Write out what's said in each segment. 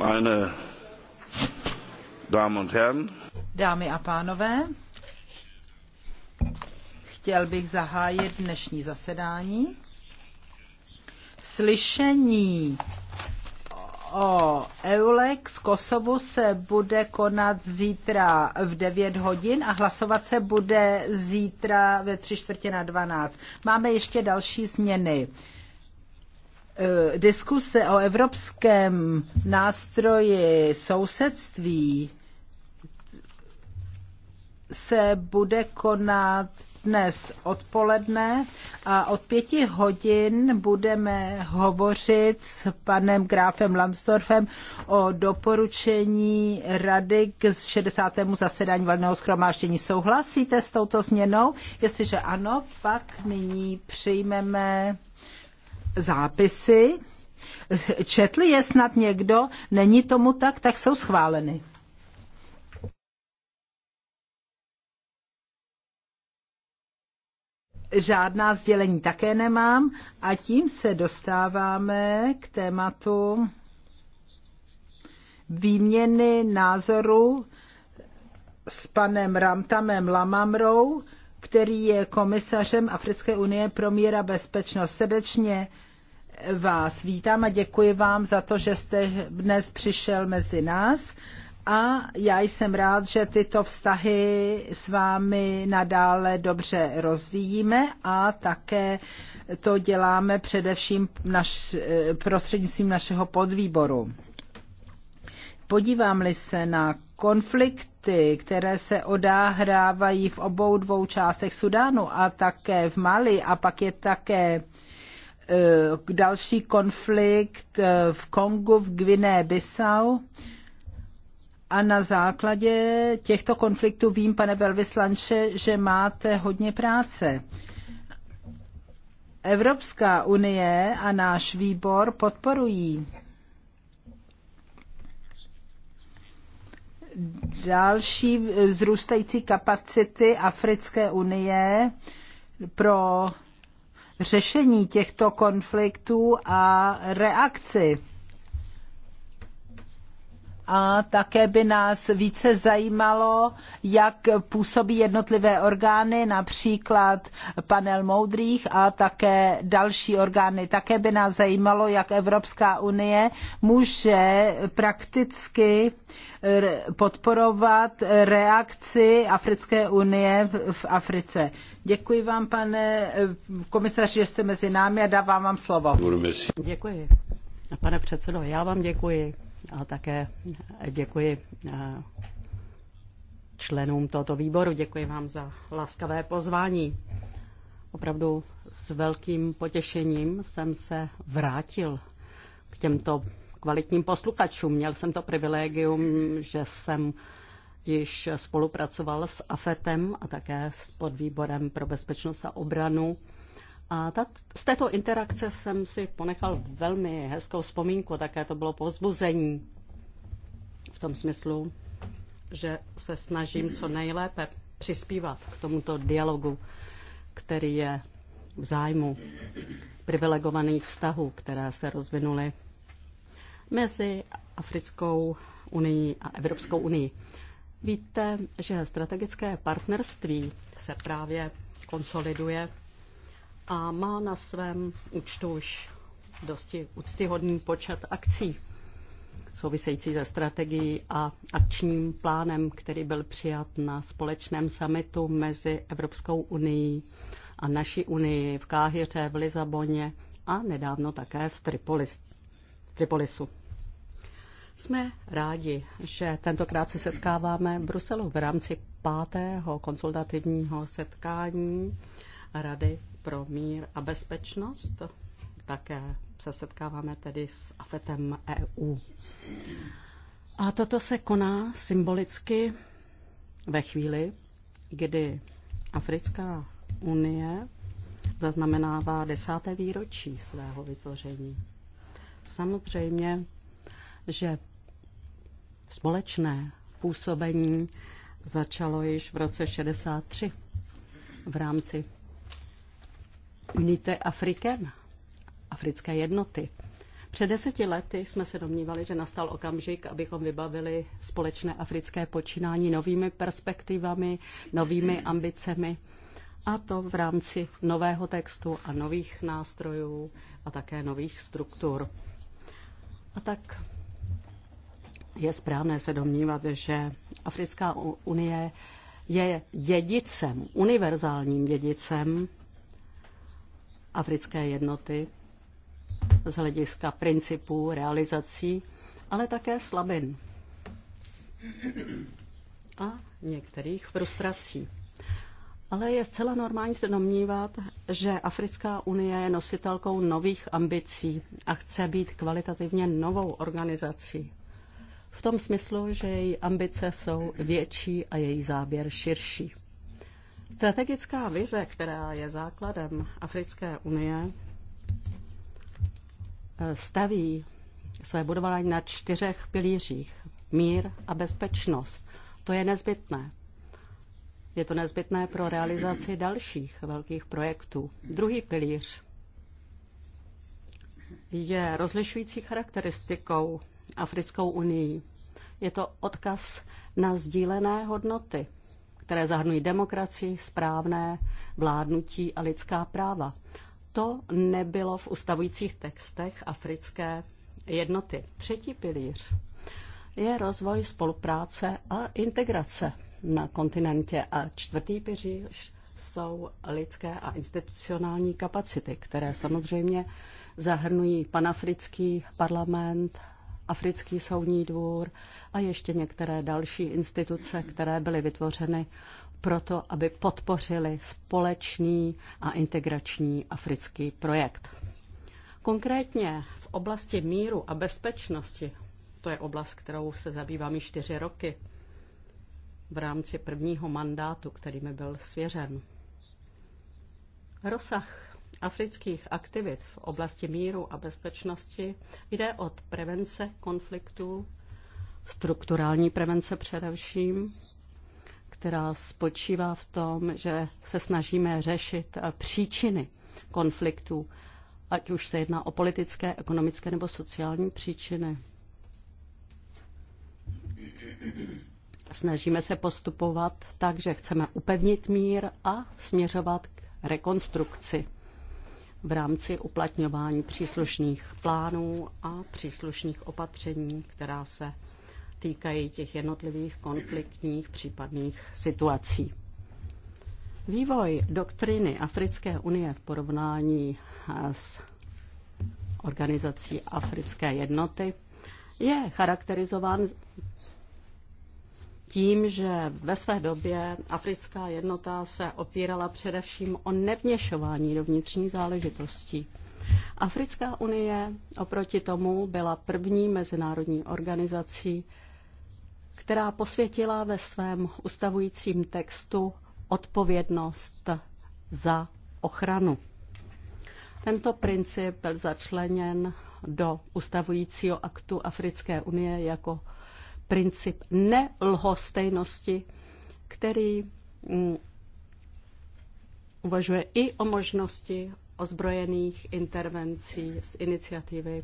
Meine Damen und Herren. Dámy a pánové, chtěl bych zahájit dnešní zasedání. Slyšení o Eulex Kosovu se bude konat zítra v 9 hodin a hlasovat se bude zítra ve tři čtvrtě na 12. Máme ještě další změny. Eh, diskuse o evropském nástroji sousedství se bude konat dnes odpoledne a od pěti hodin budeme hovořit s panem Gráfem Lambsdorfem o doporučení rady k 60. zasedání valného schromáždění. Souhlasíte s touto změnou? Jestliže ano, pak nyní přijmeme zápisy. Četli je snad někdo? Není tomu tak, tak jsou schváleny. Žádná sdělení také nemám a tím se dostáváme k tématu výměny názoru s panem Ramtamem Lamamrou, který je komisařem Africké unie pro mír a bezpečnost. Srdečně vás vítám a děkuji vám za to, že jste dnes přišel mezi nás. A já jsem rád, že tyto vztahy s vámi nadále dobře rozvíjíme a také to děláme především naš, eh, prostřednictvím našeho podvýboru. Podívám-li se na konflikty, které se odáhrávají v obou dvou částech Sudánu a také v Mali a pak je také eh, další konflikt eh, v Kongu, v Gviné Bissau. A na základě těchto konfliktů vím, pane velvyslanče, že máte hodně práce. Evropská unie a náš výbor podporují další zrůstající kapacity Africké unie pro řešení těchto konfliktů a reakci a také by nás více zajímalo, jak působí jednotlivé orgány, například panel moudrých a také další orgány. Také by nás zajímalo, jak Evropská unie může prakticky podporovat reakci Africké unie v Africe. Děkuji vám, pane eh, komisaři, že jste mezi námi a dávám vám slovo. Děkuji. Pane předsedo, já vám děkuji. A také děkuji eh, členům tohoto výboru. Děkuji vám za laskavé pozvání. Opravdu s velkým potěšením jsem se vrátil k těmto kvalitním posluchačům. Měl jsem to privilegium, že jsem již spolupracoval s AFETem a také s podvýborem pro bezpečnost a obranu a tak, z této interakce jsem si ponechal velmi hezkou vzpomínku, také to bylo povzbuzení v tom smyslu, že se snažím co nejlépe přispívat k tomuto dialogu, který je v zájmu privilegovaných vztahů, které se rozvinuly mezi Africkou unii a Evropskou unii. Víte, že strategické partnerství se právě konsoliduje a má na svém účtu už dosti úctyhodný počet akcí související se strategií a akčním plánem, který byl přijat na společném summitu mezi Evropskou unii a naší unii v Káhyře, v Lizaboně a nedávno také v, Tripolis, v Tripolisu. Jsme rádi, že tentokrát se setkáváme v Bruselu v rámci pátého konzultativního setkání Rady pro mír a bezpečnost. Také se setkáváme tedy s AFETem EU. A toto se koná symbolicky ve chvíli, kdy Africká unie zaznamenává desáté výročí svého vytvoření. Samozřejmě, že společné působení začalo již v roce 63 v rámci Unité Africaine, africké jednoty. Před deseti lety jsme se domnívali, že nastal okamžik, abychom vybavili společné africké počínání novými perspektivami, novými ambicemi, a to v rámci nového textu a nových nástrojů a také nových struktur. A tak je správné se domnívat, že Africká unie je dědicem, univerzálním dědicem africké jednoty z hlediska principů, realizací, ale také slabin a některých frustrací. Ale je zcela normální se domnívat, že Africká unie je nositelkou nových ambicí a chce být kvalitativně novou organizací. V tom smyslu, že její ambice jsou větší a její záběr širší. Strategická vize, která je základem Africké unie, eh, staví své budování na čtyřech pilířích. Mír a bezpečnost. To je nezbytné. Je to nezbytné pro realizaci dalších velkých projektů. Druhý pilíř je rozlišující charakteristikou Africkou unii. Je to odkaz na sdílené hodnoty, které zahrnují demokracii, správné vládnutí a lidská práva. To nebylo v ustavujících textech africké jednoty. Třetí pilíř je rozvoj spolupráce a integrace na kontinentě a čtvrtý pilíř jsou lidské a institucionální kapacity, které samozřejmě zahrnují panafrický parlament, Africký soudní dvůr a ještě některé další instituce, které byly vytvořeny proto, aby podpořili společný a integrační africký projekt. Konkrétně v oblasti míru a bezpečnosti, to je oblast, kterou se zabývám již čtyři roky, v rámci prvního mandátu, který mi byl svěřen. Rozsah afrických aktivit v oblasti míru a bezpečnosti jde od prevence konfliktů, strukturální prevence především, která spočívá v tom, že se snažíme řešit příčiny konfliktů, ať už se jedná o politické, ekonomické nebo sociální příčiny. Snažíme se postupovat tak, že chceme upevnit mír a směřovat k rekonstrukci v rámci uplatňování příslušných plánů a příslušných opatření, která se týkají těch jednotlivých konfliktních případných situací. Vývoj doktriny Africké unie v porovnání eh, s organizací Africké jednoty je charakterizován tím, že ve své době africká jednota se opírala především o nevněšování do vnitřní záležitostí. Africká unie oproti tomu byla první mezinárodní organizací, která posvětila ve svém ustavujícím textu odpovědnost za ochranu. Tento princip byl začleněn do ustavujícího aktu Africké unie jako princip nelhostejnosti, který mm, uvažuje i o možnosti ozbrojených intervencí z iniciativy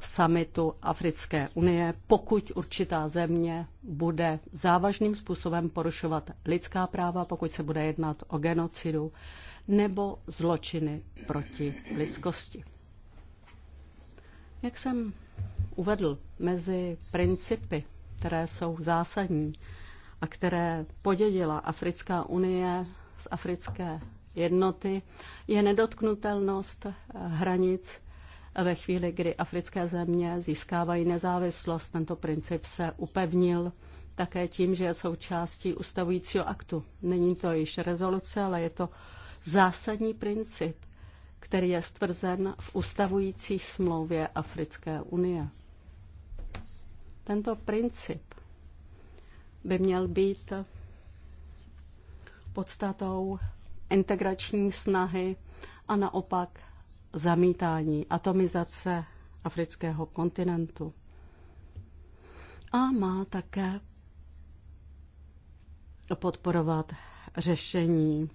samitu Africké unie, pokud určitá země bude závažným způsobem porušovat lidská práva, pokud se bude jednat o genocidu nebo zločiny proti lidskosti. Jak jsem uvedl mezi principy, které jsou zásadní a které podědila Africká unie z africké jednoty, je nedotknutelnost eh, hranic ve chvíli, kdy africké země získávají nezávislost. Tento princip se upevnil také tím, že je součástí ustavujícího aktu. Není to již rezoluce, ale je to zásadní princip který je stvrzen v ustavující smlouvě Africké unie. Tento princip by měl být podstatou integrační snahy a naopak zamítání atomizace afrického kontinentu. A má také podporovat řešení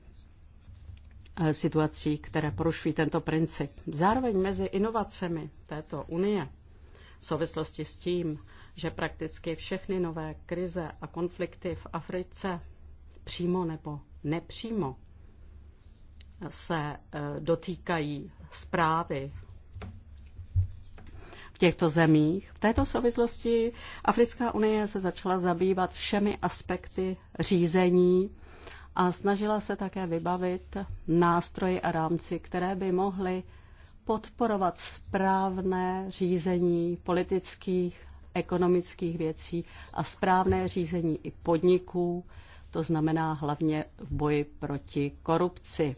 Eh, situací, které porušují tento princip. Zároveň mezi inovacemi této unie v souvislosti s tím, že prakticky všechny nové krize a konflikty v Africe přímo nebo nepřímo se eh, dotýkají zprávy v těchto zemích. V této souvislosti Africká unie se začala zabývat všemi aspekty řízení a snažila se také vybavit nástroje a rámci, které by mohly podporovat správné řízení politických, ekonomických věcí a správné řízení i podniků, to znamená hlavně v boji proti korupci.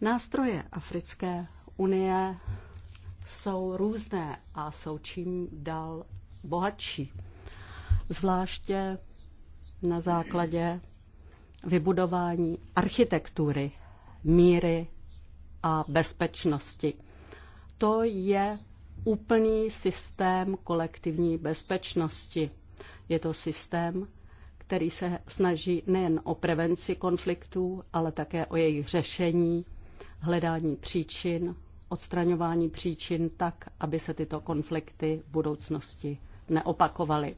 Nástroje Africké unie jsou různé a jsou čím dál bohatší. Zvláště na základě vybudování architektury, míry a bezpečnosti. To je úplný systém kolektivní bezpečnosti. Je to systém, který se snaží nejen o prevenci konfliktů, ale také o jejich řešení, hledání příčin, odstraňování příčin tak, aby se tyto konflikty v budoucnosti neopakovaly.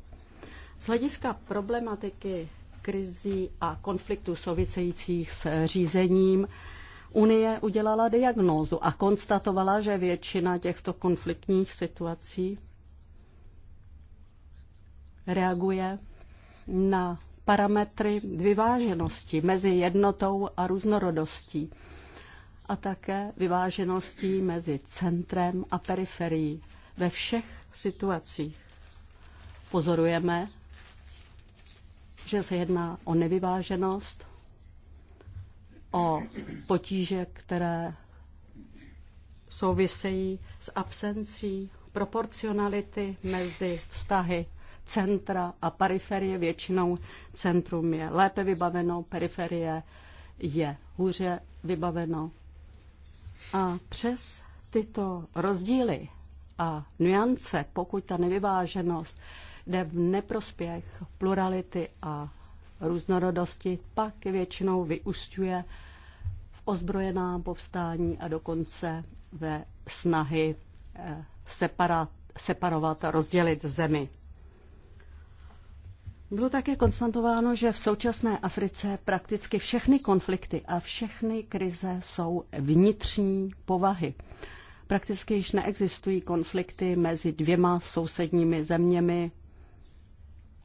Z hlediska problematiky krizí a konfliktů souvisejících s řízením Unie udělala diagnózu a konstatovala, že většina těchto konfliktních situací reaguje na parametry vyváženosti mezi jednotou a různorodostí a také vyvážeností mezi centrem a periferií ve všech situacích. Pozorujeme, že se jedná o nevyváženost, o potíže, které souvisejí s absencí proporcionality mezi vztahy centra a periferie. Většinou centrum je lépe vybaveno, periferie je hůře vybaveno. A přes tyto rozdíly a nuance, pokud ta nevyváženost jde v neprospěch plurality a různorodosti, pak většinou vyušťuje v ozbrojená povstání a dokonce ve snahy eh, separat, separovat a rozdělit zemi. Bylo také konstatováno, že v současné Africe prakticky všechny konflikty a všechny krize jsou vnitřní povahy. Prakticky již neexistují konflikty mezi dvěma sousedními zeměmi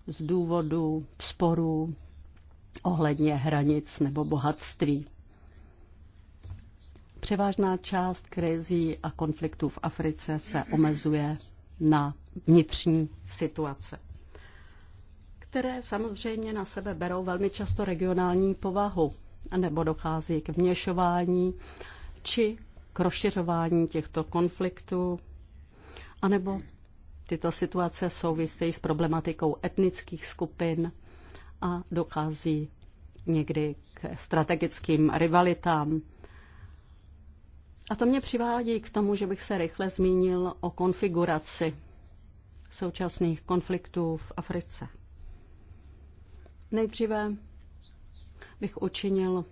z důvodu sporů ohledně hranic nebo bohatství. Převážná část krizí a konfliktů v Africe se omezuje na vnitřní situace, které samozřejmě na sebe berou velmi často regionální povahu, nebo dochází k vměšování či k rozšiřování těchto konfliktů, anebo Tyto situace souvisejí s problematikou etnických skupin a dochází někdy k strategickým rivalitám. A to mě přivádí k tomu, že bych se rychle zmínil o konfiguraci současných konfliktů v Africe. Nejdříve bych učinil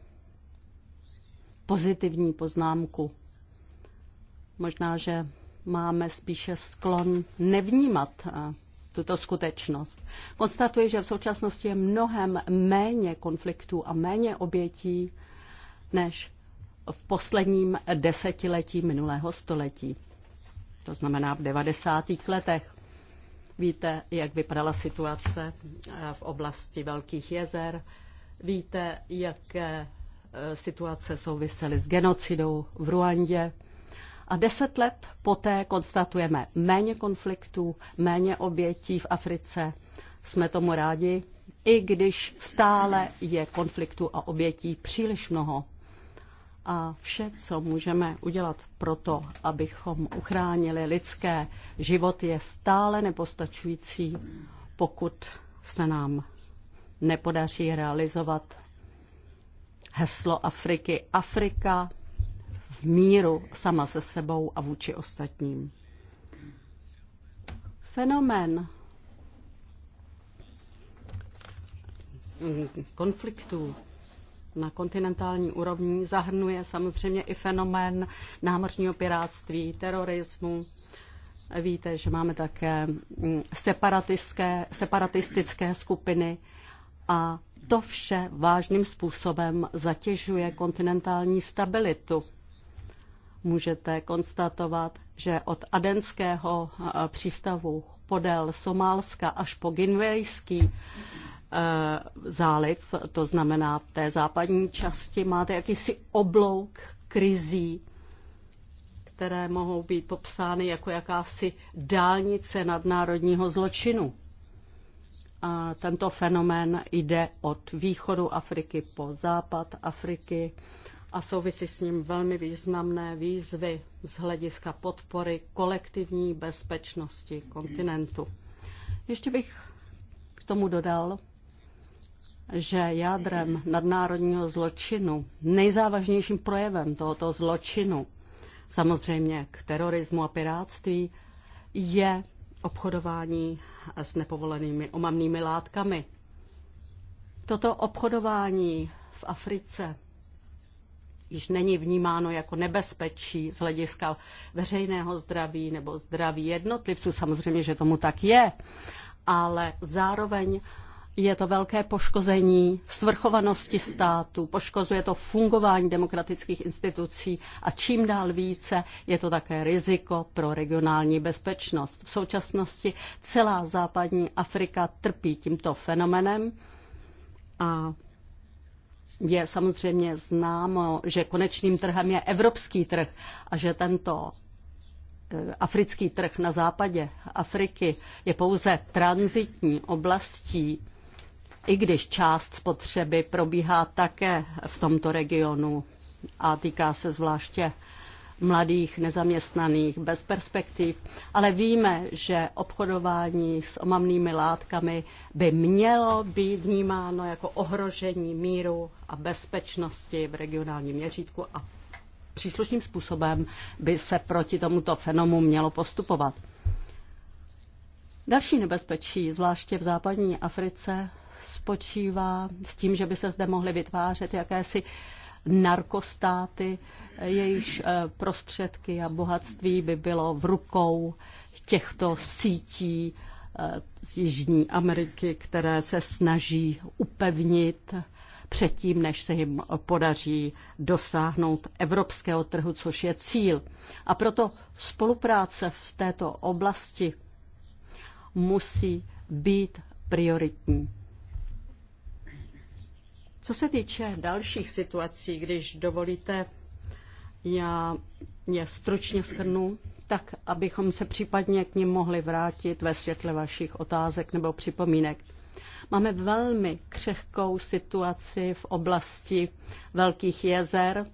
pozitivní poznámku. Možná, že máme spíše sklon nevnímat eh, tuto skutečnost. Konstatuji, že v současnosti je mnohem méně konfliktů a méně obětí než v posledním desetiletí minulého století. To znamená v 90. letech. Víte, jak vypadala situace eh, v oblasti Velkých jezer. Víte, jaké eh, situace souvisely s genocidou v Ruandě. A deset let poté konstatujeme méně konfliktů, méně obětí v Africe. Jsme tomu rádi, i když stále je konfliktu a obětí příliš mnoho. A vše, co můžeme udělat pro to, abychom uchránili lidské život, je stále nepostačující, pokud se nám nepodaří realizovat heslo Afriky Afrika v míru sama se sebou a vůči ostatním. Fenomén konfliktů na kontinentální úrovni zahrnuje samozřejmě i fenomén námořního piráctví, terorismu. Víte, že máme také mm, separatistické, separatistické skupiny a to vše vážným způsobem zatěžuje kontinentální stabilitu můžete konstatovat, že od adenského eh, přístavu podél Somálska až po Ginvejský eh, záliv, to znamená v té západní části, máte jakýsi oblouk krizí, které mohou být popsány jako jakási dálnice nadnárodního zločinu. A tento fenomén jde od východu Afriky po západ Afriky a souvisí s ním velmi významné výzvy z hlediska podpory kolektivní bezpečnosti kontinentu. Ještě bych k tomu dodal, že jádrem nadnárodního zločinu, nejzávažnějším projevem tohoto zločinu, samozřejmě k terorismu a piráctví, je obchodování s nepovolenými omamnými látkami. Toto obchodování v Africe již není vnímáno jako nebezpečí z hlediska veřejného zdraví nebo zdraví jednotlivců. Samozřejmě, že tomu tak je, ale zároveň je to velké poškození svrchovanosti státu, poškozuje to fungování demokratických institucí a čím dál více je to také riziko pro regionální bezpečnost. V současnosti celá západní Afrika trpí tímto fenomenem a je samozřejmě známo, že konečným trhem je evropský trh a že tento eh, africký trh na západě Afriky je pouze transitní oblastí, i když část spotřeby probíhá také v tomto regionu a týká se zvláště mladých nezaměstnaných bez perspektiv, ale víme, že obchodování s omamnými látkami by mělo být vnímáno jako ohrožení míru a bezpečnosti v regionálním měřítku a příslušným způsobem by se proti tomuto fenomu mělo postupovat. Další nebezpečí, zvláště v západní Africe, spočívá s tím, že by se zde mohly vytvářet jakési narkostáty, jejichž eh, prostředky a bohatství by bylo v rukou těchto sítí eh, z Jižní Ameriky, které se snaží upevnit předtím, než se jim podaří dosáhnout evropského trhu, což je cíl. A proto spolupráce v této oblasti musí být prioritní. Co se týče dalších situací, když dovolíte, já je stručně shrnu, tak abychom se případně k ním mohli vrátit ve světle vašich otázek nebo připomínek. Máme velmi křehkou situaci v oblasti Velkých jezer.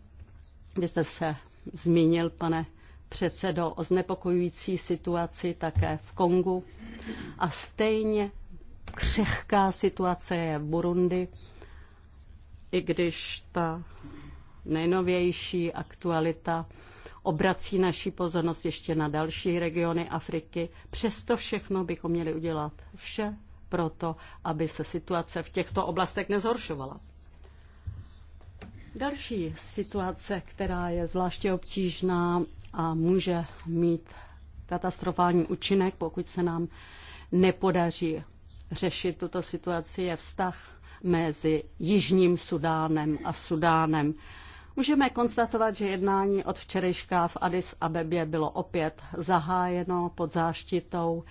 Vy jste se zmínil, pane předsedo, o znepokojující situaci také v Kongu. A stejně křehká situace je v Burundi i když ta nejnovější aktualita obrací naší pozornost ještě na další regiony Afriky. Přesto všechno bychom měli udělat vše pro to, aby se situace v těchto oblastech nezhoršovala. Další situace, která je zvláště obtížná a může mít katastrofální účinek, pokud se nám nepodaří řešit tuto situaci, je vztah mezi Jižním Sudánem a Sudánem. Můžeme konstatovat, že jednání od včerejška v Addis Abebě bylo opět zahájeno pod záštitou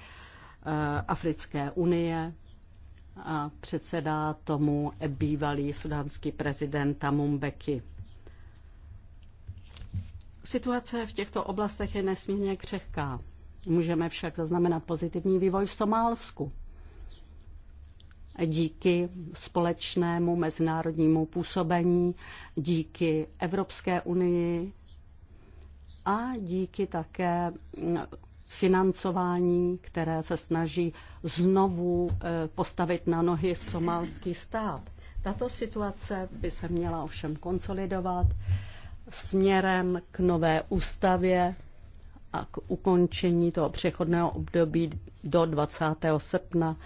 eh, Africké unie a předsedá tomu bývalý sudánský prezident Tamumbeki. Situace v těchto oblastech je nesmírně křehká. Můžeme však zaznamenat pozitivní vývoj v Somálsku díky společnému mezinárodnímu působení, díky Evropské unii a díky také financování, které se snaží znovu eh, postavit na nohy somálský stát. Tato situace by se měla ovšem konsolidovat směrem k nové ústavě a k ukončení toho přechodného období do 20. srpna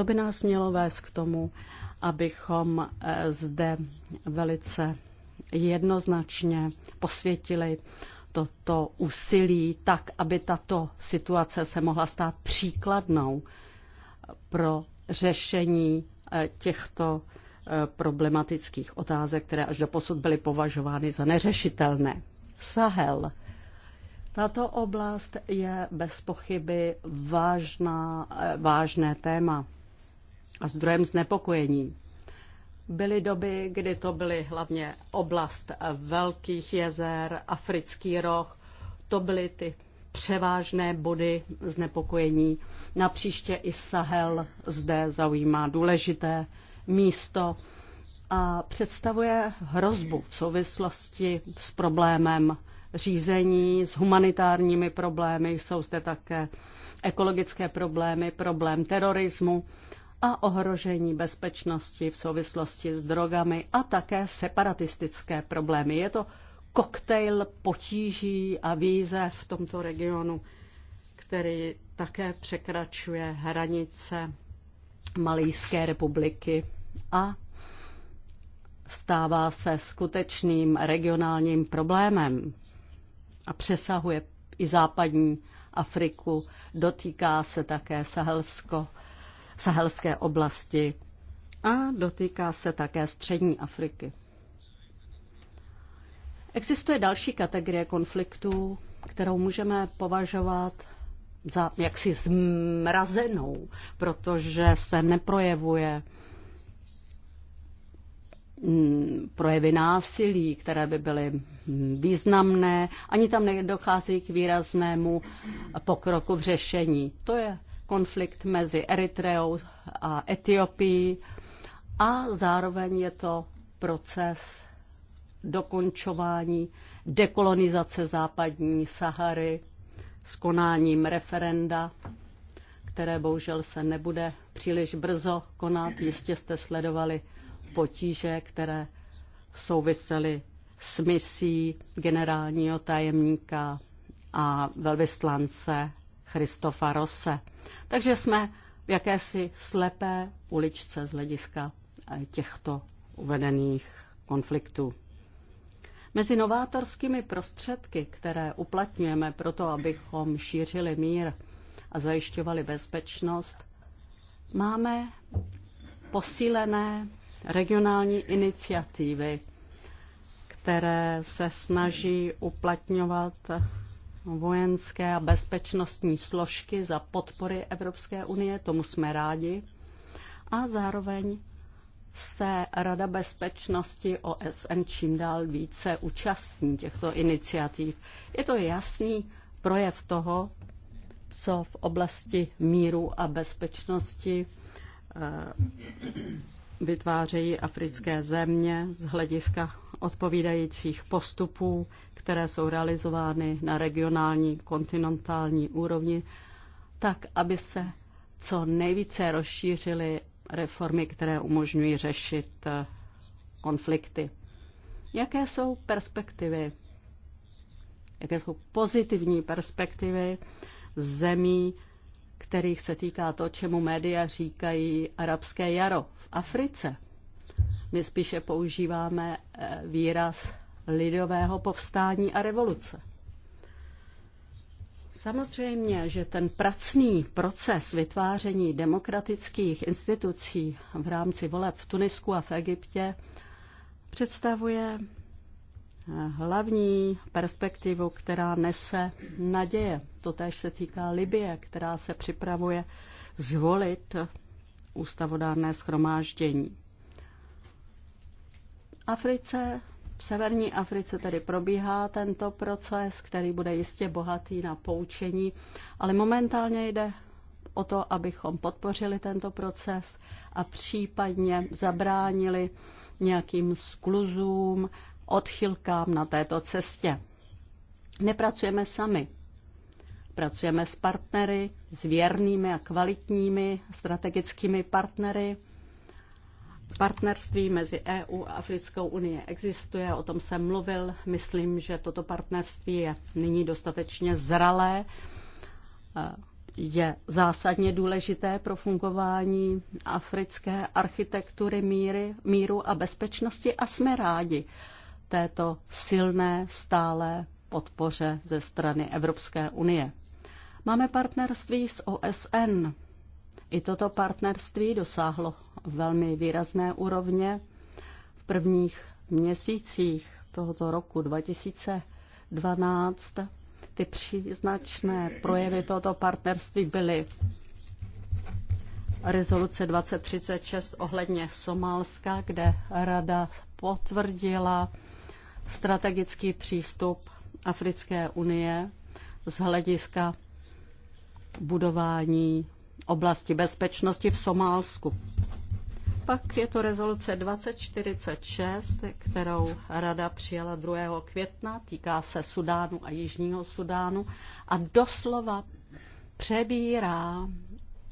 to by nás mělo vést k tomu, abychom eh, zde velice jednoznačně posvětili toto úsilí tak, aby tato situace se mohla stát příkladnou pro řešení eh, těchto eh, problematických otázek, které až do posud byly považovány za neřešitelné. Sahel. Tato oblast je bez pochyby vážná, vážné téma a zdrojem znepokojení. Byly doby, kdy to byly hlavně oblast velkých jezer, africký roh, to byly ty převážné body znepokojení. Napříště i Sahel zde zaujímá důležité místo a představuje hrozbu v souvislosti s problémem řízení, s humanitárními problémy, jsou zde také ekologické problémy, problém terorismu a ohrožení bezpečnosti v souvislosti s drogami a také separatistické problémy. Je to koktejl potíží a výzev v tomto regionu, který také překračuje hranice Malijské republiky a stává se skutečným regionálním problémem a přesahuje i západní Afriku, dotýká se také Sahelsko sahelské oblasti a dotýká se také střední Afriky. Existuje další kategorie konfliktů, kterou můžeme považovat za jaksi zmrazenou, protože se neprojevuje mm, projevy násilí, které by byly významné, ani tam nedochází k výraznému pokroku v řešení. To je konflikt mezi Eritreou a Etiopií a zároveň je to proces dokončování dekolonizace západní Sahary s konáním referenda, které bohužel se nebude příliš brzo konat. Jistě jste sledovali potíže, které souvisely s misí generálního tajemníka a velvyslance Christofa Rose. Takže jsme v jakési slepé uličce z hlediska eh, těchto uvedených konfliktů. Mezi novátorskými prostředky, které uplatňujeme pro to, abychom šířili mír a zajišťovali bezpečnost, máme posílené regionální iniciativy, které se snaží uplatňovat vojenské a bezpečnostní složky za podpory Evropské unie, tomu jsme rádi. A zároveň se Rada bezpečnosti OSN čím dál více účastní těchto iniciativ. Je to jasný projev toho, co v oblasti míru a bezpečnosti eh, vytvářejí africké země z hlediska odpovídajících postupů, které jsou realizovány na regionální, kontinentální úrovni, tak, aby se co nejvíce rozšířily reformy, které umožňují řešit eh, konflikty. Jaké jsou perspektivy? Jaké jsou pozitivní perspektivy zemí, kterých se týká to, čemu média říkají arabské jaro v Africe. My spíše používáme eh, výraz lidového povstání a revoluce. Samozřejmě, že ten pracný proces vytváření demokratických institucí v rámci voleb v Tunisku a v Egyptě představuje hlavní perspektivu, která nese naděje. Totéž se týká Libie, která se připravuje zvolit ústavodárné schromáždění. Africe, v severní Africe tedy probíhá tento proces, který bude jistě bohatý na poučení, ale momentálně jde o to, abychom podpořili tento proces a případně zabránili nějakým skluzům odchylkám na této cestě. Nepracujeme sami. Pracujeme s partnery, s věrnými a kvalitními strategickými partnery. Partnerství mezi EU a Africkou unii existuje, o tom jsem mluvil. Myslím, že toto partnerství je nyní dostatečně zralé je zásadně důležité pro fungování africké architektury míry, míru a bezpečnosti a jsme rádi, této silné stále podpoře ze strany Evropské unie. Máme partnerství s OSN. I toto partnerství dosáhlo velmi výrazné úrovně v prvních měsících tohoto roku 2012. Ty příznačné projevy tohoto partnerství byly rezoluce 2036 ohledně Somálska, kde rada potvrdila strategický přístup Africké unie z hlediska budování oblasti bezpečnosti v Somálsku. Pak je to rezoluce 2046, kterou Rada přijala 2. května, týká se Sudánu a Jižního Sudánu a doslova přebírá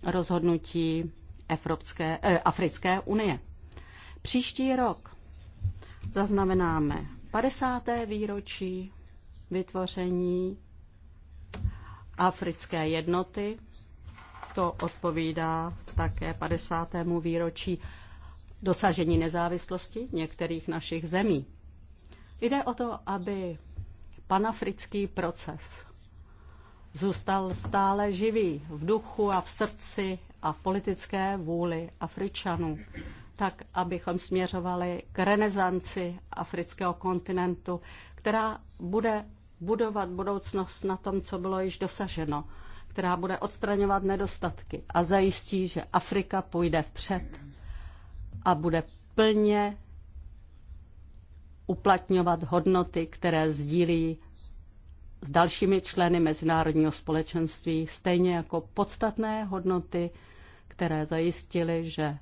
rozhodnutí Evropské, eh, Africké unie. Příští rok zaznamenáme 50. výročí vytvoření africké jednoty. To odpovídá také 50. výročí dosažení nezávislosti některých našich zemí. Jde o to, aby panafrický proces zůstal stále živý v duchu a v srdci a v politické vůli Afričanů tak abychom směřovali k renesanci afrického kontinentu, která bude budovat budoucnost na tom, co bylo již dosaženo, která bude odstraňovat nedostatky a zajistí, že Afrika půjde vpřed a bude plně uplatňovat hodnoty, které sdílí s dalšími členy mezinárodního společenství, stejně jako podstatné hodnoty, které zajistily, že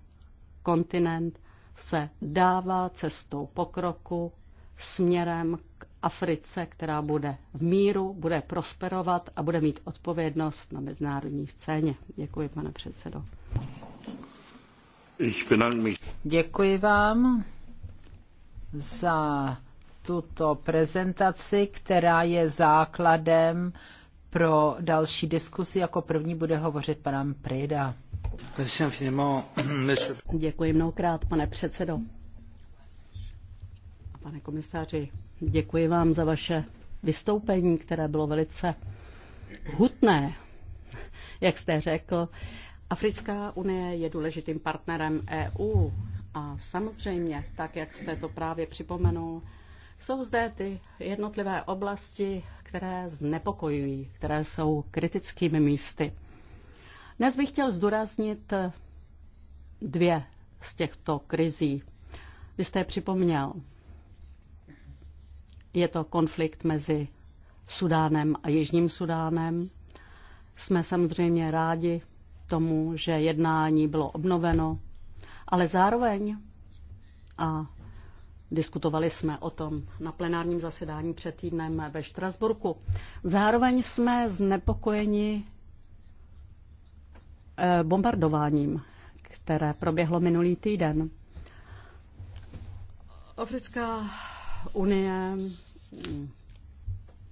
kontinent se dává cestou pokroku směrem k Africe, která bude v míru, bude prosperovat a bude mít odpovědnost na mezinárodní scéně. Děkuji, pane předsedo. Děkuji vám za tuto prezentaci, která je základem pro další diskusi. Jako první bude hovořit pan Prida. Děkuji mnohokrát, pane předsedo. A pane komisáři, děkuji vám za vaše vystoupení, které bylo velice hutné, jak jste řekl. Africká unie je důležitým partnerem EU a samozřejmě, tak jak jste to právě připomenul, jsou zde ty jednotlivé oblasti, které znepokojují, které jsou kritickými místy. Dnes bych chtěl zdůraznit dvě z těchto krizí. Vy jste je připomněl. Je to konflikt mezi Sudánem a Jižním Sudánem. Jsme samozřejmě rádi tomu, že jednání bylo obnoveno, ale zároveň, a diskutovali jsme o tom na plenárním zasedání před týdnem ve Štrasburku, zároveň jsme znepokojeni Eh, bombardováním, které proběhlo minulý týden. Africká unie mm,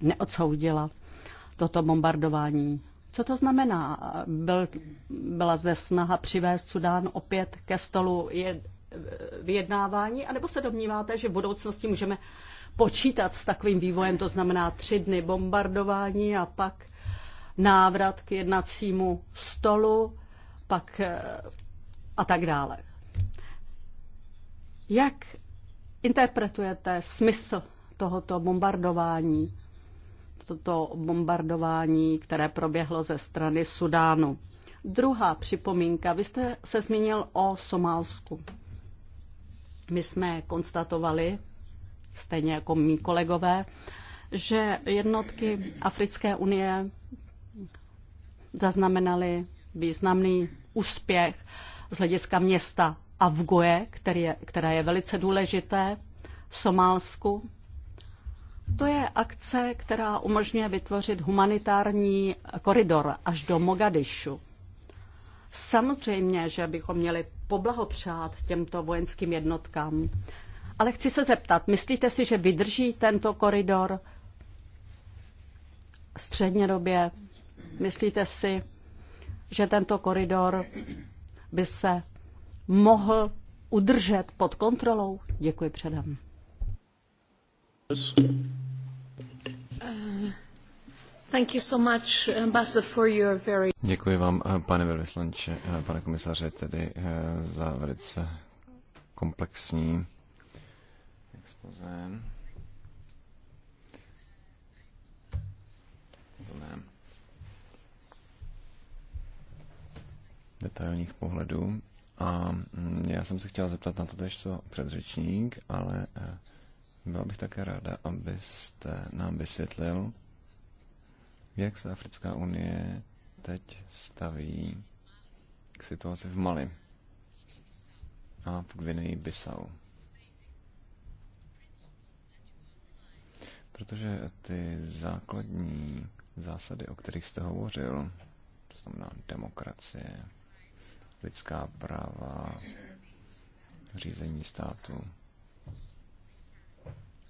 neodsoudila toto bombardování. Co to znamená? Byl, byla zde snaha přivést Sudán opět ke stolu je, vyjednávání, anebo se domníváte, že v budoucnosti můžeme počítat s takovým vývojem, to znamená tři dny bombardování a pak návrat k jednacímu stolu, pak eh, a tak dále. Jak interpretujete smysl tohoto bombardování, toto bombardování, které proběhlo ze strany Sudánu? Druhá připomínka. Vy jste se zmínil o Somálsku. My jsme konstatovali, stejně jako mý kolegové, že jednotky Africké unie zaznamenali významný úspěch z hlediska města Avgoje, který je, která je velice důležité v Somálsku. To je akce, která umožňuje vytvořit humanitární koridor až do Mogadišu. Samozřejmě, že bychom měli poblahopřát těmto vojenským jednotkám. Ale chci se zeptat, myslíte si, že vydrží tento koridor střednědobě Myslíte si, že tento koridor by se mohl udržet pod kontrolou? Děkuji předem. Uh, Děkuji vám, eh, pane velvyslanče, eh, pane komisaře, tedy eh, za velice komplexní expoze. detailních pohledů. A mm, já jsem se chtěla zeptat na to tež, co předřečník, ale eh, byla bych také ráda, abyste nám vysvětlil, jak se Africká unie teď staví k situaci v Mali a v Gvineji Bissau. Protože ty základní zásady, o kterých jste hovořil, to znamená demokracie, lidská práva, řízení státu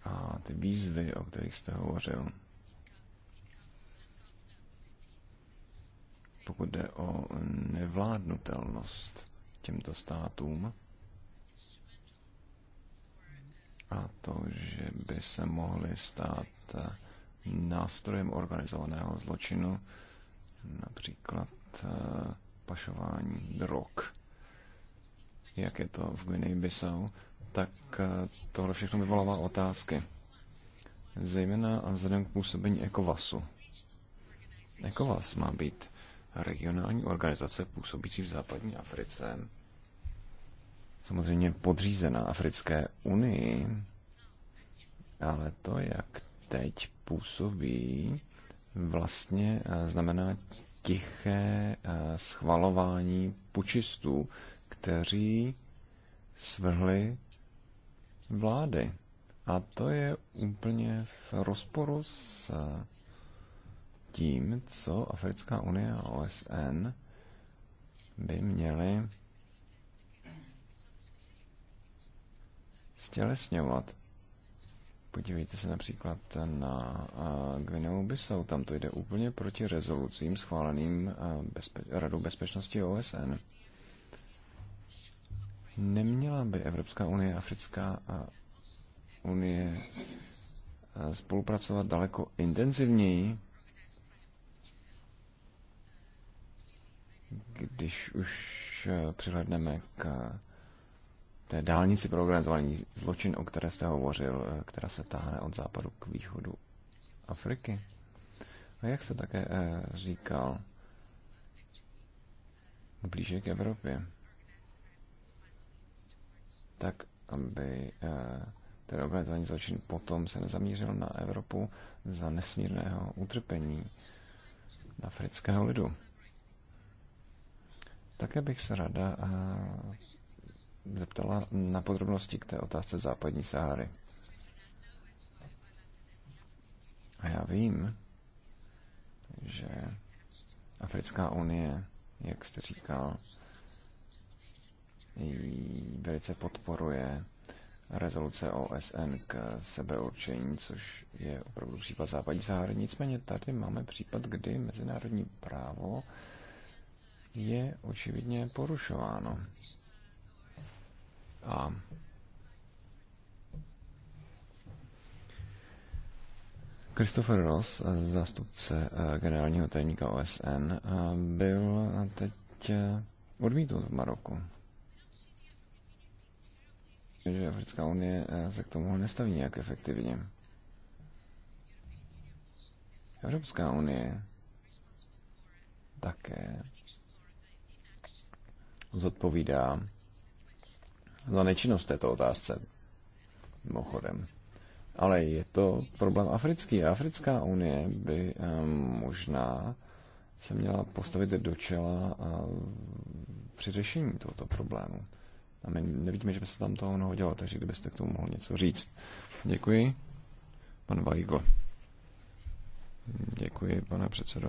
a ty výzvy, o kterých jste hovořil. Pokud jde o nevládnutelnost těmto státům a to, že by se mohly stát nástrojem organizovaného zločinu, například eh, pašování drog, jak je to v Guinea-Bissau, tak eh, tohle všechno vyvolává otázky. Zejména vzhledem k působení ECOVASu. ECOVAS má být regionální organizace působící v západní Africe, samozřejmě podřízená Africké unii, ale to, jak teď působí, vlastně eh, znamená tiché eh, schvalování pučistů, kteří svrhli vlády. A to je úplně v rozporu s eh, tím, co Africká unie a OSN by měly stělesňovat. Podívejte se například na Gvineu Bissau. Tam to jde úplně proti rezolucím schváleným bezpe- Radou bezpečnosti OSN. Neměla by Evropská unie, Africká unie spolupracovat daleko intenzivněji, když už přihledneme k té dálnici pro organizovaný zločin, o které jste hovořil, eh, která se táhne od západu k východu Afriky. A jak se také eh, říkal, blíže k Evropě. Tak, aby eh, ten organizovaný zločin potom se nezamířil na Evropu za nesmírného utrpení afrického lidu. Také bych se rada zeptala na podrobnosti k té otázce západní Sahary. A já vím, že Africká unie, jak jste říkal, velice podporuje rezoluce OSN k sebeurčení, což je opravdu případ západní Sahary. Nicméně tady máme případ, kdy mezinárodní právo je očividně porušováno. A Christopher Ross, eh, zástupce eh, generálního tajemníka OSN, eh, byl teď odmítnut v Maroku. Že Africká unie se k tomu nestaví nějak efektivně. Evropská unie také zodpovídá za nečinnost této otázce. Mimochodem. Ale je to problém africký. Africká unie by eh, možná se měla postavit do čela eh, při řešení tohoto problému. A my nevidíme, že by se tam toho mnoho dělo, takže kdybyste k tomu mohl něco říct. Děkuji. Pan Vajgo. Děkuji, pane předsedo.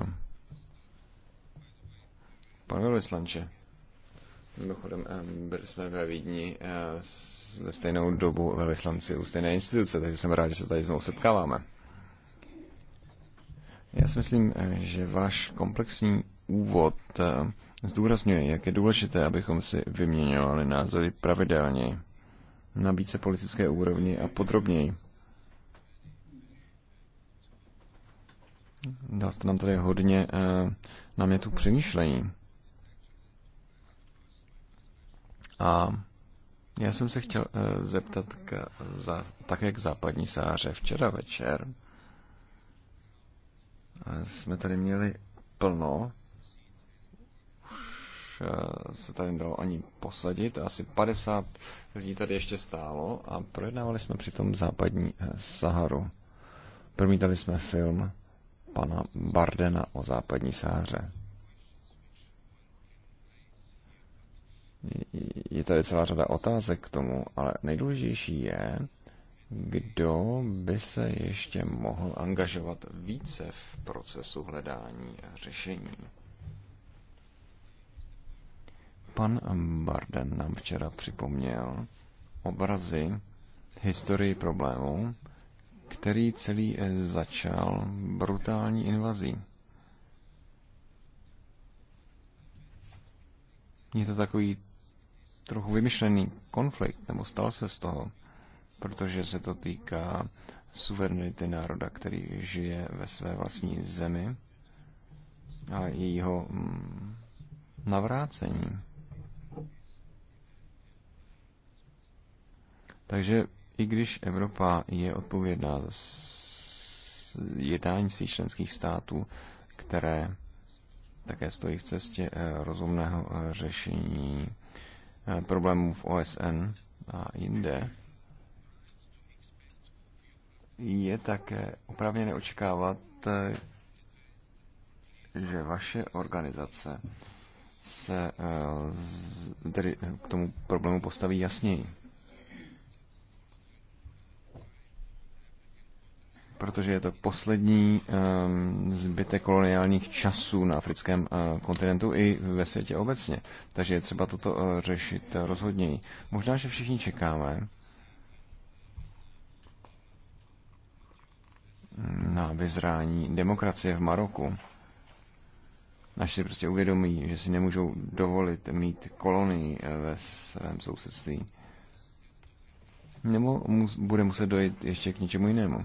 Pane Vyslanče, Mimochodem jsme ve Vídni eh, ve stejnou dobu ve vyslanci, u stejné instituce, takže jsem rád, že se tady znovu setkáváme. Já si myslím, eh, že váš komplexní úvod eh, zdůrazňuje, jak je důležité, abychom si vyměňovali názory pravidelně, na více politické úrovni a podrobněji. Dá nám tady hodně námětů přemýšlení. A já jsem se chtěl eh, zeptat k, za, také k západní sáře. Včera večer eh, jsme tady měli plno, už eh, se tady nedalo ani posadit, asi 50 lidí tady ještě stálo a projednávali jsme přitom západní Saharu. Promítali jsme film pana Bardena o západní sáře. je tady celá řada otázek k tomu, ale nejdůležitější je, kdo by se ještě mohl angažovat více v procesu hledání a řešení. Pan Barden nám včera připomněl obrazy historii problému, který celý začal brutální invazí. Je to takový trochu vymyšlený konflikt, nebo stal se z toho, protože se to týká suverenity národa, který žije ve své vlastní zemi a jejího mm, navrácení. Takže i když Evropa je odpovědná za jednání svých členských států, které také stojí v cestě eh, rozumného eh, řešení Eh, problémů v OSN a jinde, je také opravně očekávat, eh, že vaše organizace se eh, tedy k tomu problému postaví jasněji. protože je to poslední ehm, zbytek koloniálních časů na africkém eh, kontinentu i ve světě obecně. Takže je třeba toto eh, řešit rozhodněji. Možná, že všichni čekáme na vyzrání demokracie v Maroku až si prostě uvědomí, že si nemůžou dovolit mít kolonii eh, ve svém sousedství. Nebo mus, bude muset dojít ještě k něčemu jinému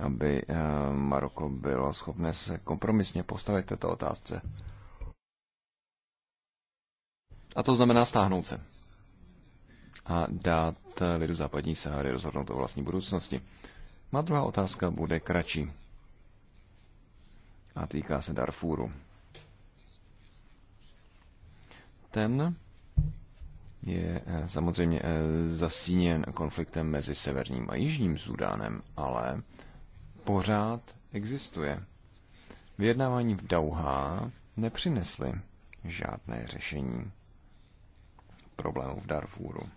aby eh, Maroko bylo schopné se kompromisně postavit této otázce. A to znamená stáhnout se a dát eh, lidu západní Sahary rozhodnout o vlastní budoucnosti. Má druhá otázka bude kratší a týká se Darfuru. Ten je eh, samozřejmě zastíněn konfliktem mezi severním a jižním Sudánem, ale pořád existuje. Vyjednávání v Dauhá nepřinesly žádné řešení problémů v Darfuru.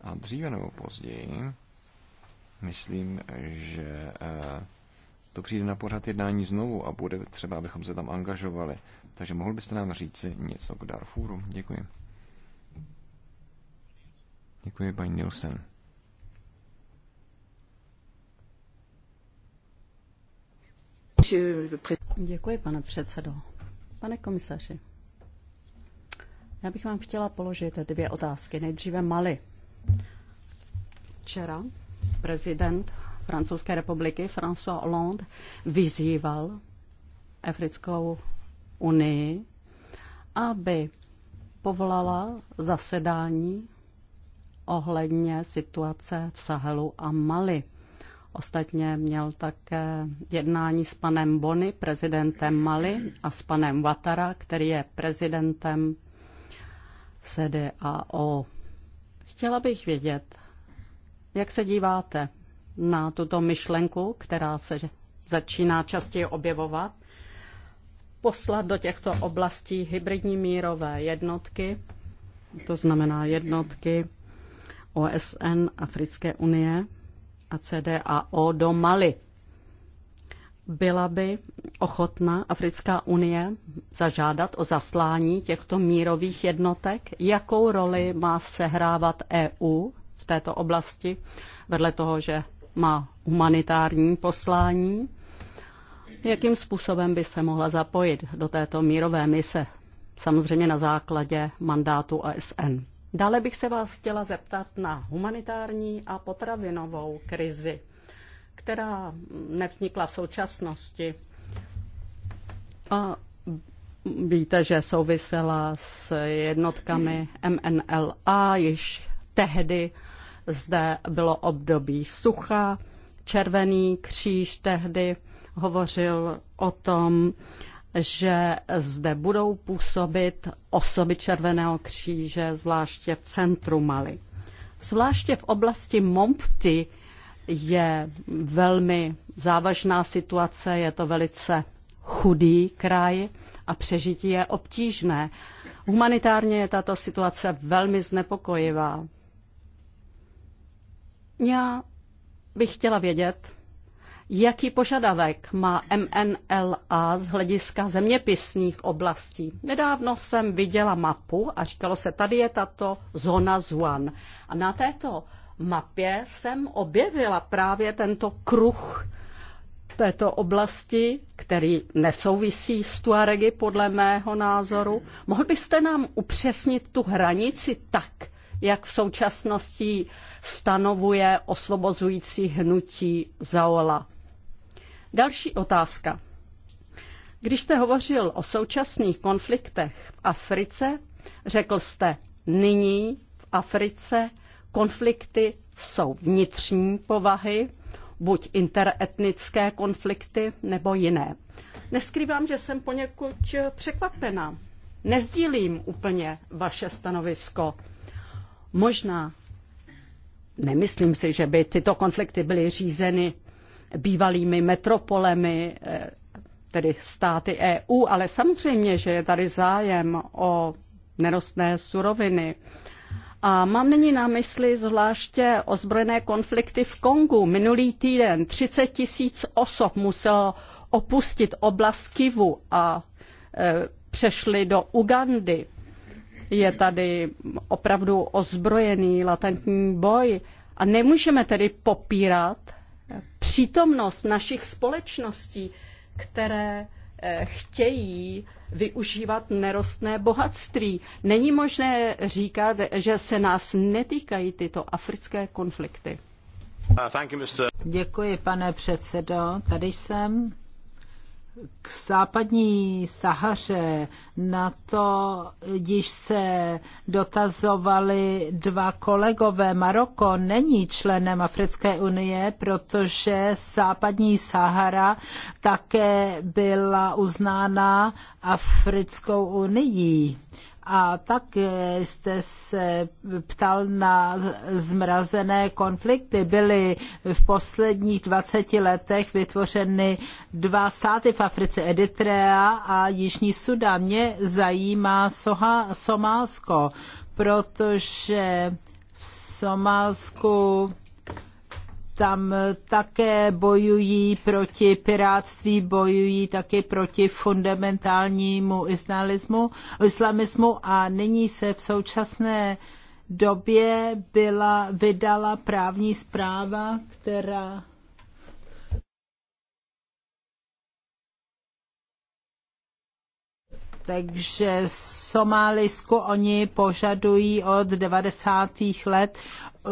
A dříve nebo později, myslím, že eh, to přijde na pořád jednání znovu a bude třeba, abychom se tam angažovali. Takže mohl byste nám říci něco k Darfuru? Děkuji. Děkuji, paní Nielsen. Eh, Děkuji, pane předsedo. Pane komisaři, já bych vám chtěla položit dvě otázky. Nejdříve Mali. Včera prezident Francouzské republiky François Hollande vyzýval Africkou unii, aby povolala zasedání ohledně situace v Sahelu a Mali. Ostatně měl také jednání s panem Bony, prezidentem Mali, a s panem Watara, který je prezidentem CDAO. Chtěla bych vědět, jak se díváte na tuto myšlenku, která se začíná častěji objevovat, poslat do těchto oblastí hybridní mírové jednotky, to znamená jednotky OSN Africké unie, a CDAO do Mali. Byla by ochotna Africká unie zažádat o zaslání těchto mírových jednotek? Jakou roli má sehrávat EU v této oblasti, vedle toho, že má humanitární poslání? Jakým způsobem by se mohla zapojit do této mírové mise? Samozřejmě na základě mandátu OSN. Dále bych se vás chtěla zeptat na humanitární a potravinovou krizi, která nevznikla v současnosti. A víte, že souvisela s jednotkami MNLA již tehdy. Zde bylo období sucha, Červený kříž tehdy hovořil o tom, že zde budou působit osoby Červeného kříže, zvláště v centru Mali. Zvláště v oblasti Mompty je velmi závažná situace, je to velice chudý kraj a přežití je obtížné. Humanitárně je tato situace velmi znepokojivá. Já bych chtěla vědět, jaký požadavek má MNLA z hlediska zeměpisných oblastí. Nedávno jsem viděla mapu a říkalo se, tady je tato zóna Zuan. A na této mapě jsem objevila právě tento kruh této oblasti, který nesouvisí s Tuaregy podle mého názoru. Mohl byste nám upřesnit tu hranici tak, jak v současnosti stanovuje osvobozující hnutí Zaola? Další otázka. Když jste hovořil o současných konfliktech v Africe, řekl jste, nyní v Africe konflikty jsou vnitřní povahy, buď interetnické konflikty nebo jiné. Neskrývám, že jsem poněkud překvapená. Nezdílím úplně vaše stanovisko. Možná nemyslím si, že by tyto konflikty byly řízeny bývalými metropolemi, eh, tedy státy EU, ale samozřejmě, že je tady zájem o nerostné suroviny. A mám nyní na mysli zvláště ozbrojené konflikty v Kongu. Minulý týden 30 tisíc osob muselo opustit oblast Kivu a e, přešli do Ugandy. Je tady opravdu ozbrojený latentní boj a nemůžeme tedy popírat, přítomnost našich společností, které eh, chtějí využívat nerostné bohatství. Není možné říkat, že se nás netýkají tyto africké konflikty. Uh, Děkuji, pane předsedo. Tady jsem k západní Sahaře na to již se dotazovali dva kolegové. Maroko není členem Africké unie, protože západní Sahara také byla uznána Africkou unii a také eh, jste se ptal na zmrazené konflikty. Byly v posledních 20 letech vytvořeny dva státy v Africe, Eritrea a Jižní Sudan. Mě zajímá Soha, Somálsko, protože v Somálsku tam eh, také bojují proti pirátství, bojují také proti fundamentálnímu islamismu, islamismu a nyní se v současné době byla vydala právní zpráva, která takže Somálisko oni požadují od 90. let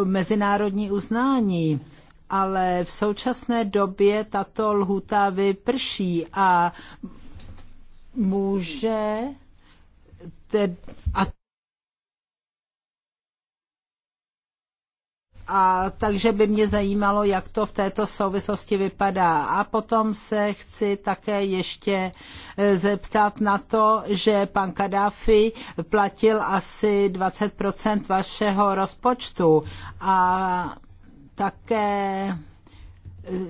mezinárodní uznání ale v současné době tato lhuta vyprší a může a a takže by mě zajímalo, jak to v této souvislosti vypadá. A potom se chci také ještě e, zeptat na to, že pan Kadáfi platil asi 20% vašeho rozpočtu a také eh,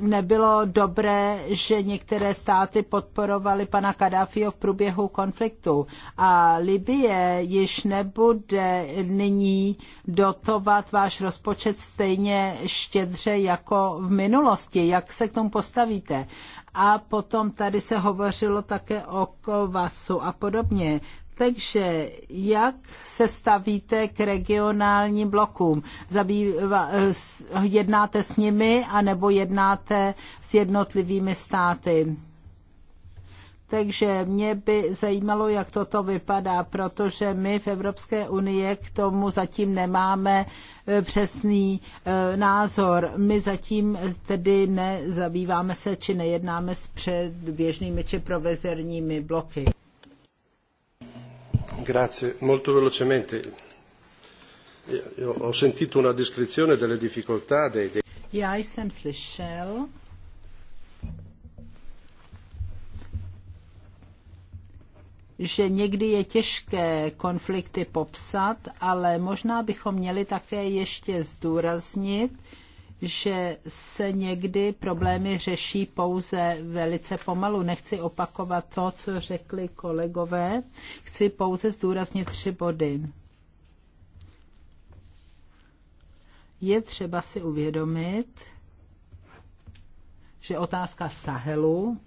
nebylo dobré, že některé státy podporovaly pana Kadáfio v průběhu konfliktu. A Libie již nebude nyní dotovat váš rozpočet stejně štědře jako v minulosti. Jak se k tomu postavíte? A potom tady se hovořilo také o kovasu a podobně. Takže jak se stavíte k regionálním blokům? Zabývá, eh, jednáte s nimi anebo jednáte s jednotlivými státy? Takže mě by zajímalo, jak toto vypadá, protože my v Evropské unii k tomu zatím nemáme eh, přesný eh, názor. My zatím tedy nezabýváme se či nejednáme s předběžnými či provizorními bloky. Grazie. Molto velocemente. Io ho sentito una descrizione delle difficoltà dei... dei... Já jsem slyšel že někdy je těžké konflikty popsat, ale možná bychom měli také ještě zdůraznit, že se někdy problémy řeší pouze velice pomalu. Nechci opakovat to, co řekli kolegové, chci pouze zdůraznit tři body. Je třeba si uvědomit, že otázka Sahelu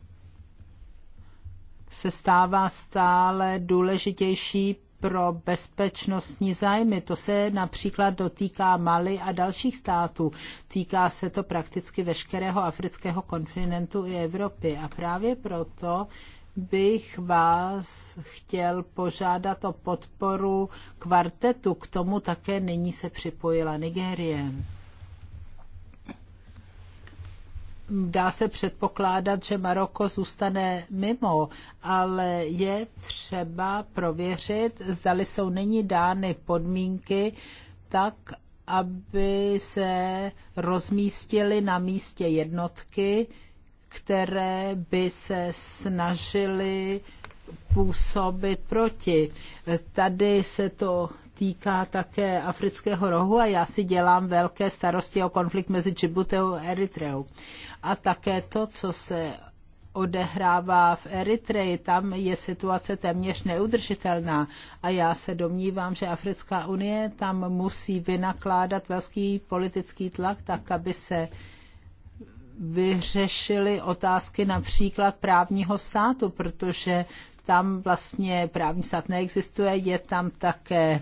se stává stále důležitější pro bezpečnostní zájmy. To se například dotýká Mali a dalších států. Týká se to prakticky veškerého afrického kontinentu i Evropy. A právě proto bych vás chtěl požádat o podporu kvartetu. K tomu také nyní se připojila Nigérie. dá se předpokládat, že Maroko zůstane mimo, ale je třeba prověřit, zdali jsou nyní dány podmínky tak, aby se rozmístily na místě jednotky, které by se snažily působit proti. Tady se to týká také afrického rohu a já si dělám velké starosti o konflikt mezi Džibutou a Eritreou. A také to, co se odehrává v Eritreji, tam je situace téměř neudržitelná a já se domnívám, že Africká unie tam musí vynakládat velký politický tlak, tak aby se vyřešily otázky například právního státu, protože tam vlastně právní stát neexistuje, je tam také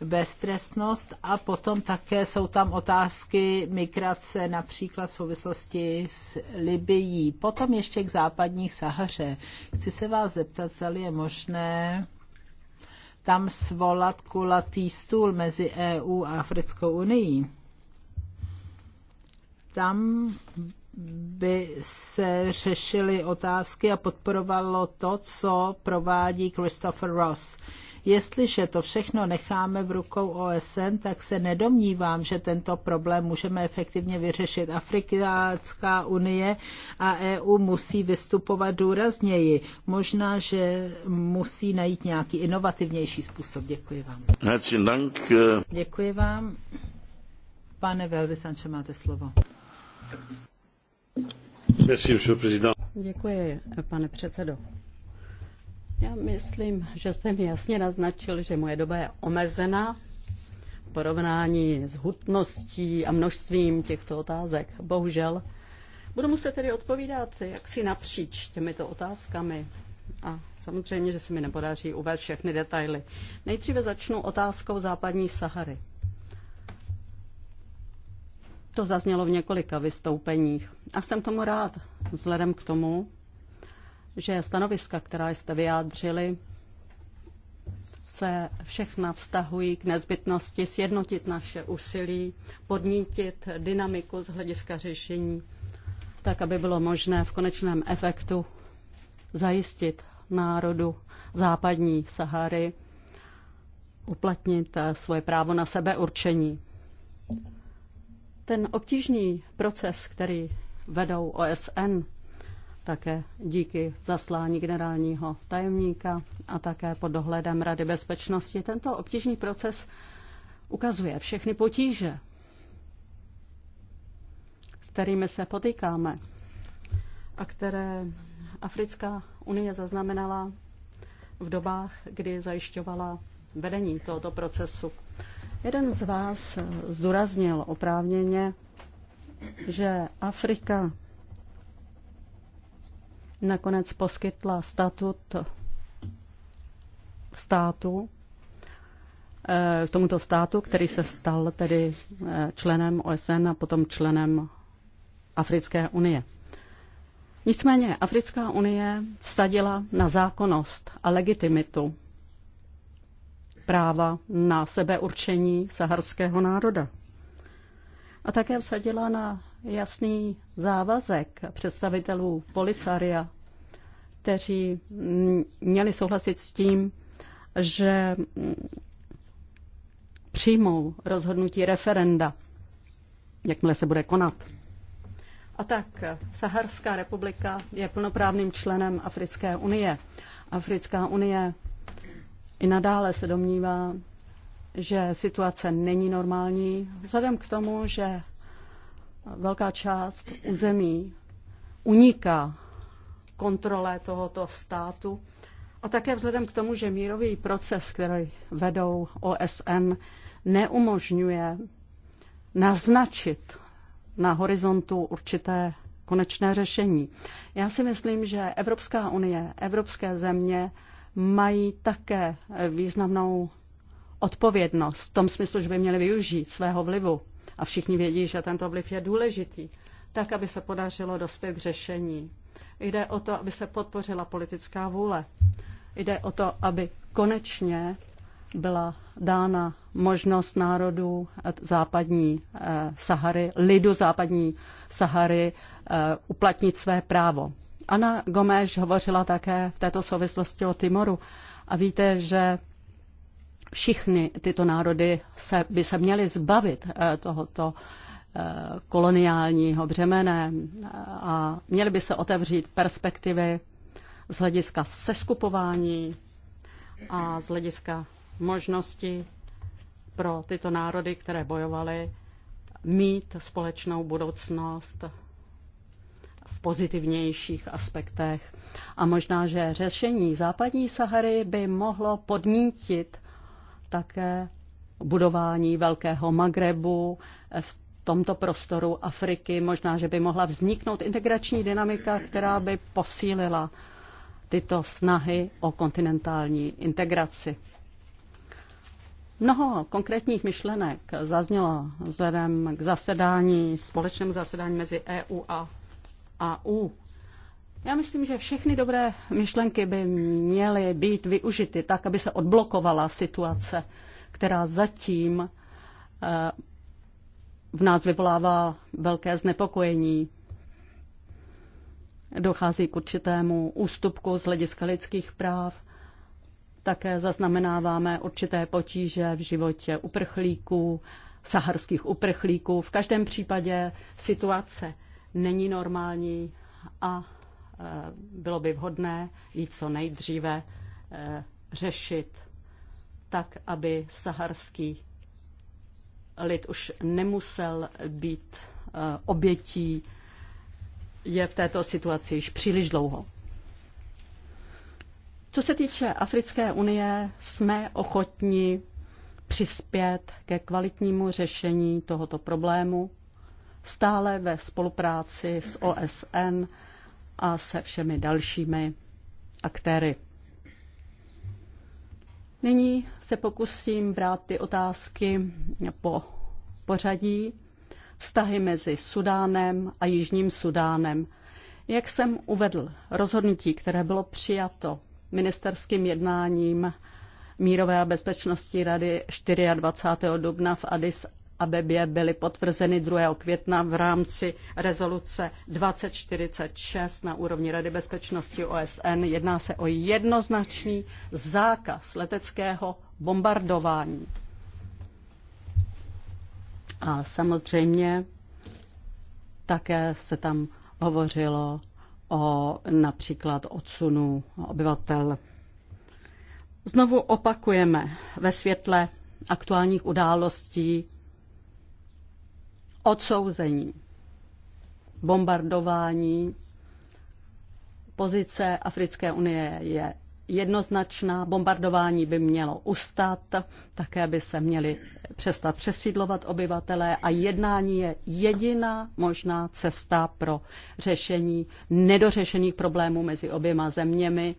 beztrestnost a potom také jsou tam otázky migrace například v souvislosti s Libyí. Potom ještě k západní Sahaře. Chci se vás zeptat, zda je možné tam svolat kulatý stůl mezi EU a Africkou unii. Tam by se řešily otázky a podporovalo to, co provádí Christopher Ross. Jestliže to všechno necháme v rukou OSN, tak se nedomnívám, že tento problém můžeme efektivně vyřešit. Afrikácká unie a EU musí vystupovat důrazněji. Možná, že musí najít nějaký inovativnější způsob. Děkuji vám. Děkuji vám. Pane Velvyslanče, máte slovo. Děkuji, pane předsedo. Já myslím, že jste mi jasně naznačil, že moje doba je omezená v porovnání s hutností a množstvím těchto otázek. Bohužel budu muset tedy odpovídat jaksi napříč těmito otázkami a samozřejmě, že se mi nepodaří uvést všechny detaily. Nejdříve začnu otázkou západní Sahary. To zaznělo v několika vystoupeních a jsem tomu rád, vzhledem k tomu, že stanoviska, která jste vyjádřili, se všechna vztahují k nezbytnosti sjednotit naše úsilí, podnítit dynamiku z hlediska řešení, tak aby bylo možné v konečném efektu zajistit národu západní Sahary uplatnit eh, svoje právo na sebeurčení. Ten obtížný proces, který vedou OSN, také díky zaslání generálního tajemníka a také pod dohledem Rady bezpečnosti, tento obtížný proces ukazuje všechny potíže, s kterými se potýkáme a které Africká unie zaznamenala v dobách, kdy zajišťovala vedení tohoto procesu. Jeden z vás zdůraznil oprávněně, že Afrika nakonec poskytla statut státu, k eh, tomuto státu, který se stal tedy eh, členem OSN a potom členem Africké unie. Nicméně Africká unie vsadila na zákonnost a legitimitu práva na sebeurčení saharského národa. A také vsadila na jasný závazek představitelů Polisaria, kteří mm, měli souhlasit s tím, že mm, přijmou rozhodnutí referenda, jakmile se bude konat. A tak Saharská republika je plnoprávným členem Africké unie. Africká unie i nadále se domnívá, že situace není normální, vzhledem k tomu, že velká část území uniká kontrole tohoto státu a také vzhledem k tomu, že mírový proces, který vedou OSN, neumožňuje naznačit na horizontu určité konečné řešení. Já si myslím, že Evropská unie, evropské země mají také eh, významnou odpovědnost v tom smyslu, že by měli využít svého vlivu. A všichni vědí, že tento vliv je důležitý, tak, aby se podařilo dospět k řešení. Jde o to, aby se podpořila politická vůle. Jde o to, aby konečně byla dána možnost národů západní eh, Sahary, lidu západní Sahary eh, uplatnit své právo. Ana Gomeš hovořila také v této souvislosti o Timoru. A víte, že všichni tyto národy se, by se měly zbavit eh, tohoto eh, koloniálního břemene eh, a měly by se otevřít perspektivy z hlediska seskupování a z hlediska možnosti pro tyto národy, které bojovaly, mít společnou budoucnost pozitivnějších aspektech. A možná, že řešení západní Sahary by mohlo podnítit také budování velkého Magrebu v tomto prostoru Afriky. Možná, že by mohla vzniknout integrační dynamika, která by posílila tyto snahy o kontinentální integraci. Mnoho konkrétních myšlenek zaznělo vzhledem k zasedání, společnému zasedání mezi EU a a U. Já myslím, že všechny dobré myšlenky by měly být využity tak, aby se odblokovala situace, která zatím eh, v nás vyvolává velké znepokojení. Dochází k určitému ústupku z hlediska lidských práv. Také zaznamenáváme určité potíže v životě uprchlíků, saharských uprchlíků. V každém případě situace není normální a e, bylo by vhodné ji co nejdříve e, řešit tak, aby saharský lid už nemusel být e, obětí, je v této situaci již příliš dlouho. Co se týče Africké unie, jsme ochotni přispět ke kvalitnímu řešení tohoto problému stále ve spolupráci s OSN a se všemi dalšími aktéry. Nyní se pokusím brát ty otázky po pořadí. Vztahy mezi Sudánem a Jižním Sudánem. Jak jsem uvedl, rozhodnutí, které bylo přijato ministerským jednáním Mírové a bezpečnosti rady 24. dubna v Addis aby byly potvrzeny 2. května v rámci rezoluce 2046 na úrovni Rady bezpečnosti OSN. Jedná se o jednoznačný zákaz leteckého bombardování. A samozřejmě také se tam hovořilo o například odsunu obyvatel. Znovu opakujeme ve světle aktuálních událostí odsouzení bombardování. Pozice Africké unie je jednoznačná, bombardování by mělo ustat, také by se měli přestat přesídlovat obyvatelé a jednání je jediná možná cesta pro řešení nedořešených problémů mezi oběma zeměmi.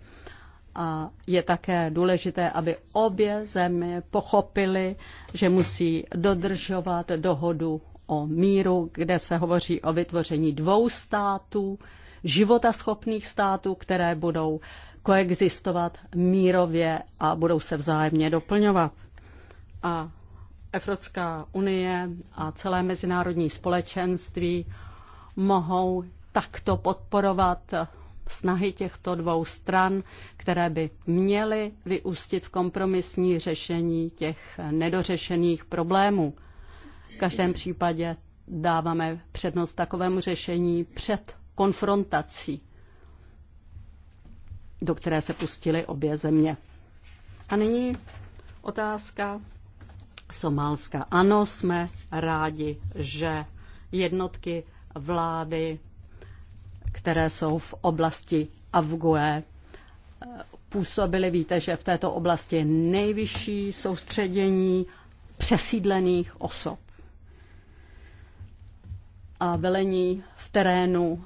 A je také důležité, aby obě země pochopily, že musí dodržovat dohodu o míru, kde se hovoří o vytvoření dvou států, životaschopných států, které budou koexistovat mírově a budou se vzájemně doplňovat. A Evropská unie a celé mezinárodní společenství mohou takto podporovat snahy těchto dvou stran, které by měly vyústit v kompromisní řešení těch nedořešených problémů. V každém případě dáváme přednost takovému řešení před konfrontací, do které se pustily obě země. A nyní otázka Somálska. Ano, jsme rádi, že jednotky vlády, které jsou v oblasti Avgué, působily. Víte, že v této oblasti je nejvyšší soustředění přesídlených osob a velení v terénu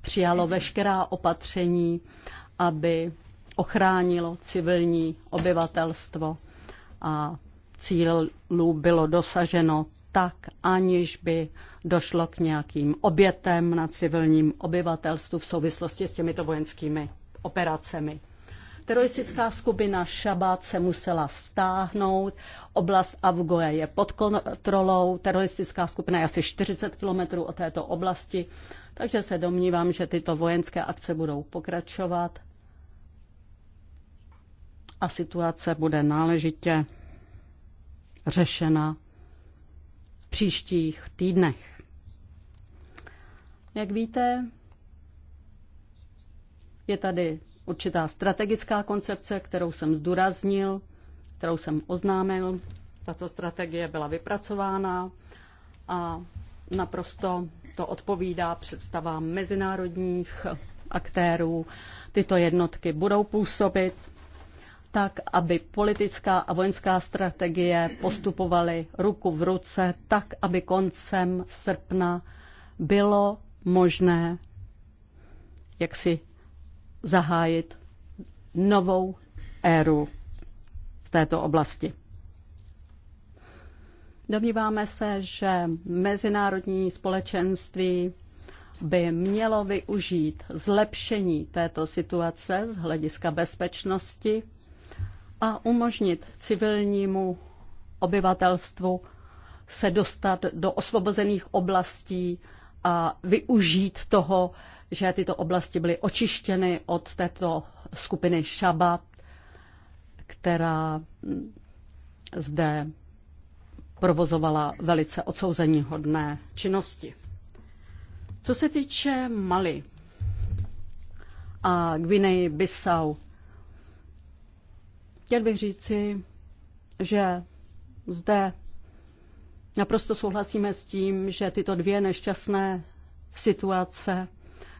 přijalo veškerá opatření, aby ochránilo civilní obyvatelstvo a cílů bylo dosaženo tak, aniž by došlo k nějakým obětem na civilním obyvatelstvu v souvislosti s těmito vojenskými operacemi. Teroristická skupina Šabat se musela stáhnout, oblast Avgoje je pod kontrolou, teroristická skupina je asi 40 kilometrů od této oblasti, takže se domnívám, že tyto vojenské akce budou pokračovat a situace bude náležitě řešena v příštích týdnech. Jak víte, je tady určitá strategická koncepce, kterou jsem zdůraznil, kterou jsem oznámil. Tato strategie byla vypracována a naprosto to odpovídá představám mezinárodních aktérů. Tyto jednotky budou působit tak, aby politická a vojenská strategie postupovaly ruku v ruce, tak, aby koncem srpna bylo možné jak si zahájit novou éru v této oblasti. Domníváme se, že mezinárodní společenství by mělo využít zlepšení této situace z hlediska bezpečnosti a umožnit civilnímu obyvatelstvu se dostat do osvobozených oblastí a využít toho, že tyto oblasti byly očištěny od této skupiny Šabat, která zde provozovala velice hodné činnosti. Co se týče Mali a Gvineji Bissau, chtěl bych říci, že zde naprosto souhlasíme s tím, že tyto dvě nešťastné situace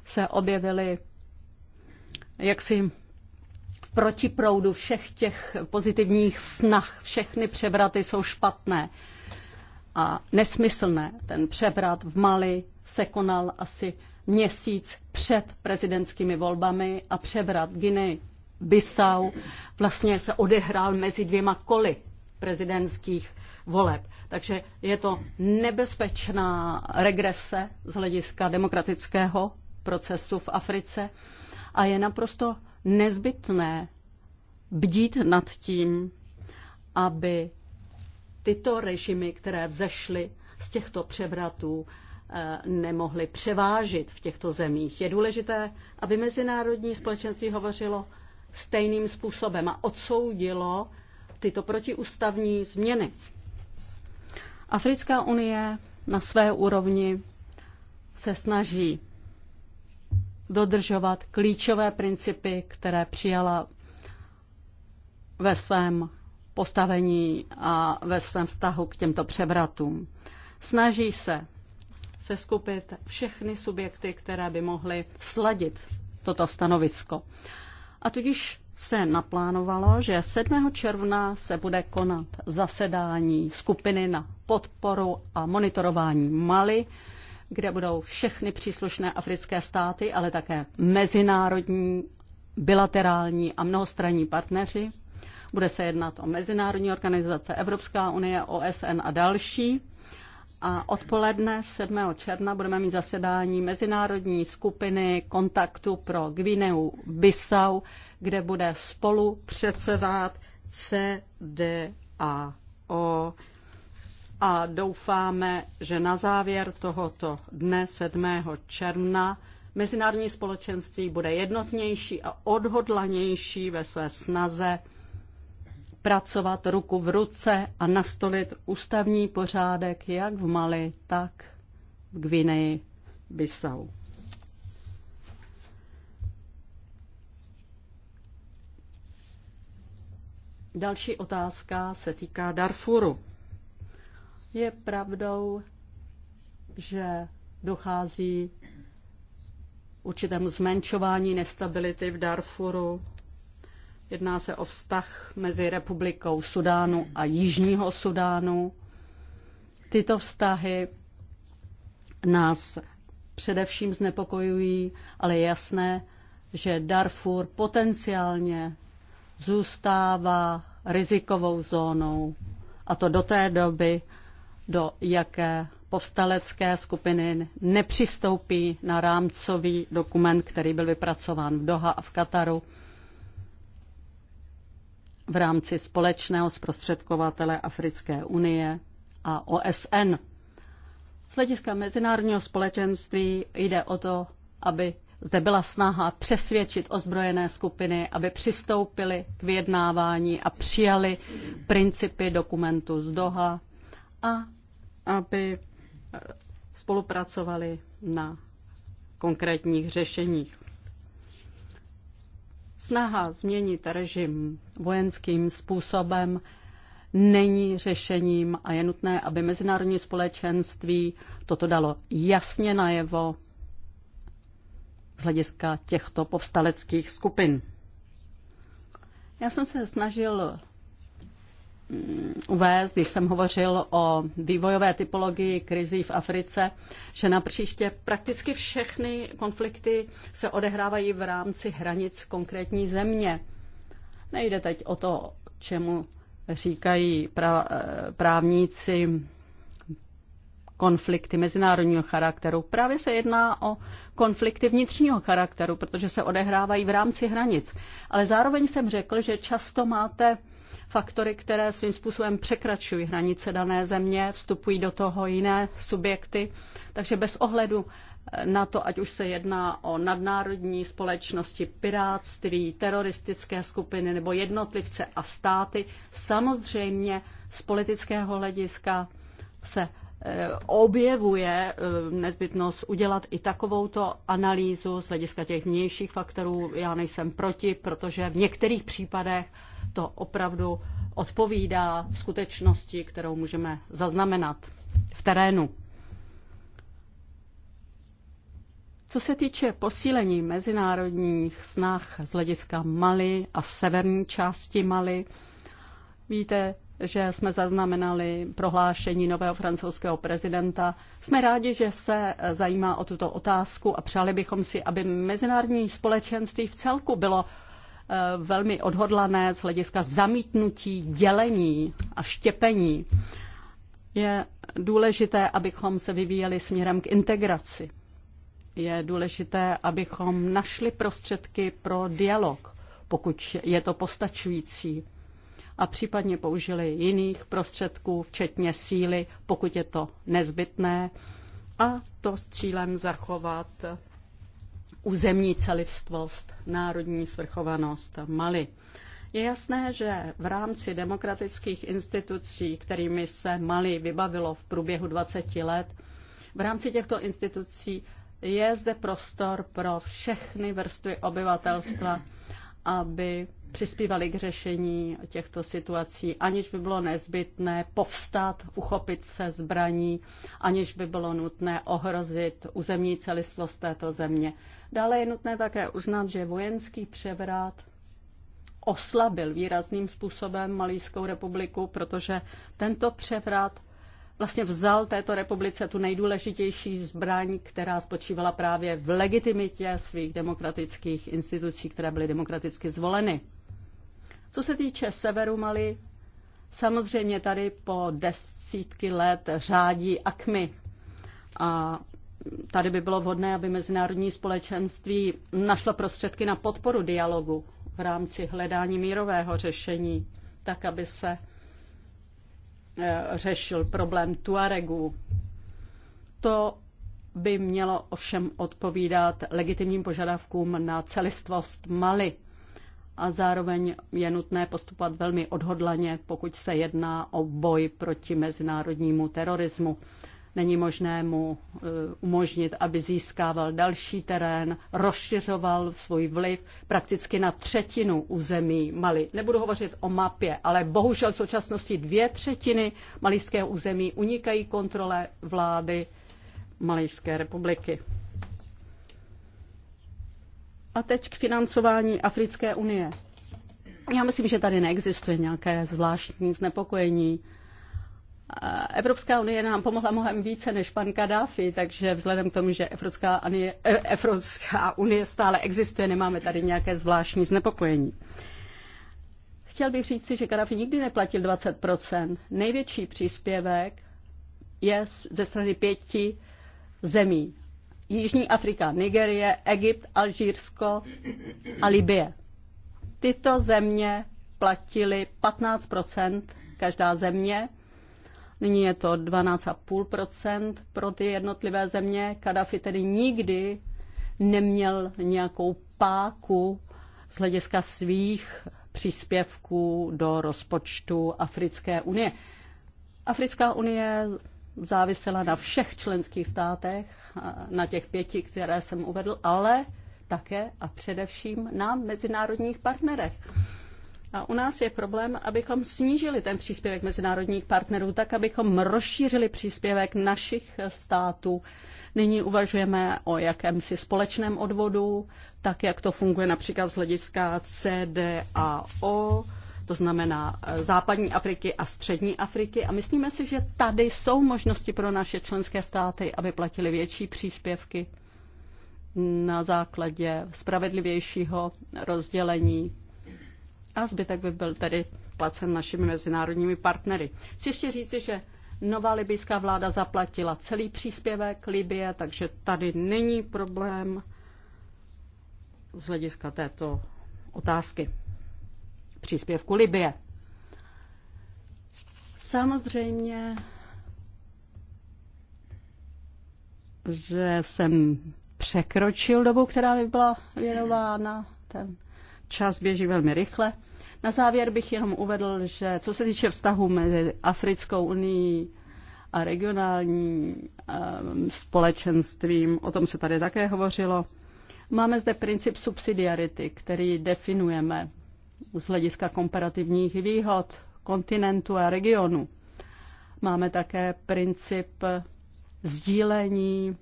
se objevily jaksi v protiproudu všech těch pozitivních snah. Všechny převraty jsou špatné a nesmyslné. Ten převrat v Mali se konal asi měsíc před prezidentskými volbami a převrat Guinea Bissau vlastně se odehrál mezi dvěma koly prezidentských voleb. Takže je to nebezpečná regrese z hlediska demokratického procesu v Africe a je naprosto nezbytné bdít nad tím, aby tyto režimy, které vzešly z těchto převratů, eh, nemohly převážit v těchto zemích. Je důležité, aby mezinárodní společenství hovořilo stejným způsobem a odsoudilo tyto protiústavní změny. Africká unie na své úrovni se snaží dodržovat klíčové principy, které přijala ve svém postavení a ve svém vztahu k těmto převratům. Snaží se seskupit všechny subjekty, které by mohly sladit toto stanovisko. A tudíž se naplánovalo, že 7. června se bude konat zasedání skupiny na podporu a monitorování Mali, kde budou všechny příslušné africké státy, ale také mezinárodní, bilaterální a mnohostranní partneři. Bude se jednat o mezinárodní organizace Evropská unie, OSN a další. A odpoledne 7. června budeme mít zasedání mezinárodní skupiny kontaktu pro Gvineu Bissau, kde bude spolu předsedat CDAO a doufáme, že na závěr tohoto dne 7. června mezinárodní společenství bude jednotnější a odhodlanější ve své snaze pracovat ruku v ruce a nastolit ústavní pořádek jak v Mali, tak v Gvineji Bissau. Další otázka se týká Darfuru. Je pravdou, že dochází určitému zmenšování nestability v Darfuru. Jedná se o vztah mezi republikou Sudánu a Jižního Sudánu. Tyto vztahy nás především znepokojují, ale je jasné, že Darfur potenciálně zůstává rizikovou zónou. A to do té doby, do jaké povstalecké skupiny nepřistoupí na rámcový dokument, který byl vypracován v Doha a v Kataru v rámci společného zprostředkovatele Africké unie a OSN. Z hlediska mezinárodního společenství jde o to, aby zde byla snaha přesvědčit ozbrojené skupiny, aby přistoupili k vyjednávání a přijali principy dokumentu z Doha a aby eh, spolupracovali na konkrétních řešeních. Snaha změnit režim vojenským způsobem není řešením a je nutné, aby mezinárodní společenství toto dalo jasně najevo z hlediska těchto povstaleckých skupin. Já jsem se snažil Mm, uvést, když jsem hovořil o vývojové typologii krizí v Africe, že na příště prakticky všechny konflikty se odehrávají v rámci hranic konkrétní země. Nejde teď o to, čemu říkají pra, eh, právníci konflikty mezinárodního charakteru. Právě se jedná o konflikty vnitřního charakteru, protože se odehrávají v rámci hranic. Ale zároveň jsem řekl, že často máte faktory, které svým způsobem překračují hranice dané země, vstupují do toho jiné subjekty. Takže bez ohledu eh, na to, ať už se jedná o nadnárodní společnosti, pirátství, teroristické skupiny nebo jednotlivce a státy, samozřejmě z politického hlediska se eh, objevuje eh, nezbytnost udělat i takovouto analýzu z hlediska těch vnějších faktorů. Já nejsem proti, protože v některých případech to opravdu odpovídá v skutečnosti, kterou můžeme zaznamenat v terénu. Co se týče posílení mezinárodních snah z hlediska Mali a severní části Mali, víte, že jsme zaznamenali prohlášení nového francouzského prezidenta. Jsme rádi, že se zajímá o tuto otázku a přáli bychom si, aby mezinárodní společenství v celku bylo Eh, velmi odhodlané z hlediska zamítnutí, dělení a štěpení. Je důležité, abychom se vyvíjeli směrem k integraci. Je důležité, abychom našli prostředky pro dialog, pokud je to postačující, a případně použili jiných prostředků, včetně síly, pokud je to nezbytné, a to s cílem zachovat územní celistvost, národní svrchovanost Mali. Je jasné, že v rámci demokratických institucí, kterými se Mali vybavilo v průběhu 20 let, v rámci těchto institucí je zde prostor pro všechny vrstvy obyvatelstva, aby přispívali k řešení těchto situací, aniž by bylo nezbytné povstat, uchopit se zbraní, aniž by bylo nutné ohrozit územní celistvost této země. Dále je nutné také uznat, že vojenský převrat oslabil výrazným způsobem Malijskou republiku, protože tento převrat vlastně vzal této republice tu nejdůležitější zbraň, která spočívala právě v legitimitě svých demokratických institucí, které byly demokraticky zvoleny. Co se týče severu Mali, samozřejmě tady po desítky let řádí akmy. A tady by bylo vhodné, aby mezinárodní společenství našlo prostředky na podporu dialogu v rámci hledání mírového řešení, tak aby se e, řešil problém Tuaregů. To by mělo ovšem odpovídat legitimním požadavkům na celistvost Mali a zároveň je nutné postupovat velmi odhodlaně, pokud se jedná o boj proti mezinárodnímu terorismu. Není možné mu e, umožnit, aby získával další terén, rozšiřoval svůj vliv prakticky na třetinu území Mali. Nebudu hovořit o mapě, ale bohužel v současnosti dvě třetiny malijského území unikají kontrole vlády Malijské republiky. A teď k financování Africké unie. Já myslím, že tady neexistuje nějaké zvláštní znepokojení Evropská unie nám pomohla mnohem více než pan Kadáfi, takže vzhledem k tomu, že Evropská unie, eh, Evropská unie stále existuje, nemáme tady nějaké zvláštní znepokojení. Chtěl bych říct si, že Kadáfi nikdy neplatil 20%. Největší příspěvek je ze strany pěti zemí. Jižní Afrika, Nigerie, Egypt, Alžírsko a Libie. Tyto země platily 15 každá země nyní je to 12,5 pro ty jednotlivé země. Kadafi tedy nikdy neměl nějakou páku z hlediska svých příspěvků do rozpočtu Africké unie. Africká unie závisela na všech členských státech, na těch pěti, které jsem uvedl, ale také a především na mezinárodních partnerech. A u nás je problém, abychom snížili ten příspěvek mezinárodních partnerů, tak abychom rozšířili příspěvek našich států. Nyní uvažujeme o jakémsi společném odvodu, tak jak to funguje například z hlediska CDAO, to znamená eh, západní Afriky a střední Afriky. A myslíme si, že tady jsou možnosti pro naše členské státy, aby platili větší příspěvky na základě spravedlivějšího rozdělení a zbytek by byl tedy placen našimi mezinárodními partnery. Chci ještě říci, že nová libyská vláda zaplatila celý příspěvek Libie, takže tady není problém z hlediska této otázky příspěvku Libie. Samozřejmě, že jsem překročil dobu, která by byla věnována ten čas běží velmi rychle. Na závěr bych jenom uvedl, že co se týče vztahu mezi Africkou unii a regionální um, společenstvím, o tom se tady také hovořilo, máme zde princip subsidiarity, který definujeme z hlediska komparativních výhod kontinentu a regionu. Máme také princip sdílení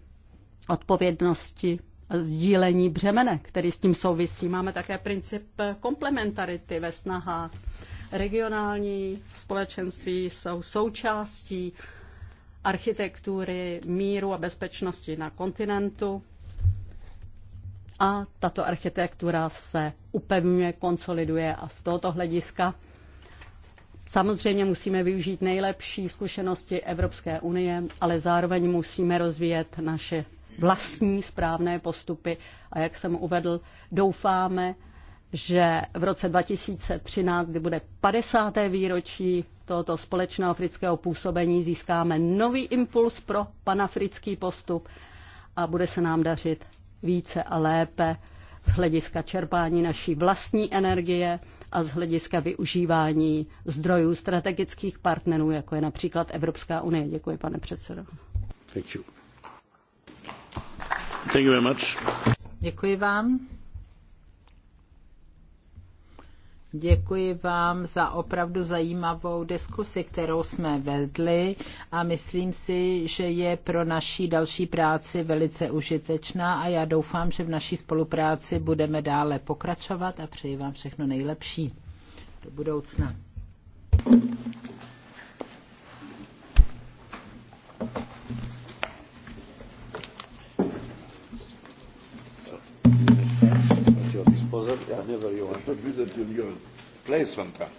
odpovědnosti sdílení břemene, který s tím souvisí. Máme také princip komplementarity ve snahách. Regionální společenství jsou součástí architektury míru a bezpečnosti na kontinentu a tato architektura se upevňuje, konsoliduje a z tohoto hlediska Samozřejmě musíme využít nejlepší zkušenosti Evropské unie, ale zároveň musíme rozvíjet naše vlastní správné postupy a jak jsem uvedl, doufáme, že v roce 2013, kdy bude 50. výročí tohoto společného afrického působení, získáme nový impuls pro panafrický postup a bude se nám dařit více a lépe z hlediska čerpání naší vlastní energie a z hlediska využívání zdrojů strategických partnerů, jako je například Evropská unie. Děkuji, pane předsedo. Děkuji vám. Děkuji vám za opravdu zajímavou diskusi, kterou jsme vedli a myslím si, že je pro naší další práci velice užitečná a já doufám, že v naší spolupráci budeme dále pokračovat a přeji vám všechno nejlepší do budoucna. Was it? I never you want to visit your place sometime.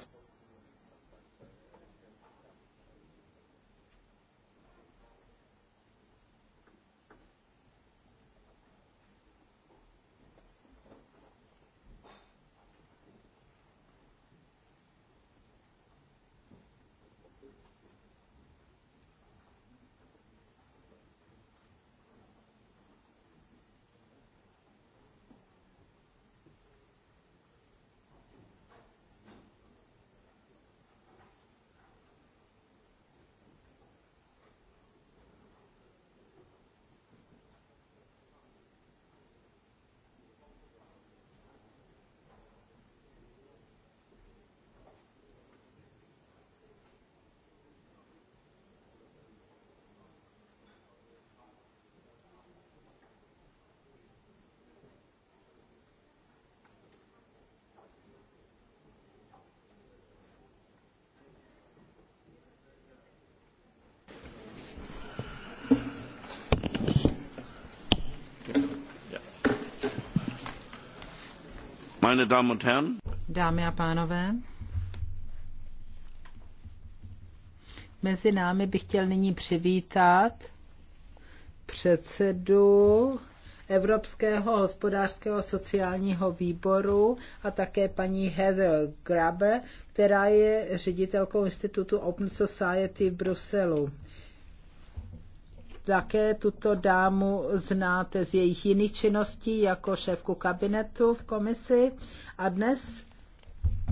Meine Damen und Herren. Dámy a pánové, mezi námi bych chtěl nyní přivítat předsedu Evropského hospodářského sociálního výboru a také paní Heather Graber, která je ředitelkou Institutu Open Society v Bruselu. Také tuto dámu znáte z jejich jiných činností jako šéfku kabinetu v komisi a dnes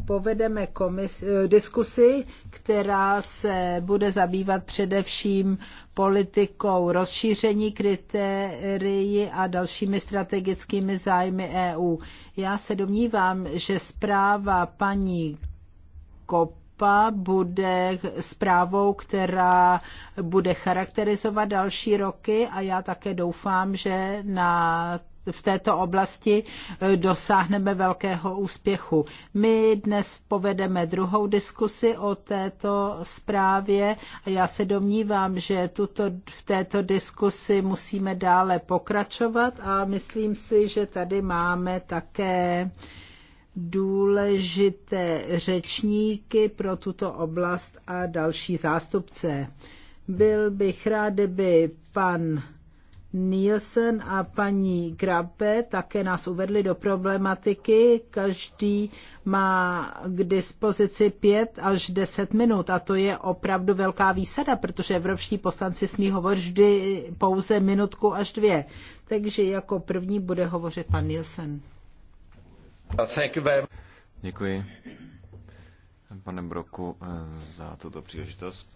povedeme komis, eh, diskusi, která se bude zabývat především politikou rozšíření kritérií a dalšími strategickými zájmy EU. Já se domnívám, že zpráva paní Kop Evropa bude zprávou, která bude charakterizovat další roky a já také doufám, že na v této oblasti eh, dosáhneme velkého úspěchu. My dnes povedeme druhou diskusi o této zprávě a já se domnívám, že tuto, v této diskusi musíme dále pokračovat a myslím si, že tady máme také důležité řečníky pro tuto oblast a další zástupce. Byl bych rád, kdyby pan Nielsen a paní Grape také nás uvedli do problematiky. Každý má k dispozici pět až deset minut a to je opravdu velká výsada, protože evropští poslanci smí hovořit vždy pouze minutku až dvě. Takže jako první bude hovořit pan Nielsen. Děkuji, pane Broku, eh, za tuto příležitost.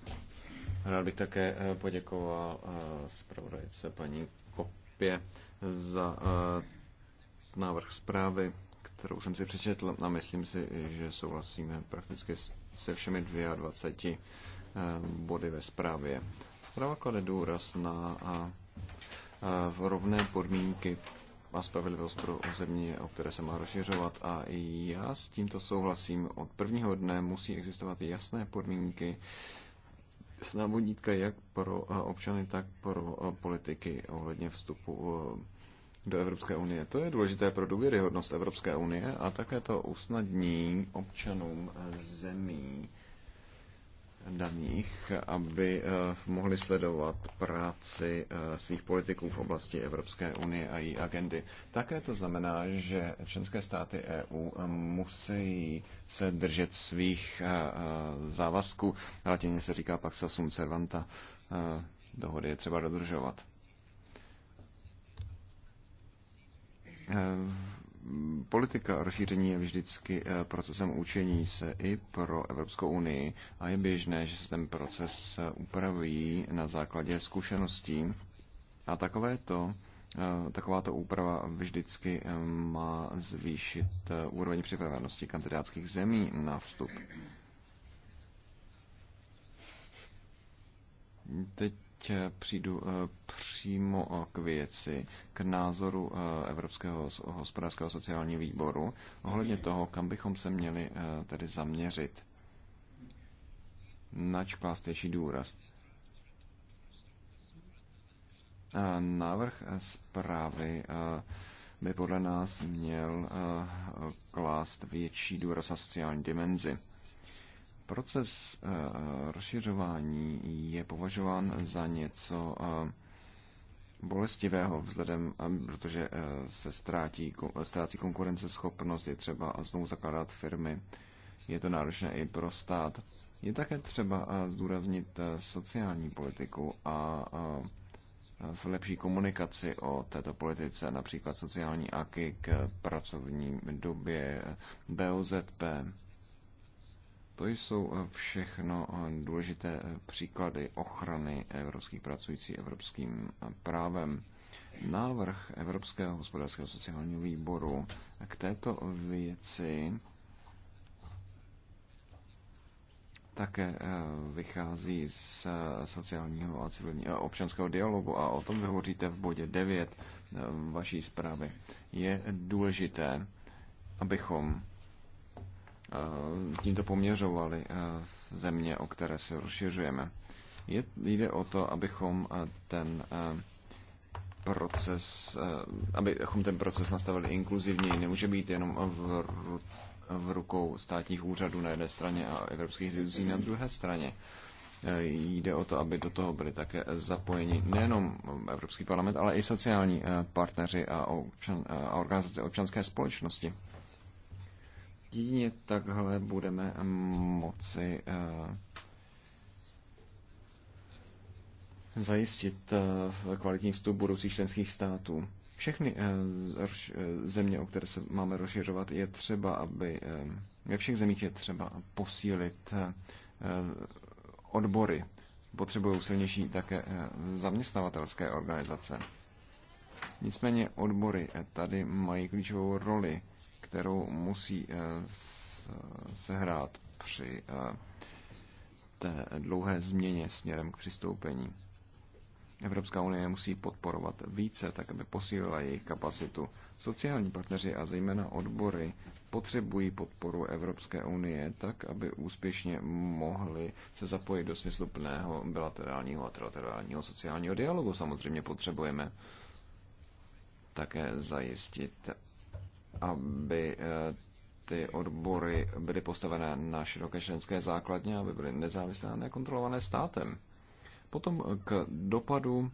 Rád bych také eh, poděkoval eh, zpravodajce paní Kopě za návrh zprávy, kterou jsem si přečetl a myslím si, že souhlasíme prakticky se všemi 22 body ve zprávě. Zpráva klade důraz na rovné podmínky a spravedlivost pro země, o které se má rozšiřovat. A já s tímto souhlasím. Od prvního dne musí existovat jasné podmínky, jasná vodítka jak pro eh, občany, tak pro eh, politiky ohledně vstupu eh, do Evropské unie. To je důležité pro důvěryhodnost Evropské unie a také to usnadní občanům zemí daních, aby eh, mohli sledovat práci eh, svých politiků v oblasti Evropské unie a její agendy. Také to znamená, že členské státy EU eh, musí se držet svých závazků. Latině se říká pak sum servanta. Dohody je třeba dodržovat politika rozšíření je vždycky eh, procesem učení se i pro Evropskou unii a je běžné, že se ten proces eh, upraví na základě zkušeností. A takové to, eh, takováto úprava vždycky má zvýšit úroveň připravenosti kandidátských zemí na vstup. Teď Eh, přijdu eh, přímo eh, k věci, k názoru Evropského hospodářského sociálního výboru ohledně toho, kam bychom se měli tedy zaměřit. Nač klást větší důraz. Návrh zprávy by podle nás měl klást větší důraz na sociální dimenzi proces eh, rozšiřování je považován za něco eh, bolestivého vzhledem, eh, protože se ztrátí, ztrácí konkurenceschopnost, je třeba znovu zakládat firmy, je to náročné i pro stát. Je také třeba zdůraznit sociální politiku a v lepší komunikaci o této politice, například sociální aky k pracovní době BOZP to jsou eh, všechno eh, důležité eh, příklady ochrany evropských pracující evropským právem. Návrh Evropského hospodářského sociálního výboru k této věci také vychází z sociálního a civilního občanského dialogu a o tom vyhoříte v bodě 9 vaší zprávy. Je důležité, abychom Eh, tímto poměřovali eh, země, o které se rozšiřujeme. Je, jde o to, abychom eh, ten proces, abychom ten proces nastavili inkluzivněji. Nemůže být jenom v, v rukou státních úřadů na jedné straně a evropských institucí na druhé straně. Jde o to, aby do toho byli také zapojeni nejenom Evropský parlament, ale i sociální partneři a, občan, a organizace občanské společnosti. Jedině takhle budeme moci eh, zajistit eh, kvalitní vstup budoucích členských států. Všechny eh, země, o které se máme rozšiřovat, je třeba, aby ve všech zemích je třeba posílit odbory. Potřebují silnější také zaměstnavatelské organizace. Nicméně odbory tady mají klíčovou roli kterou musí eh, sehrát při eh, té dlouhé změně směrem k přistoupení. Evropská unie musí podporovat více, tak aby posílila jejich kapacitu. Sociální partneři a zejména odbory potřebují podporu Evropské unie, tak aby úspěšně mohli se zapojit do smysluplného bilaterálního a trilaterálního sociálního dialogu. Samozřejmě potřebujeme také zajistit aby eh, ty odbory byly postavené na široké členské základně, aby byly nezávislé a nekontrolované státem. Potom k dopadu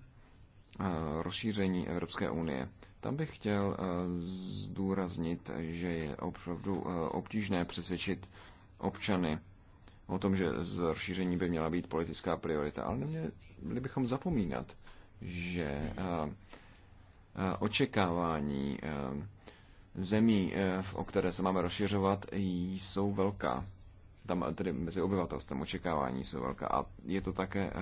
eh, rozšíření Evropské unie. Tam bych chtěl eh, zdůraznit, že je opravdu obtížné přesvědčit občany o tom, že z rozšíření by měla být politická priorita, ale neměli bychom zapomínat, že očekávání zemí, eh, o které se máme rozšiřovat, jsou velká. Tam eh, tedy mezi obyvatelstvem očekávání jsou velká. A je to také eh,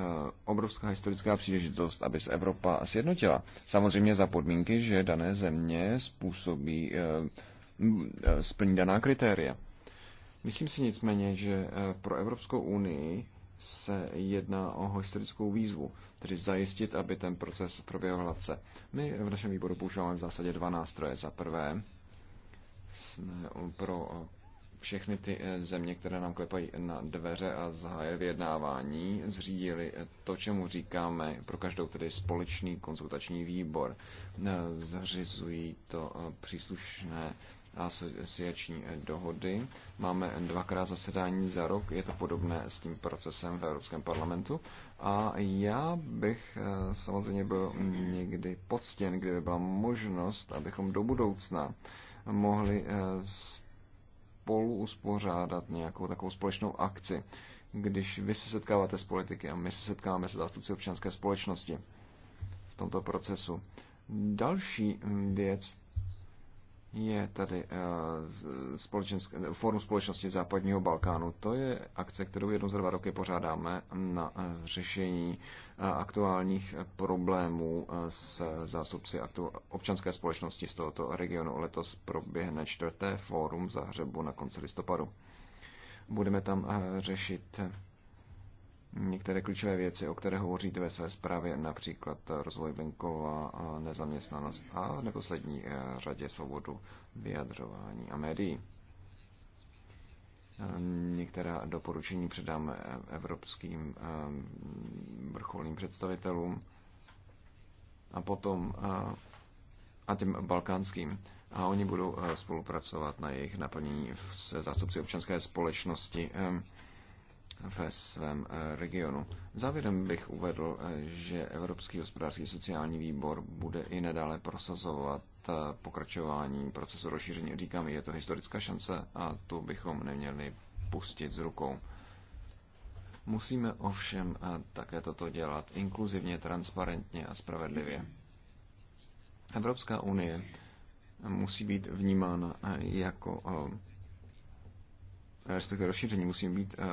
obrovská historická příležitost, aby se Evropa sjednotila. Samozřejmě za podmínky, že dané země způsobí splní daná kritéria. Myslím si nicméně, že pro Evropskou unii se jedná o historickou výzvu, tedy zajistit, aby ten proces proběhl hladce. My v našem výboru používáme v zásadě dva nástroje. Za prvé, jsme pro eh, všechny ty eh, země, které nám klepají na dveře a zahájili vyjednávání, zřídili eh, to, čemu říkáme pro každou tedy společný konzultační výbor. Zařizují to příslušné asociační dohody. Máme dvakrát zasedání za rok, je to podobné s tím procesem v Evropském parlamentu. A já bych samozřejmě byl někdy poctěn, kdyby byla možnost, abychom do budoucna mohli eh, spolu uspořádat nějakou takovou společnou akci, když vy se setkáváte s politiky a my se setkáme se zástupci občanské společnosti v tomto procesu. Další mm, věc, je tady uh, Forum společnosti západního Balkánu. To je akce, kterou jednou za dva roky pořádáme na eh, řešení eh, aktuálních problémů s zástupci občanské společnosti z tohoto regionu. Letos proběhne čtvrté fórum v Zahřebu na konci listopadu. Budeme tam řešit některé klíčové věci, o které hovoříte ve své zprávě, například rozvoj venkova, nezaměstnanost a v neposlední eh, řadě svobodu vyjadřování a médií. Eh, některá doporučení předáme eh, evropským vrcholným představitelům a potom a těm balkánským. A oni budou spolupracovat na jejich naplnění se zástupci občanské společnosti ve svém eh, regionu. Závěrem bych uvedl, eh, že Evropský hospodářský sociální výbor bude i nadále prosazovat eh, pokračování procesu rozšíření. Říkám, je to historická šance a tu bychom neměli pustit z rukou. Musíme ovšem také toto dělat inkluzivně, transparentně a spravedlivě. Evropská unie musí být vnímána jako Eh, respektive rozšíření musí být eh,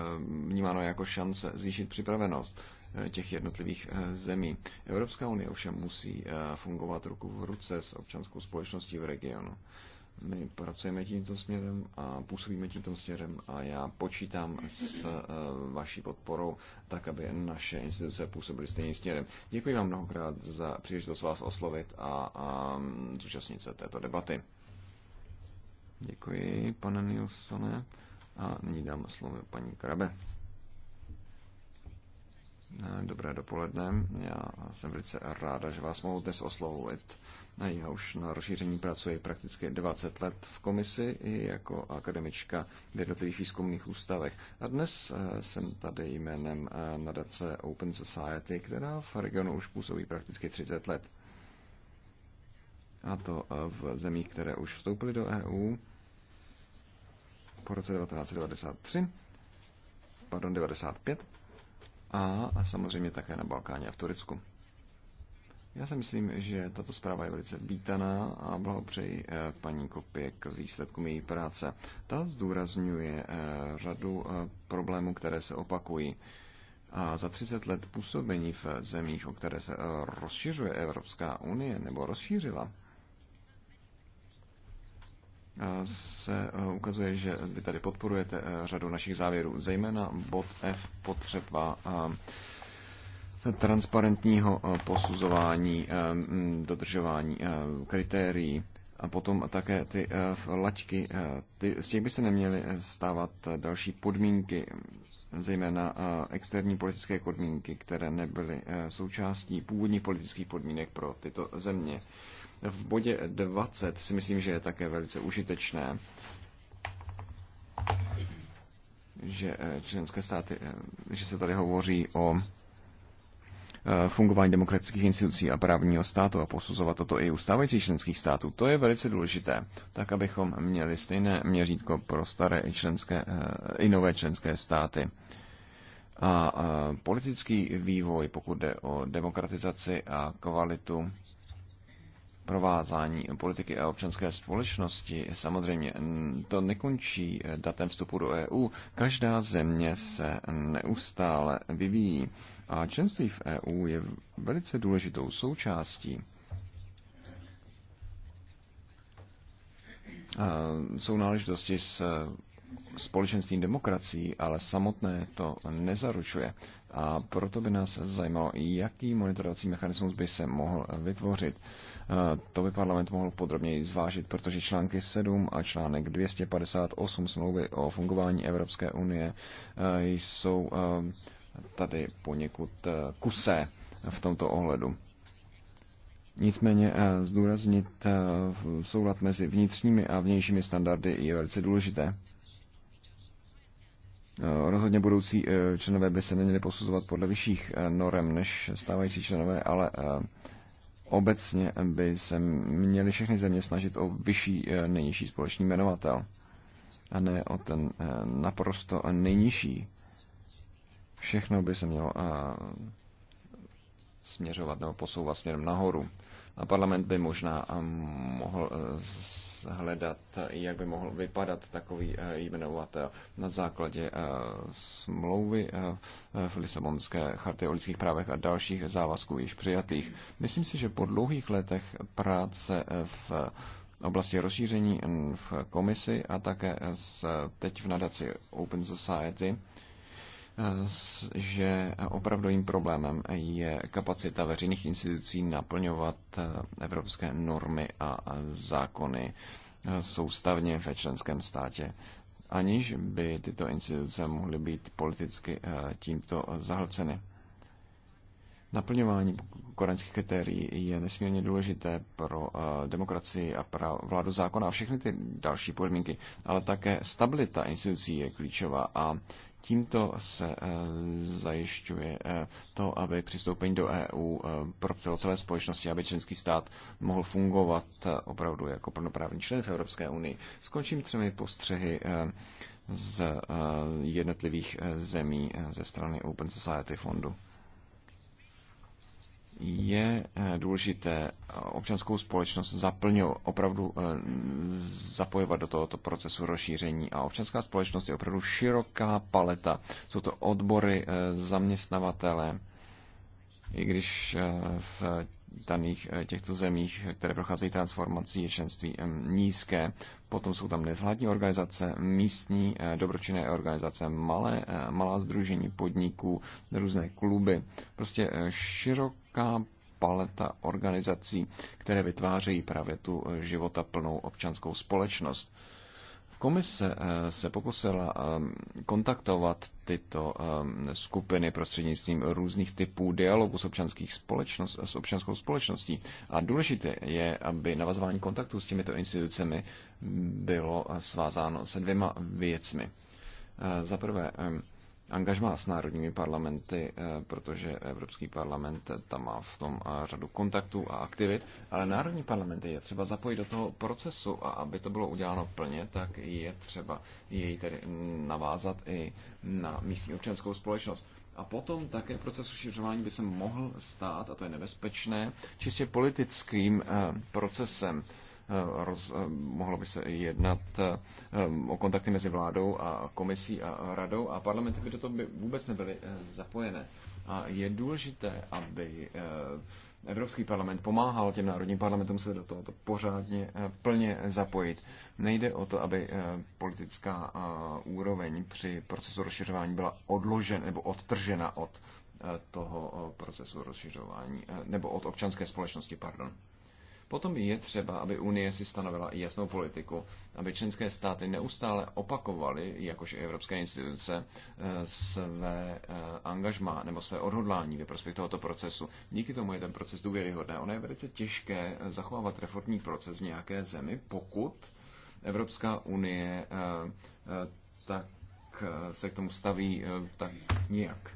vnímáno jako šance zvýšit připravenost eh, těch jednotlivých zemí. Evropská unie ovšem musí fungovat ruku v ruce s občanskou společností v regionu. My pracujeme tímto směrem a působíme tímto směrem a já počítám s vaší podporou tak, aby naše instituce působily stejným směrem. Děkuji vám mnohokrát za příležitost vás oslovit a, a mm, zúčastnit se této debaty. Děkuji, pane Nilsone. A nyní dám slovo paní Krabe. Eh, dobré dopoledne. Já jsem velice ráda, že vás mohu dnes oslovovat, eh, Já už na rozšíření pracuji prakticky 20 let v komisi i jako akademička v jednotlivých výzkumných ústavech. A dnes eh, jsem tady jménem nadace Open Society, která v regionu už působí prakticky 30 let. A to v zemích, které už vstoupily do EU po roce 1993, pardon, 95, a, a samozřejmě také na Balkáně a v Turecku. Já si myslím, že tato zpráva je velice vítaná a blahopřeji eh, paní Kopě k výsledkům její práce. Ta zdůrazňuje eh, řadu eh, problémů, které se opakují. A za 30 let působení v zemích, o které se rozšiřuje Evropská unie nebo rozšířila, se ukazuje, že vy tady podporujete řadu našich závěrů, zejména bod F potřeba transparentního posuzování, dodržování kritérií a potom také ty laťky, ty, z těch by se neměly e, stávat další podmínky, zejména externí politické podmínky, které nebyly e, součástí původních politických podmínek pro tyto země. V bodě 20 si myslím, že je také velice užitečné, že eh, členské státy, eh, že se tady hovoří o eh, fungování demokratických institucí a právního státu a posuzovat toto i u stávajících členských států. To je velice důležité, tak abychom měli stejné měřítko pro staré i, členské, i nové členské státy. A politický vývoj, pokud jde o demokratizaci a kvalitu provázání politiky a občanské společnosti. Samozřejmě to nekončí eh, datem vstupu do EU. Každá země se neustále vyvíjí a členství v EU je velice důležitou součástí. Eh, jsou náležitosti s eh, společenstvím demokracií, ale samotné to nezaručuje. A proto by nás zajímalo, jaký monitorovací mechanismus by se mohl vytvořit. Eh, to by parlament mohl podrobněji zvážit, protože články 7 a článek 258 smlouvy o fungování Evropské unie eh, jsou eh, tady poněkud kusé v tomto ohledu. Nicméně zdůraznit soulad mezi vnitřními a vnějšími standardy je velice důležité. Eh, rozhodně budoucí eh, členové by se neměli posuzovat podle vyšších eh, norem než stávající členové, ale obecně by se měly všechny země snažit o vyšší nejnižší společný jmenovatel a ne o ten naprosto nejnižší. Všechno by se mělo směřovat nebo posouvat směrem nahoru. A parlament by možná mohl hledat, jak by mohl vypadat takový eh, jmenovatel na základě eh, smlouvy eh, v Lisabonské charty o lidských právech a dalších závazků již přijatých. Myslím si, že po dlouhých letech práce v oblasti rozšíření v komisi a také teď v nadaci Open Society, že opravdovým problémem je kapacita veřejných institucí naplňovat eh, evropské normy a zákony eh, soustavně ve členském státě, aniž by tyto instituce mohly být politicky eh, tímto zahlceny. Naplňování koreňských kritérií je nesmírně důležité pro demokracii a pro vládu zákona a všechny ty další podmínky, ale také stabilita institucí je klíčová a Tímto se eh, zajišťuje eh, to, aby přistoupení do EU eh, pro celé společnosti, aby členský stát mohl fungovat opravdu jako plnoprávní člen v Evropské unii. Skončím třemi postřehy z jednotlivých zemí ze strany Open Society fondu je eh, důležité eh, občanskou společnost zaplňo, opravdu eh, zapojovat do tohoto procesu rozšíření. A občanská společnost je opravdu široká paleta. Jsou to odbory, zaměstnavatele, i když v daných těchto zemích, které procházejí transformací, je členství nízké. Potom jsou tam nevládní organizace, místní dobročinné organizace, malé, malá združení podniků, různé kluby. Prostě širok široká paleta organizací, které vytvářejí právě tu života plnou občanskou společnost. Komise eh, se pokusila ehm, kontaktovat tyto ehm, skupiny prostřednictvím různých typů dialogu s, občanských společnost, s občanskou společností. A důležité je, aby navazování kontaktů s těmito institucemi bylo svázáno se dvěma věcmi. Eh, za prvé, ehm, angažmá s národními parlamenty, eh, protože Evropský parlament eh, tam má v tom eh, řadu kontaktů a aktivit, ale národní parlamenty je třeba zapojit do toho procesu a aby to bylo uděláno plně, tak je třeba jej tedy navázat i na místní občanskou společnost. A potom také proces ušiřování by se mohl stát, a to je nebezpečné, čistě politickým procesem Eh, roz, eh, mohlo by se jednat eh, o kontakty mezi vládou a komisí a radou a parlamenty by do toho by vůbec nebyly zapojené. A je důležité, aby Evropský parlament pomáhal těm národním parlamentům se do tohoto pořádně plně zapojit. Nejde o to, aby politická úroveň při procesu rozšiřování byla odložena nebo odtržena od toho procesu rozšiřování, nebo od občanské společnosti, pardon. Potom je třeba, aby Unie si stanovila i jasnou politiku, aby členské státy neustále opakovaly, jakož i evropské instituce, eh, své eh, angažmá nebo své odhodlání ve prospěch tohoto procesu. Díky tomu je ten proces důvěryhodný. Ono je velice těžké eh, zachovávat reformní proces v nějaké zemi, pokud Evropská unie tak se k tomu staví tak nějak.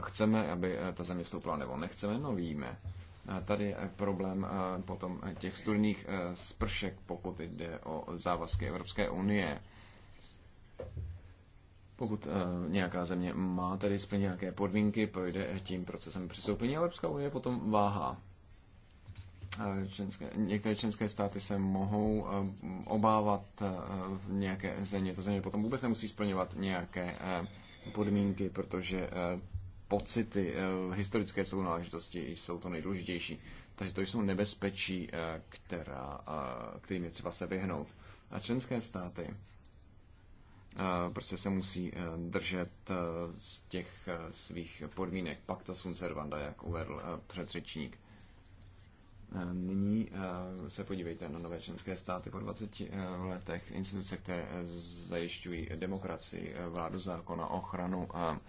Chceme, aby ta země vstoupila nebo nechceme, no víme. Tady je problém potom těch studijních e, spršek, pokud jde o závazky Evropské unie. Pokud e, nějaká země má tedy splnit nějaké podmínky, projde tím procesem přistoupení, Evropská unie potom váhá. Členské, některé členské státy se mohou e, obávat nějaké země. Ta země potom vůbec nemusí splňovat nějaké podmínky, protože pocity, eh, historické sounáležitosti jsou to nejdůležitější. Takže to jsou nebezpečí, eh, která, eh, kterým je třeba se vyhnout. A členské státy prostě se musí držet z těch svých podmínek Pakta sunt servanda, jak uvedl předřečník. Nyní se podívejte na nové členské státy po 20 letech, instituce, které zajišťují demokracii, vládu zákona, ochranu a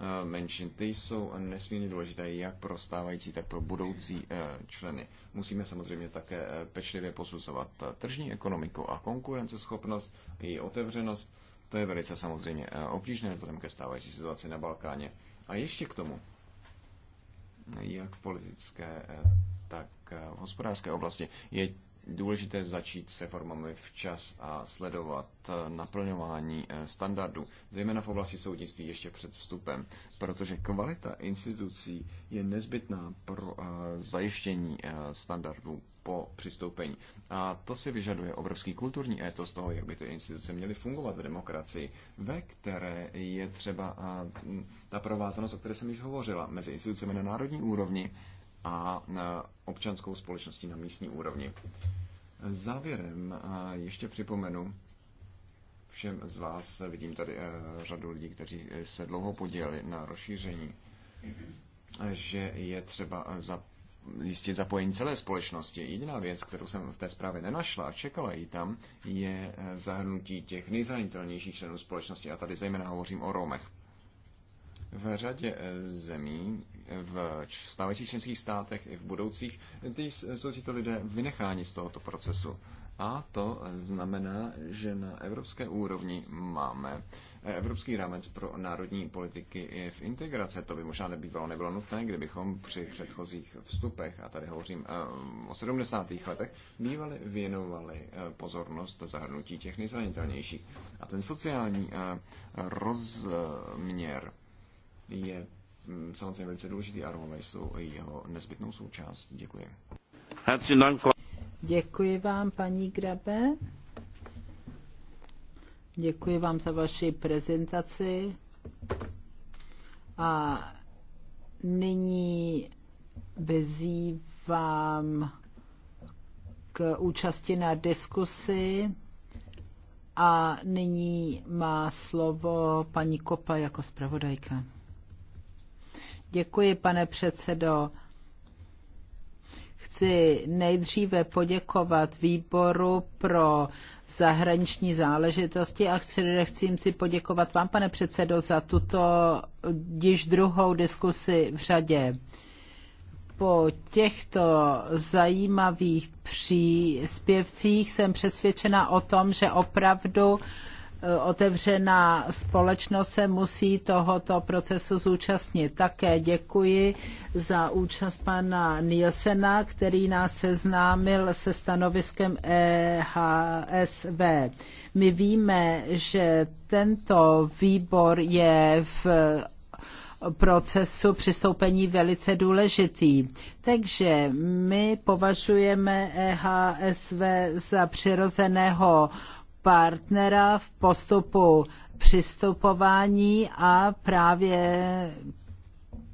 Eh, menšin, ty jsou nesmírně důležité jak pro stávající, tak pro budoucí eh, členy. Musíme samozřejmě také eh, pečlivě posuzovat tržní ekonomiku a konkurenceschopnost, její otevřenost. To je velice samozřejmě obtížné vzhledem ke stávající situaci na Balkáně. A ještě k tomu, jak v politické, tak v hospodářské oblasti, je důležité začít se formami včas a sledovat eh, naplňování eh, standardů, zejména v oblasti soudnictví ještě před vstupem, protože kvalita institucí je nezbytná pro eh, zajištění standardů po přistoupení. A to si vyžaduje obrovský kulturní étos toho, jak by ty instituce měly fungovat v demokracii, ve které je třeba ta provázanost, o které jsem již hovořila, mezi institucemi na národní úrovni a e, občanskou společností na místní úrovni. Závěrem e, ještě připomenu všem z vás, e, vidím tady řadu lidí, kteří se dlouho podíleli na rozšíření, že je třeba za jistě zapojení celé společnosti. Jediná věc, kterou jsem v té zprávě nenašla a čekala ji tam, je zahrnutí těch nejzranitelnějších členů společnosti, a tady zejména hovořím o Romech. V řadě zemí v stávajících členských státech i v budoucích, ty jsou tito lidé vynecháni z tohoto procesu. A to znamená, že na evropské úrovni máme eh, evropský rámec pro národní politiky i v integrace. To by možná nebývalo, nebylo nutné, kdybychom při předchozích vstupech, a tady hovořím eh, o 70. letech, bývali věnovali eh, pozornost zahrnutí těch nejzranitelnějších. A ten sociální rozměr je Mm, samozřejmě velice důležitý a Romové jsou i jeho nezbytnou součástí. Děkuji. Děkuji vám, paní Grabe. Děkuji vám za vaši prezentaci. A nyní vyzývám k účasti na diskusi. A nyní má slovo paní Kopa jako zpravodajka. Děkuji, pane předsedo. Chci nejdříve poděkovat výboru pro zahraniční záležitosti a chci, chci si poděkovat vám, pane předsedo, za tuto již druhou diskusi v řadě. Po těchto zajímavých příspěvcích jsem přesvědčena o tom, že opravdu uh, Eh, otevřená společnost se musí tohoto procesu zúčastnit. Také děkuji za účast pana Nielsena, který nás seznámil se stanoviskem EHSV. My víme, že tento výbor je v procesu přistoupení velice důležitý. Takže my považujeme EHSV za přirozeného partnera v postupu přistupování a právě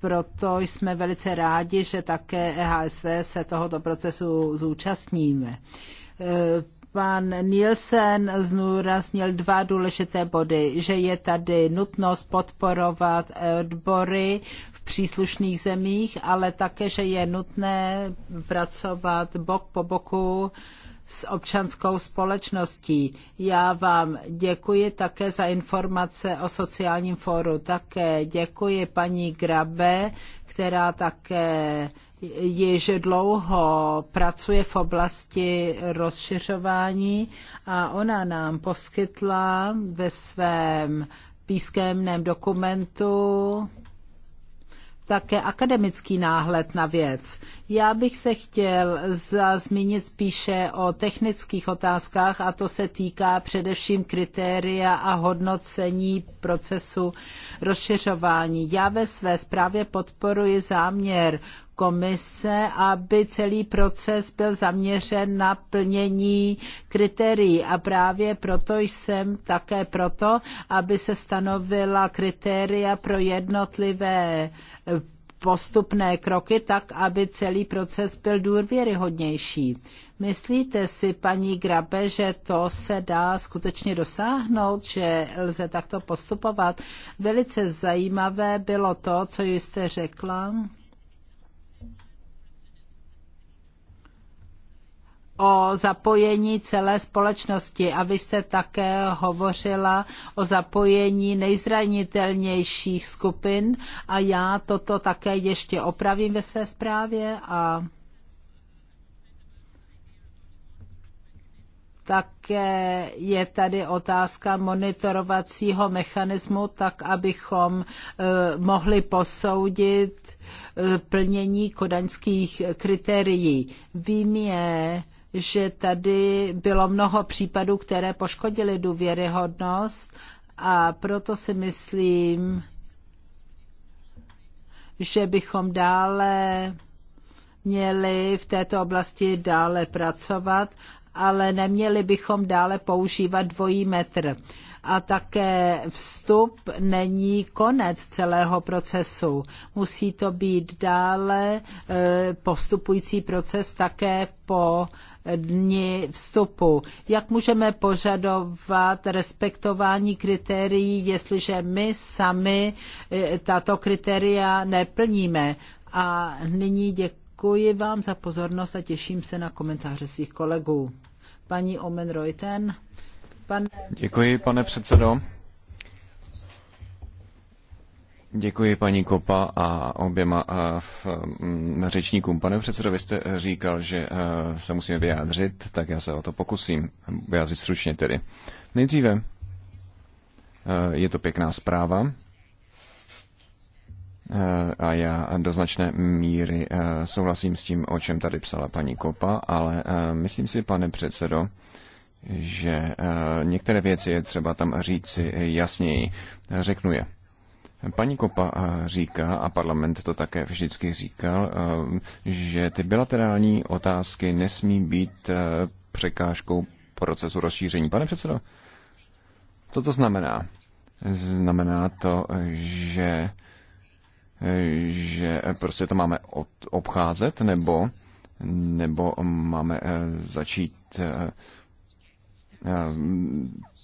proto jsme velice rádi, že také EHSV se tohoto procesu zúčastníme. Pan Nielsen znůraznil dva důležité body, že je tady nutnost podporovat odbory v příslušných zemích, ale také, že je nutné pracovat bok po boku s občanskou společností. Já vám děkuji také za informace o sociálním fóru. Také děkuji paní Grabe, která také již dlouho pracuje v oblasti rozšiřování a ona nám poskytla ve svém písemném dokumentu také akademický náhled na věc. Já bych se chtěl zmínit spíše o technických otázkách a to se týká především kritéria a hodnocení procesu rozšiřování. Já ve své zprávě podporuji záměr komise, aby celý proces byl zaměřen na plnění kritérií. A právě proto jsem také proto, aby se stanovila kritéria pro jednotlivé eh, postupné kroky tak, aby celý proces byl důvěryhodnější. Myslíte si, paní Grabe, že to se dá skutečně dosáhnout, že lze takto postupovat? Velice zajímavé bylo to, co jste řekla o zapojení celé společnosti a vy jste také hovořila o zapojení nejzranitelnějších skupin a já toto také ještě opravím ve své zprávě a Také je tady otázka monitorovacího mechanismu, tak abychom eh, mohli posoudit eh, plnění kodaňských kritérií. Vím je, že tady bylo mnoho případů, které poškodily důvěryhodnost a proto si myslím, že bychom dále měli v této oblasti dále pracovat, ale neměli bychom dále používat dvojí metr. A také vstup není konec celého procesu. Musí to být dále eh, postupující proces také po dni vstupu. Jak můžeme požadovat respektování kritérií, jestliže my sami eh, tato kritéria neplníme? A nyní děkuji vám za pozornost a těším se na komentáře svých kolegů. Paní Omen Reuten. Pan... Děkuji, pane předsedo. Děkuji paní Kopa a oběma v, mm, řečníkům. Pane předsedo, vy jste eh, říkal, že eh, se musíme vyjádřit, tak já se o to pokusím vyjádřit stručně tedy. Nejdříve eh, je to pěkná zpráva a já do značné míry souhlasím s tím, o čem tady psala paní Kopa, ale myslím si, pane předsedo, že některé věci je třeba tam říci jasněji. Řeknu je. Paní Kopa eh, říká, a parlament to také vždycky říkal, eh, že ty bilaterální otázky nesmí být eh, překážkou procesu rozšíření. Pane předsedo, co to znamená? Znamená to, že, že prostě to máme obcházet, nebo, nebo máme začít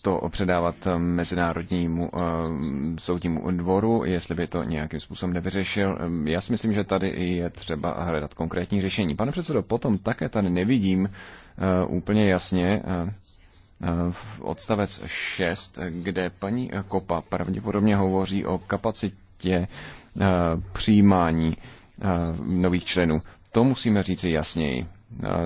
to předávat Mezinárodnímu eh, soudnímu dvoru, jestli by to nějakým způsobem nevyřešil. Eh, já si myslím, že tady je třeba hledat konkrétní řešení. Pane předsedo, potom také tady nevidím eh, úplně jasně v odstavec 6, kde paní Kopa pravděpodobně hovoří o kapacitě přijímání nových členů. To musíme říci jasněji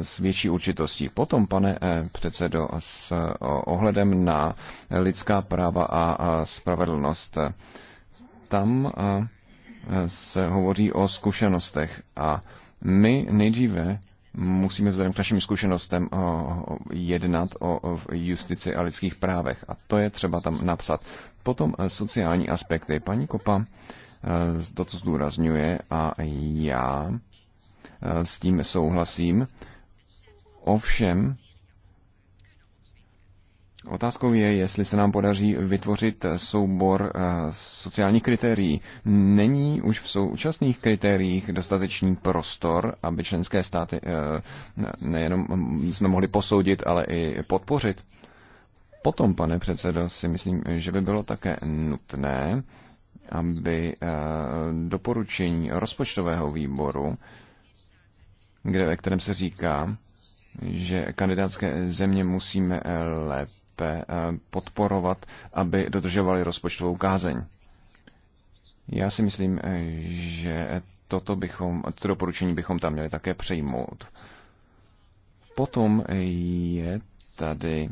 s větší určitostí. Potom, pane eh, předsedo, s ohledem na lidská práva a spravedlnost, eh, tam eh, se hovoří o zkušenostech a my nejdříve musíme vzhledem k našim zkušenostem jednat o justici a lidských právech. A to je třeba tam napsat. Potom sociální aspekty. Paní Kopa to zdůrazňuje a já Eh, s tím souhlasím. Ovšem, Otázkou je, jestli se nám podaří vytvořit soubor eh, sociálních kritérií. Není už v současných kritériích dostatečný prostor, aby členské státy eh, nejenom hm, jsme mohli posoudit, ale i podpořit? Potom, pane předsedo, si myslím, že by bylo také nutné, aby doporučení rozpočtového výboru kde, ve kterém se říká, že kandidátské země musíme eh, lépe eh, podporovat, aby dodržovali rozpočtovou kázeň. Já si myslím, eh, že toto, bychom, toto doporučení bychom tam měli také přejmout. Potom je tady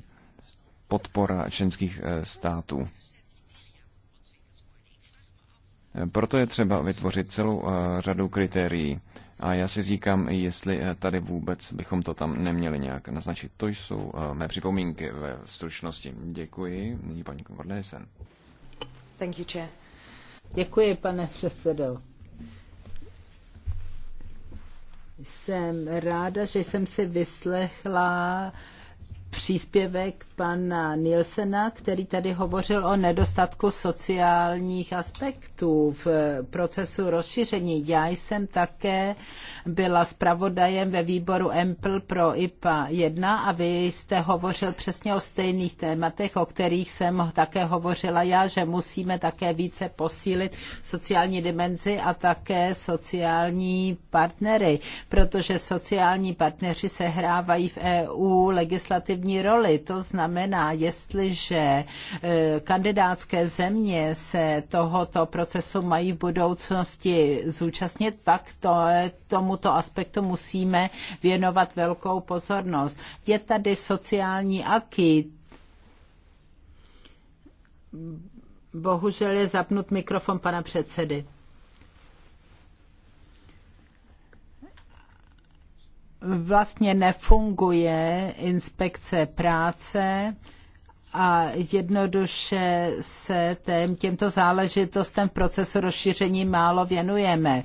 podpora členských států. Proto je třeba vytvořit celou řadu kritérií. A já si říkám, jestli eh, tady vůbec bychom to tam neměli nějak naznačit. To jsou eh, mé připomínky ve stručnosti. Děkuji. Nyní paní Kornelisen. Thank you, chair. Děkuji, pane předsedo. Jsem ráda, že jsem si vyslechla příspěvek pana Nielsena, který tady hovořil o nedostatku sociálních aspektů v procesu rozšíření. Já jsem také byla zpravodajem ve výboru EMPL pro IPA 1 a vy jste hovořil přesně o stejných tématech, o kterých jsem také hovořila já, že musíme také více posílit sociální dimenzi a také sociální partnery, protože sociální partneři sehrávají v EU legislativní aktivní roli. To znamená, jestliže e, kandidátské země se tohoto procesu mají v budoucnosti zúčastnit, pak to, tomuto aspektu musíme věnovat velkou pozornost. Je tady sociální aky. Bohužel je zapnut mikrofon pana předsedy. vlastně nefunguje inspekce práce a jednoduše se tém, těmto záležitostem v procesu rozšíření málo věnujeme.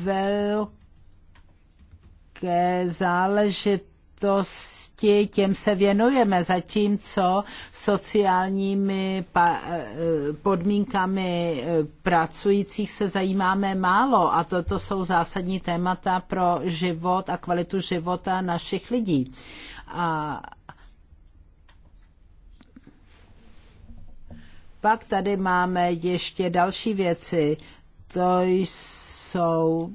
Velké záležitosti záležitosti, těm se věnujeme, zatímco sociálními eh, podmínkami eh, pracujících se zajímáme málo a toto jsou zásadní témata pro život a kvalitu života našich lidí. A pak tady máme ještě další věci. To jsou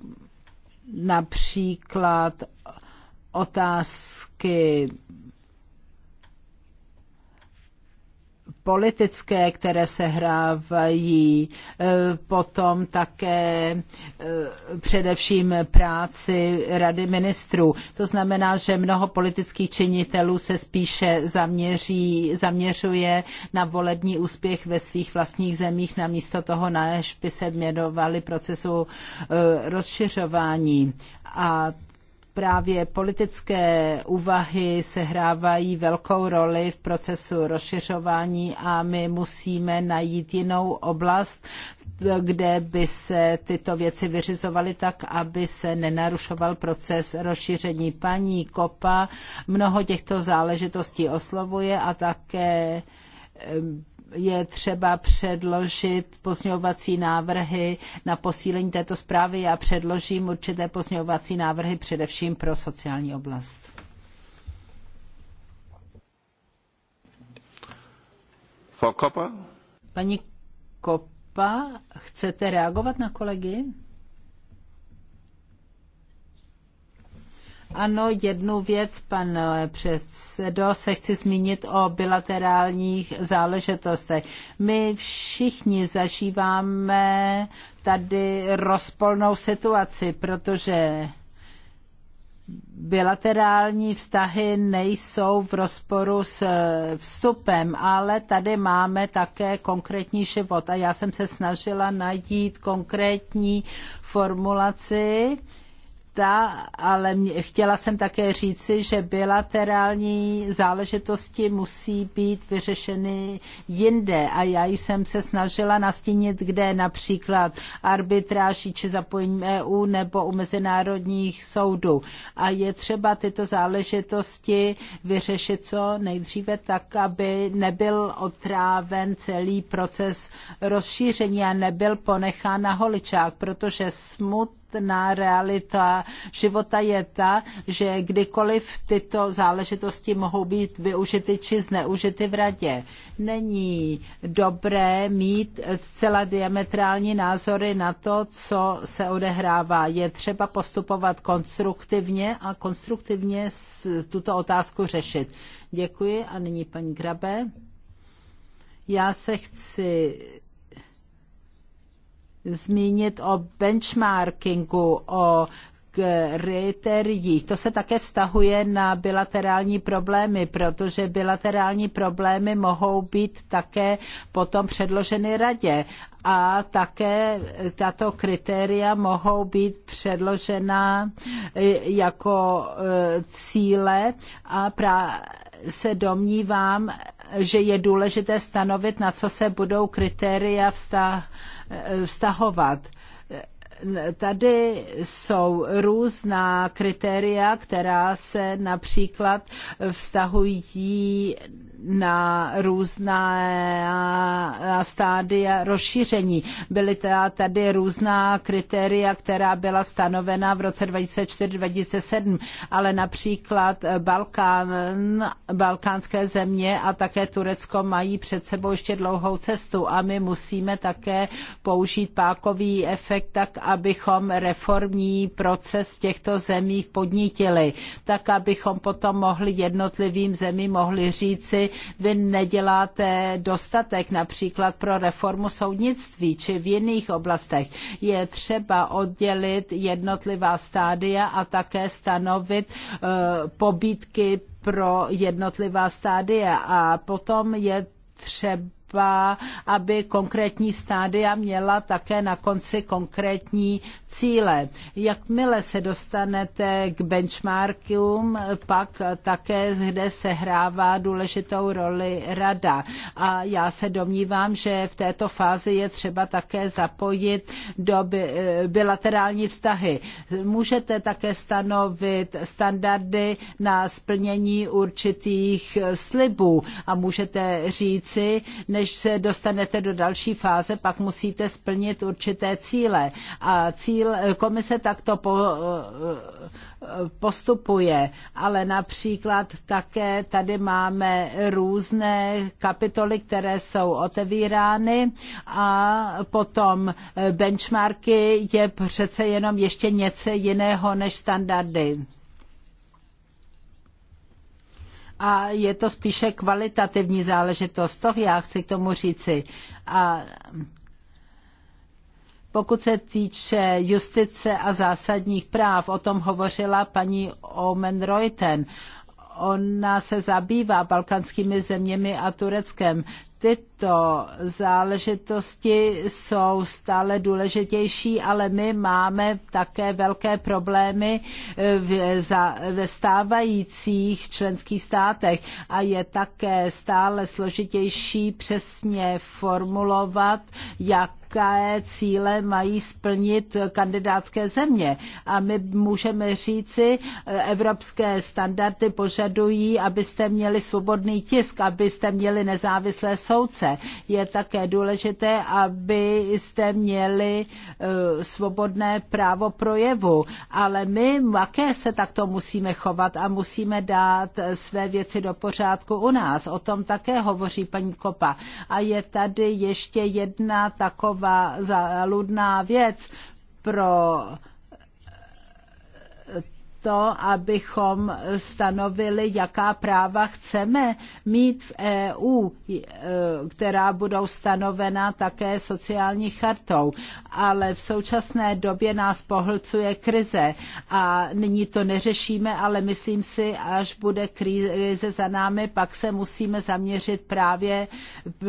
například otázky politické, které se hrávají, e, potom také e, především práci Rady ministrů. To znamená, že mnoho politických činitelů se spíše zaměří, zaměřuje na volební úspěch ve svých vlastních zemích, namísto toho, než by se měnovali procesu e, rozšiřování. A právě politické úvahy sehrávají velkou roli v procesu rozšiřování a my musíme najít jinou oblast, kde by se tyto věci vyřizovaly tak, aby se nenarušoval proces rozšíření. Paní Kopa mnoho těchto záležitostí oslovuje a také je třeba předložit pozměňovací návrhy na posílení této zprávy. Já předložím určité pozměňovací návrhy především pro sociální oblast. Frau Koppa? Paní Koppa, chcete reagovat na kolegy? Ano, jednu věc, pane předsedo, se chci zmínit o bilaterálních záležitostech. My všichni zažíváme tady rozpolnou situaci, protože bilaterální vztahy nejsou v rozporu s vstupem, ale tady máme také konkrétní život a já jsem se snažila najít konkrétní formulaci, ta, ale mě, chtěla jsem také říci, že bilaterální záležitosti musí být vyřešeny jinde a já jsem se snažila nastínit, kde například arbitráží či zapojením EU nebo u mezinárodních soudů. A je třeba tyto záležitosti vyřešit co nejdříve tak, aby nebyl otráven celý proces rozšíření a nebyl ponechán na holičák, protože smut samotná realita života je ta, že kdykoliv tyto záležitosti mohou být využity či zneužity v radě. Není dobré mít zcela diametrální názory na to, co se odehrává. Je třeba postupovat konstruktivně a konstruktivně tuto otázku řešit. Děkuji a nyní paní Grabe. Já se chci zmínit o benchmarkingu, o kritériích. To se také vztahuje na bilaterální problémy, protože bilaterální problémy mohou být také potom předloženy radě a také tato kritéria mohou být předložena e, jako e, cíle a pra- se domnívám, že je důležité stanovit, na co se budou kritéria vztahovat tady jsou různá kritéria, která se například vztahují na různá eh, stádia rozšíření. Byly tady různá kritéria, která byla stanovena v roce 2004-2007, ale například Balkán, balkánské země a také Turecko mají před sebou ještě dlouhou cestu a my musíme také použít pákový efekt tak, abychom reformní proces v těchto zemích podnítili, tak abychom potom mohli jednotlivým zemím mohli říci, vy neděláte dostatek například pro reformu soudnictví či v jiných oblastech. Je třeba oddělit jednotlivá stádia a také stanovit eh, pobídky pro jednotlivá stádia a potom je třeba třeba, aby konkrétní stádia měla také na konci konkrétní cíle. Jakmile se dostanete k benchmarkům, pak také zde sehrává důležitou roli rada. A já se domnívám, že v této fázi je třeba také zapojit do bilaterální vztahy. Můžete také stanovit standardy na splnění určitých slibů a můžete říci, než než se dostanete do další fáze, pak musíte splnit určité cíle. A cíl eh, komise takto po, eh, postupuje, ale například také tady máme různé kapitoly, které jsou otevírány a potom eh, benchmarky je přece jenom ještě něco jiného než standardy a je to spíše kvalitativní záležitost. To já chci k tomu říci. A pokud se týče justice a zásadních práv, o tom hovořila paní Omen Reuten. Ona se zabývá balkanskými zeměmi a Tureckem. Ty tyto záležitosti jsou stále důležitější, ale my máme také velké problémy eh, ve stávajících členských státech a je také stále složitější přesně formulovat, jak jaké cíle mají splnit kandidátské země. A my můžeme říci, eh, evropské standardy požadují, abyste měli svobodný tisk, abyste měli nezávislé soudce. Je také důležité, abyste měli eh, svobodné právo projevu, ale my také se takto musíme chovat a musíme dát eh, své věci do pořádku u nás. O tom také hovoří paní Kopa. A je tady ještě jedna taková zaludná věc pro to, abychom stanovili, jaká práva chceme mít v EU, e, která budou stanovena také sociální chartou. Ale v současné době nás pohlcuje krize a nyní to neřešíme, ale myslím si, až bude krize za námi, pak se musíme zaměřit právě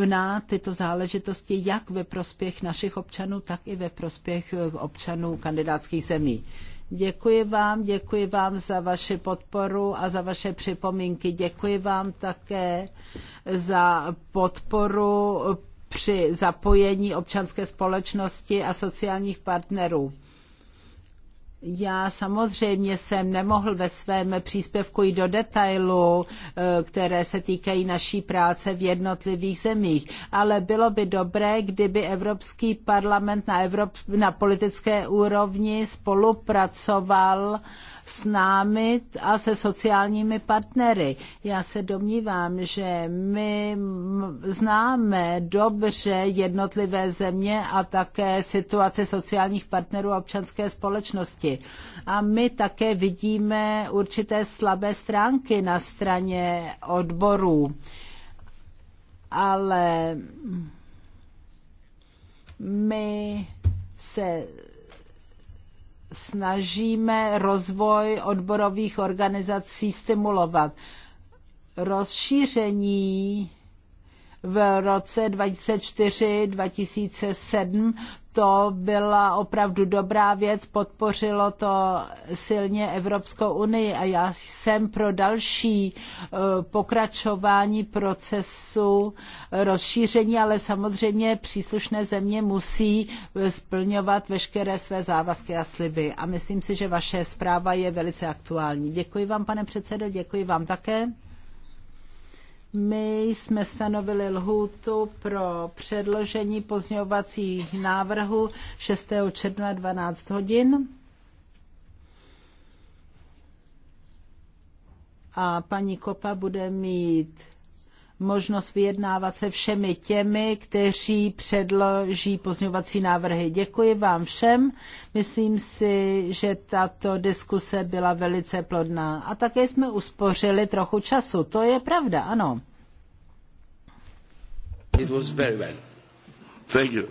na tyto záležitosti, jak ve prospěch našich občanů, tak i ve prospěch občanů kandidátských zemí. Děkuji vám, děkuji vám za vaši podporu a za vaše připomínky. Děkuji vám také za podporu při zapojení občanské společnosti a sociálních partnerů. Já samozřejmě jsem nemohl ve svém příspěvku jít do detailu, eh, které se týkají naší práce v jednotlivých zemích, ale bylo by dobré, kdyby Evropský parlament na, Evrop, na politické úrovni spolupracoval uh, s námi a se sociálními partnery. Já se domnívám, že my známe dobře jednotlivé země a také situace sociálních partnerů a občanské společnosti. A my také vidíme určité slabé stránky na straně odborů. Ale my se snažíme rozvoj odborových organizací stimulovat. Rozšíření v roce 2004-2007 to byla opravdu dobrá věc, podpořilo to silně Evropskou unii a já jsem pro další eh, pokračování procesu rozšíření, ale samozřejmě příslušné země musí eh, splňovat veškeré své závazky a sliby. A myslím si, že vaše zpráva je velice aktuální. Děkuji vám, pane předsedo, děkuji vám také. My jsme stanovili lhůtu pro předložení pozměňovacích návrhů 6. června 12 hodin. A paní Kopa bude mít možnost vyjednávat se všemi těmi, kteří předloží pozňovací návrhy. Děkuji vám všem. Myslím si, že tato diskuse byla velice plodná. A také jsme uspořili trochu času. To je pravda, ano. It was very well. Thank you.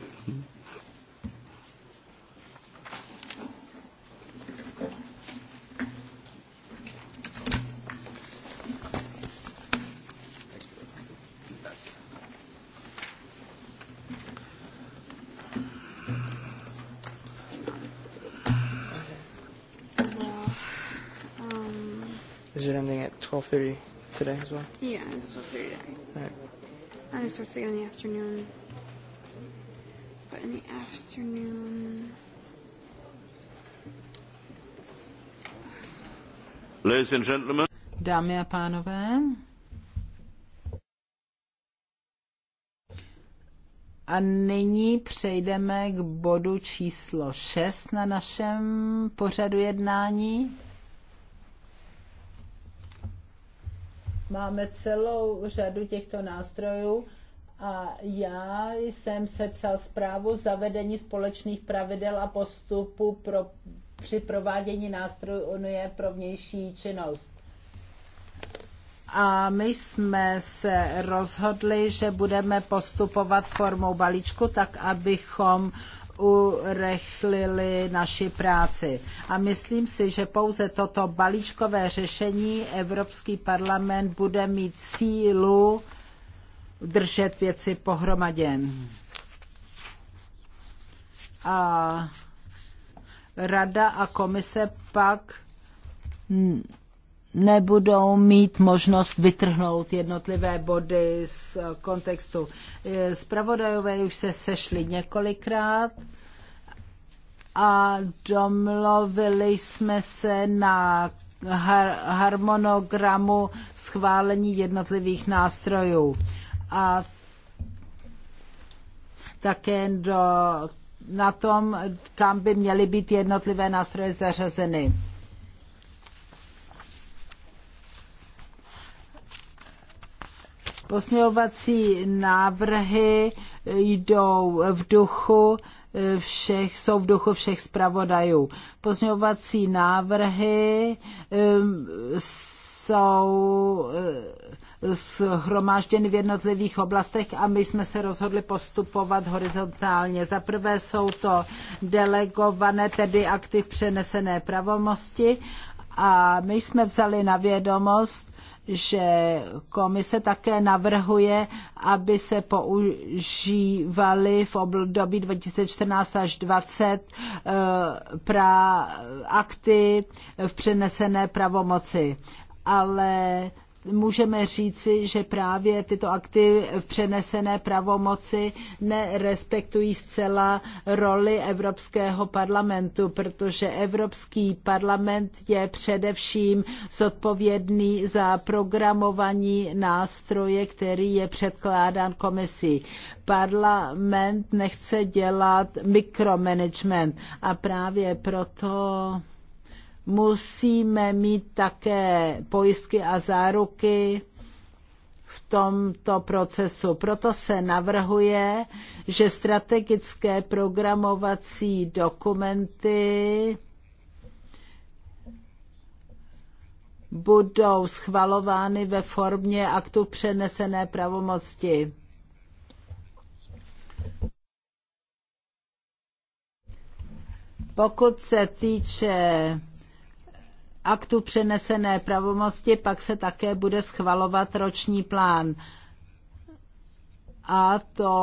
Is it ending at 12.30 today as well? Yeah, it's 12.30 today. All right. And it starts again in the afternoon. But in the afternoon... Ladies and gentlemen. Dámy a pánové. A nyní přejdeme k bodu číslo 6 na našem pořadu jednání. Máme celou řadu těchto nástrojů a já jsem sepsal zprávu zavedení společných pravidel a postupu pro, při provádění nástrojů Unie pro vnější činnost. A my jsme se rozhodli, že budeme postupovat formou balíčku, tak abychom urechtlili naši práci. A myslím si, že pouze toto balíčkové řešení Evropský parlament bude mít sílu držet věci pohromadě. A rada a komise pak nebudou mít možnost vytrhnout jednotlivé body z kontextu. Zpravodajové už se sešli několikrát a domluvili jsme se na har- harmonogramu schválení jednotlivých nástrojů. A také do, na tom, kam by měly být jednotlivé nástroje zařazeny. Pozměňovací návrhy jdou v duchu všech, jsou v duchu všech zpravodajů. Pozměňovací návrhy um, jsou uh, shromážděny v jednotlivých oblastech a my jsme se rozhodli postupovat horizontálně. Za prvé jsou to delegované, tedy aktiv přenesené pravomosti a my jsme vzali na vědomost že komise také navrhuje, aby se používaly v období 2014 až 2020 eh, akty v přenesené pravomoci. Ale můžeme říci, že právě tyto akty v přenesené pravomoci nerespektují zcela roli Evropského parlamentu, protože Evropský parlament je především zodpovědný za programování nástroje, který je předkládán komisí. Parlament nechce dělat mikromanagement a právě proto musíme mít také pojistky a záruky v tomto procesu. Proto se navrhuje, že strategické programovací dokumenty budou schvalovány ve formě aktu přenesené pravomosti. Pokud se týče aktu přenesené pravomosti pak se také bude schvalovat roční plán. A to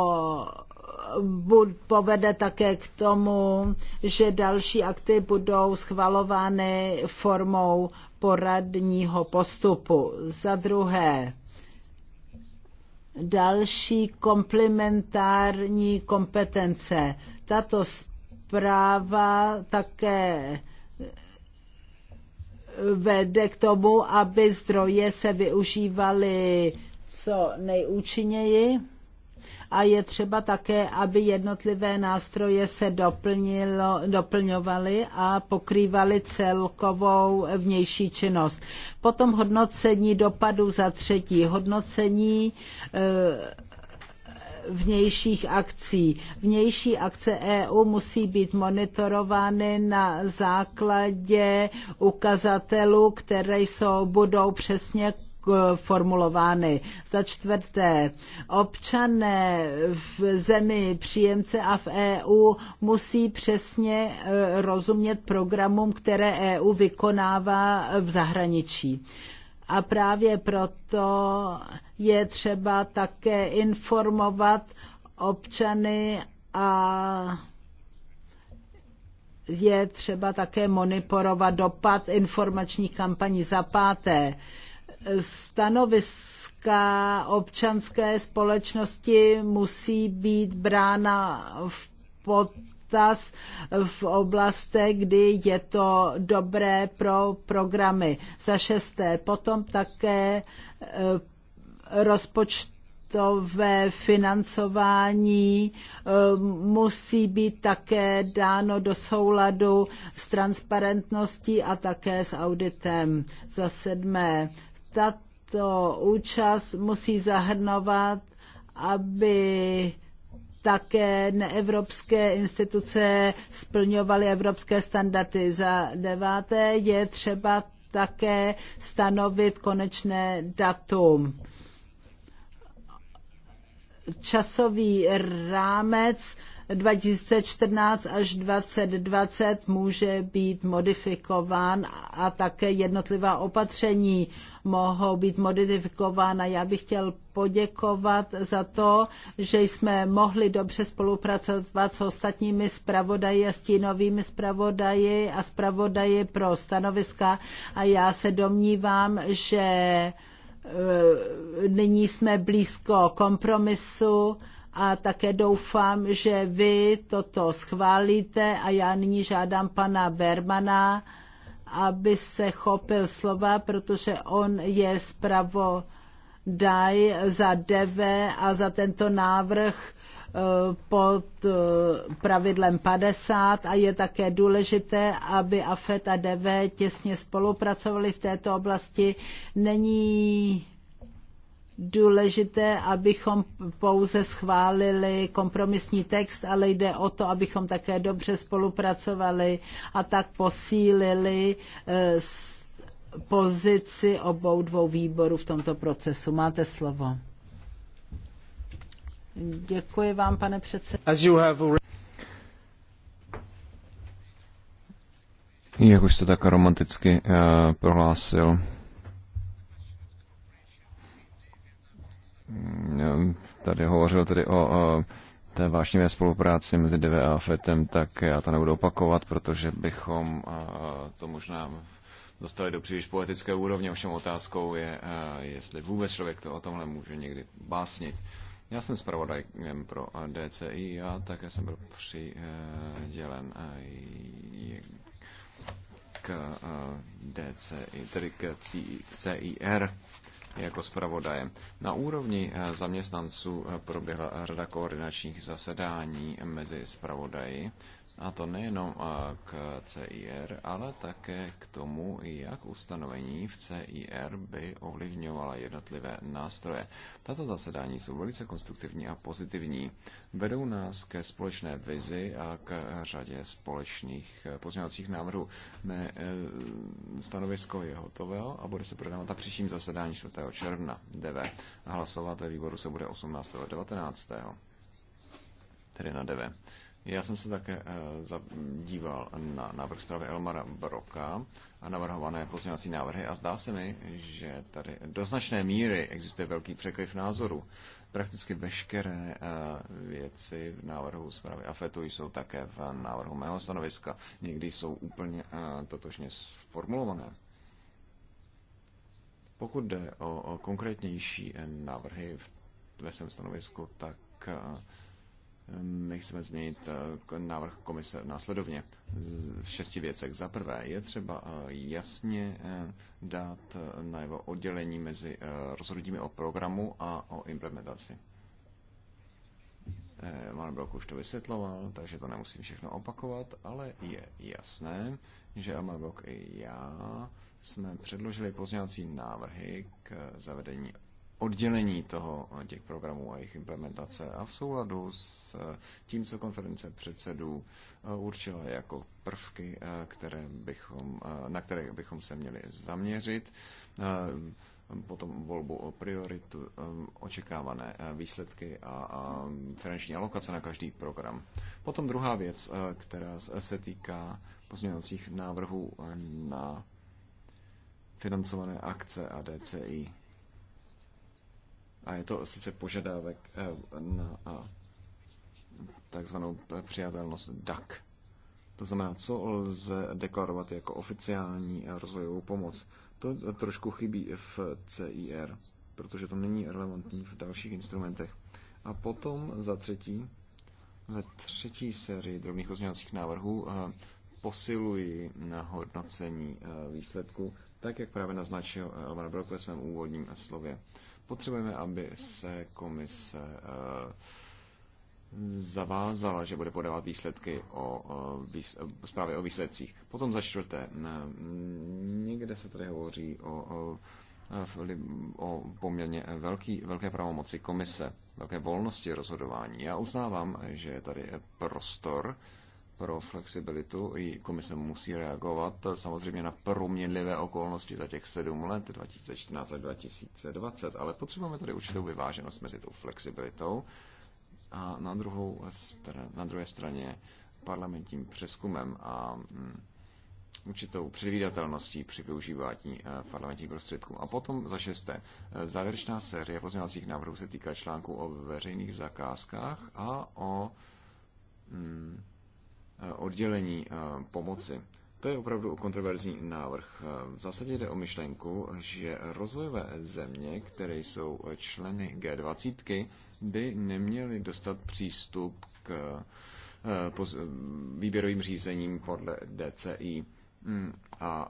povede také k tomu, že další akty budou schvalovány formou poradního postupu. Za druhé, další komplementární kompetence. Tato zpráva také vede k tomu, aby zdroje se využívaly co nejúčinněji a je třeba také, aby jednotlivé nástroje se doplnilo, doplňovaly a pokrývaly celkovou vnější činnost. Potom hodnocení dopadů za třetí. Hodnocení e, vnějších akcí. Vnější akce EU musí být monitorovány na základě ukazatelů, které jsou, budou přesně formulovány. Za čtvrté, občané v zemi příjemce a v EU musí přesně e, rozumět programům, které EU vykonává v zahraničí. A právě proto je třeba také informovat občany a je třeba také monitorovat dopad informačních kampaní. Za páté, stanoviska občanské společnosti musí být brána v potaz v oblastech, kdy je to dobré pro programy. Za šesté, potom také eh, rozpočtové financování eh, musí být také dáno do souladu s transparentností a také s auditem. Za sedmé, tato účast musí zahrnovat, aby také neevropské instituce splňovaly evropské standardy. Za deváté je třeba také stanovit konečné datum časový rámec 2014 až 2020 může být modifikován a také jednotlivá opatření mohou být modifikována. Já bych chtěl poděkovat za to, že jsme mohli dobře spolupracovat s ostatními zpravodaji a stínovými zpravodaji a zpravodaji pro stanoviska a já se domnívám, že Eh, nyní jsme blízko kompromisu a také doufám, že vy toto schválíte a já nyní žádám pana Bermana, aby se chopil slova, protože on je zpravo daj za DV a za tento návrh pod eh, pravidlem 50 a je také důležité, aby AFET a DV těsně spolupracovali v této oblasti. Není důležité, abychom pouze schválili kompromisní text, ale jde o to, abychom také dobře spolupracovali a tak posílili eh, pozici obou dvou výborů v tomto procesu. Máte slovo. Děkuji vám, pane předsedo. Jak už jste tak romanticky uh, prohlásil, eh, tady hovořil tedy o uh, té vášnivé spolupráci mezi DV a FETem, tak já to nebudu opakovat, protože bychom uh, to možná dostali do příliš poetické úrovně. Ovšem otázkou je, uh, jestli vůbec člověk to o tomhle může někdy básnit. Já jsem zpravodajem pro DCI a také jsem byl přidělen eh, k eh, DCI, tedy k CIR jako zpravodaje. Na úrovni eh, zaměstnanců proběhla řada koordinačních zasedání mezi zpravodaji a to nejenom eh, k CIR, ale také k tomu, jak ustanovení v CIR by ovlivňovala jednotlivé nástroje. Tato zasedání jsou velice konstruktivní a pozitivní. Vedou nás ke společné vizi a k řadě společných eh, pozměňovacích návrhů. Mé eh, stanovisko je hotové a bude se prodávat na příštím zasedání 4. června 9. hlasovat ve výboru se bude 18. 19. Tedy na 9 já jsem se také díval eh, na návrh zprávy Elmara Broka a navrhované pozměňovací návrhy a zdá se mi, že tady do značné míry existuje velký překryv názoru. Prakticky veškeré eh, věci v návrhu zprávy AFETu jsou také v návrhu mého stanoviska. Někdy jsou úplně eh, totožně sformulované. Pokud jde o konkrétnější návrhy ve svém stanovisku, tak my chceme změnit eh, návrh komise následovně v šesti věcech. Za prvé je třeba eh, jasně eh, dát na jeho oddělení mezi rozhodnutími o programu a o implementaci. Mark Block už to vysvětloval, takže to nemusím všechno opakovat, ale je jasné, že Elmar Block i já jsme předložili pozměňovací návrhy k zavedení oddělení toho, eh, těch programů a jejich implementace a v souladu s eh, tím, co konference předsedů eh, určila jako prvky, které bychom, na které bychom se měli zaměřit, potom volbu o prioritu, očekávané výsledky a finanční alokace na každý program. Potom druhá věc, která se týká pozměňovacích návrhů na financované akce a DCI a je to sice požadavek eh, na takzvanou přijatelnost DAC. To znamená, co lze deklarovat jako oficiální rozvojovou pomoc. To trošku chybí v CIR, protože to není relevantní v dalších instrumentech. A potom za třetí, ve třetí sérii drobných pozměňovacích návrhů eh, posiluji na hodnocení eh, výsledku, tak jak právě naznačil Elmar Brok ve svém úvodním slově. Potřebujeme, aby se komise eh, zavázala, že bude podávat výsledky o, eh, výs, zprávy o výsledcích. Potom za čtvrté, někde se tady hovoří o, o, o poměrně velký, velké pravomoci komise, velké volnosti rozhodování. Já uznávám, že je tady prostor, pro flexibilitu. I komise musí reagovat samozřejmě na proměnlivé okolnosti za těch sedm let, 2014 až 2020, ale potřebujeme tady určitou vyváženost mezi tou flexibilitou a na, druhou str- na druhé straně parlamentním přeskumem a mm, určitou předvídatelností při využívání eh, parlamentních prostředků. A potom za šesté, eh, závěrečná série pozměňovacích návrhů se týká článků o veřejných zakázkách a o mm, Eh, oddělení eh, pomoci. To je opravdu kontroverzní návrh. Eh, v zásadě jde o myšlenku, že rozvojové země, které jsou členy G20, by neměly dostat přístup k výběrovým řízením podle DCI hmm, a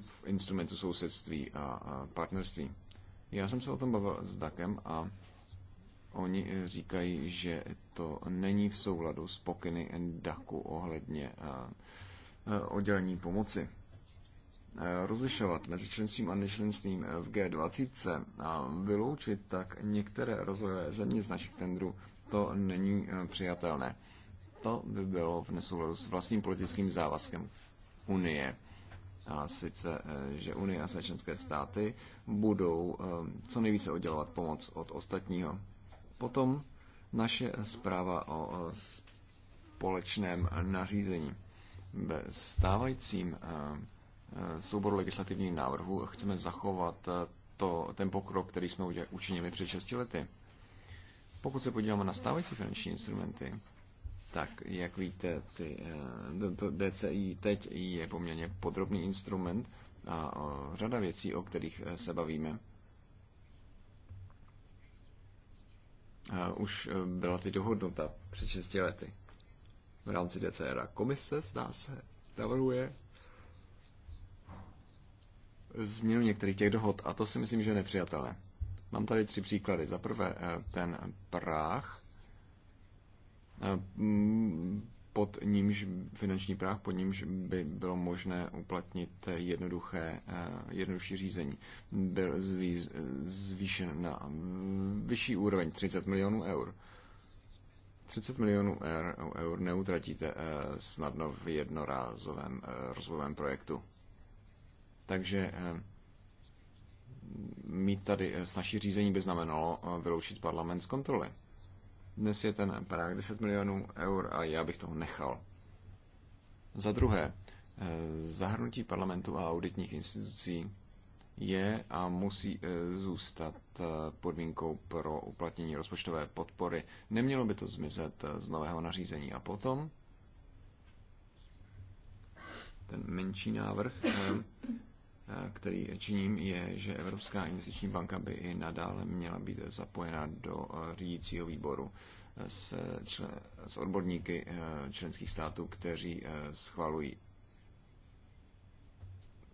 v instrumentu sousedství a partnerství. Já jsem se o tom bavil s Dakem a oni říkají, že to není v souladu s pokyny DAKu ohledně eh, eh, oddělení pomoci. Eh, rozlišovat mezi členstvím a nečlenstvím v G20 a vyloučit tak některé rozvojové země z našich tendrů, to není přijatelné. To by bylo v nesouladu s vlastním politickým závazkem Unie. A sice, že Unie a své členské státy budou co nejvíce oddělovat pomoc od ostatního potom naše zpráva o společném nařízení. Ve stávajícím eh, eh, souboru legislativních návrhů chceme zachovat eh, to, ten pokrok, který jsme učinili před 6 lety. Pokud se podíváme na stávající finanční instrumenty, tak jak víte, ty, to DCI teď je poměrně podrobný instrument a řada věcí, o kterých se bavíme, už eh, byla teď dohodnuta před 6 lety v rámci DCR. komise, zdá se, navrhuje změnu některých těch dohod a to si myslím, že je nepřijatelné. Mám tady tři příklady. Za prvé eh, ten práh eh, pod nímž finanční práh, pod nímž by bylo možné uplatnit jednoduché, eh, jednodušší řízení, byl zvýšen na vyšší úroveň 30 milionů eur. 30 milionů eur, eur neutratíte eh, snadno v jednorázovém eh, rozvojovém projektu. Takže mít tady snažší řízení by znamenalo vyloučit parlament z kontroly. Dnes je ten práh 10 milionů eur a já bych toho nechal. Za druhé, eh, zahrnutí parlamentu a auditních institucí je a musí eh, zůstat eh, podmínkou pro uplatnění rozpočtové podpory. Nemělo by to zmizet z nového nařízení. A potom ten menší návrh který činím, je, že Evropská investiční banka by i nadále měla být zapojena do eh, řídícího výboru eh, s, člen, s odborníky eh, členských států, kteří schvalují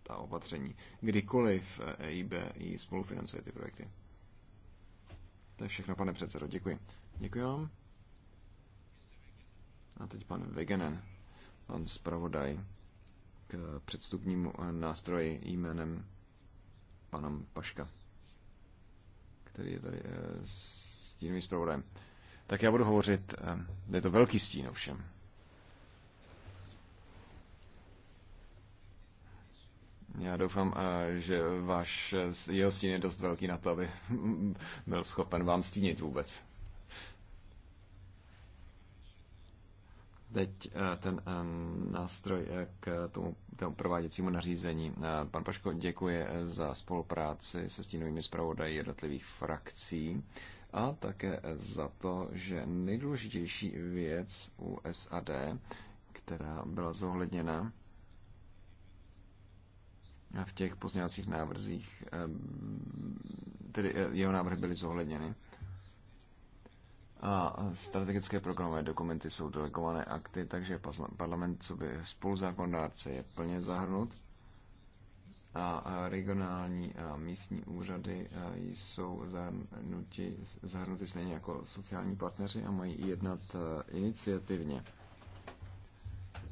ta opatření, kdykoliv EIB ji spolufinancuje ty projekty. To je všechno, pane předsedo, děkuji. Děkuji vám. A teď pan Vegenen, pan zpravodaj předstupnímu nástroji jménem pana Paška, který je tady eh, stínovým zpravodajem. Tak já budu hovořit, eh, je to velký stín ovšem. Já doufám, eh, že váš jeho stín je dost velký na to, aby byl schopen vám stínit vůbec. teď eh, ten eh, nástroj eh, k tomu, tomu prováděcímu nařízení. Pan Paško děkuje za spolupráci se stínovými zpravodaji jednotlivých frakcí a také za to, že nejdůležitější věc u SAD, která byla zohledněna v těch pozměňovacích návrzích, tedy jeho návrhy byly zohledněny, a strategické programové dokumenty jsou delegované akty, takže parlament co by spoluzákonodárce je plně zahrnut a regionální a místní úřady jsou zahrnuti, zahrnuti stejně jako sociální partneři a mají jednat iniciativně.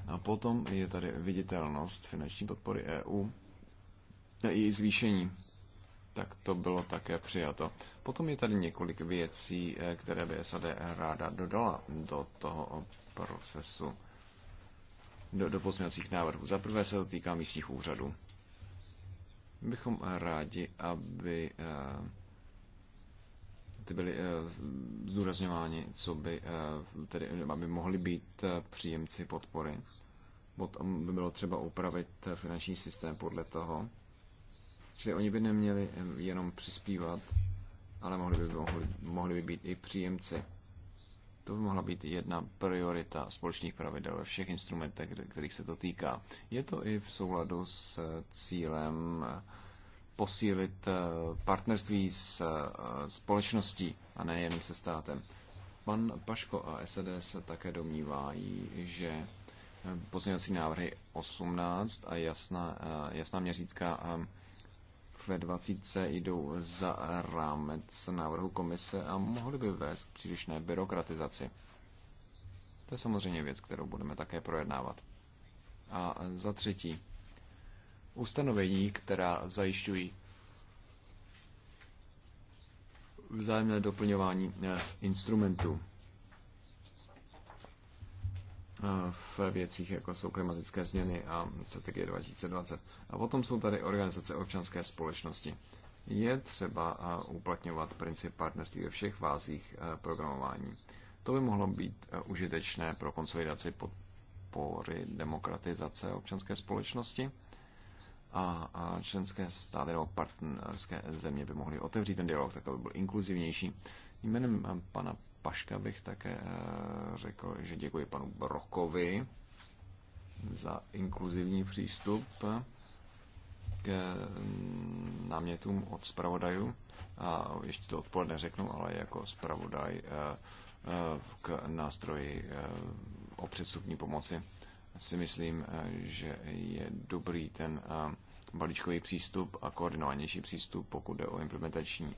A potom je tady viditelnost finanční podpory EU a její zvýšení tak to bylo také přijato. Potom je tady několik věcí, eh, které by SAD ráda dodala do toho procesu, do, do pozměňovacích návrhů. Za prvé se to týká místních úřadů. Bychom rádi, aby eh, ty byly eh, zdůrazňováni, co by, tedy, aby mohli být příjemci podpory. Potom by bylo třeba upravit finanční systém podle toho, Čili oni by neměli jenom přispívat, ale mohli by, mohli, mohli by být i příjemci. To by mohla být jedna priorita společných pravidel ve všech instrumentech, kterých se to týká. Je to i v souladu s cílem posílit eh, partnerství s eh, společností a nejen se státem. Pan Paško a SED se také domnívají, že eh, pozměňovací návrhy 18 a jasná, jasná měřítka ve 20 jdou za rámec návrhu komise a mohly by vést k přílišné byrokratizaci. To je samozřejmě věc, kterou budeme také projednávat. A za třetí, ustanovení, která zajišťují vzájemné doplňování eh, instrumentů v věcích, jako jsou klimatické změny a strategie 2020. A potom jsou tady organizace občanské společnosti. Je třeba uplatňovat princip partnerství ve všech fázích e, programování. To by mohlo být e, užitečné pro konsolidaci podpory demokratizace občanské společnosti a členské státy nebo partnerské země by mohly otevřít ten dialog, tak aby byl inkluzivnější. Jménem e, pana Paška bych také eh, řekl, že děkuji panu Brokovi za inkluzivní přístup k eh, námětům od zpravodajů. A ještě to odpoledne řeknu, ale jako zpravodaj eh, k nástroji o předstupní pomoci si myslím, že je dobrý ten balíčkový přístup a koordinovanější přístup, pokud jde o implementační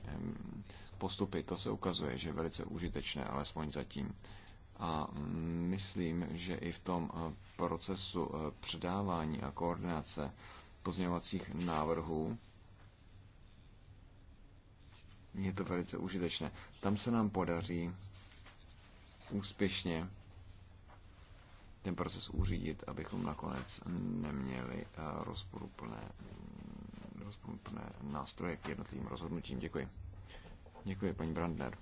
postupy. To se ukazuje, že je velice užitečné, alespoň zatím. A myslím, že i v tom e, procesu e, předávání a koordinace pozměňovacích návrhů je to velice užitečné. Tam se nám podaří úspěšně ten proces uřídit, abychom nakonec neměli eh, rozporuplné, rozporuplné nástroje k jednotlivým rozhodnutím. Děkuji. Děkuji, paní Brandner.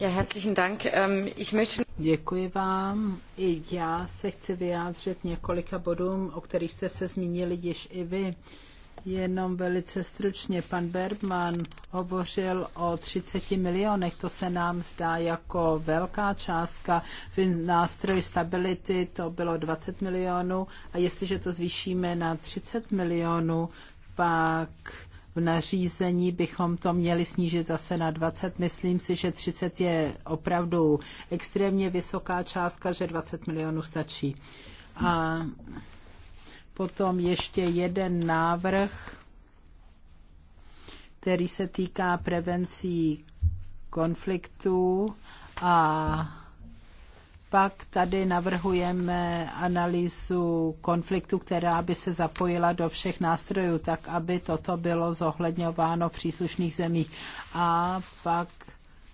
Ja, herzlichen Dank. Ähm, ich möchte... Děkuji vám. I já se chci vyjádřit několika bodům, o kterých jste se zmínili již i vy. Jenom velice stručně, pan Bergman hovořil o 30 milionech, to se nám zdá jako velká částka. V nástroji stability to bylo 20 milionů a jestliže to zvýšíme na 30 milionů, pak v nařízení bychom to měli snížit zase na 20. Myslím si, že 30 je opravdu extrémně vysoká částka, že 20 milionů stačí. A Potom ještě jeden návrh, který se týká prevencí konfliktů a pak tady navrhujeme analýzu konfliktu, která by se zapojila do všech nástrojů, tak aby toto bylo zohledňováno v příslušných zemích. A pak,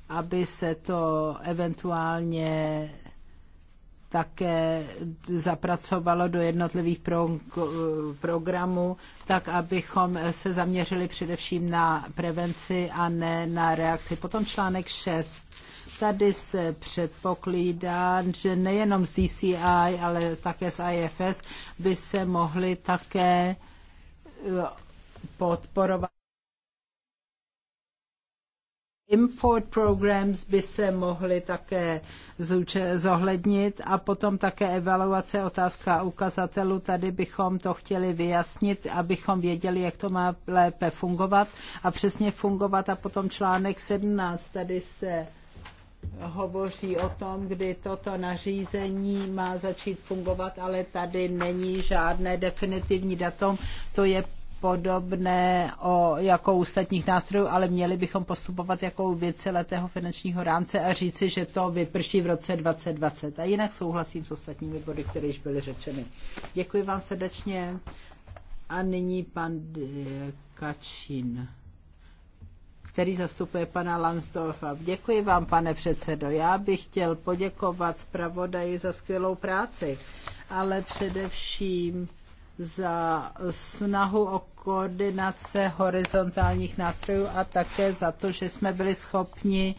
aby se to eventuálně také zapracovalo do jednotlivých pro, programů, tak abychom se zaměřili především na prevenci a ne na reakci. Potom článek 6. Tady se předpokládá, že nejenom z DCI, ale také z IFS by se mohly také podporovat Import programs by se mohly také zohlednit a potom také evaluace otázka ukazatelů. Tady bychom to chtěli vyjasnit, abychom věděli, jak to má lépe fungovat a přesně fungovat. A potom článek 17, tady se hovoří o tom, kdy toto nařízení má začít fungovat, ale tady není žádné definitivní datum. To je podobné o, jako ostatních nástrojů, ale měli bychom postupovat jako u víceletého finančního rámce a říci, že to vyprší v roce 2020. A jinak souhlasím s ostatními body, které již byly řečeny. Děkuji vám srdečně. A nyní pan Kačín který zastupuje pana Lansdorfa. Děkuji vám, pane předsedo. Já bych chtěl poděkovat zpravodaji za skvělou práci, ale především za snahu o koordinace horizontálních nástrojů a také za to, že jsme byli schopni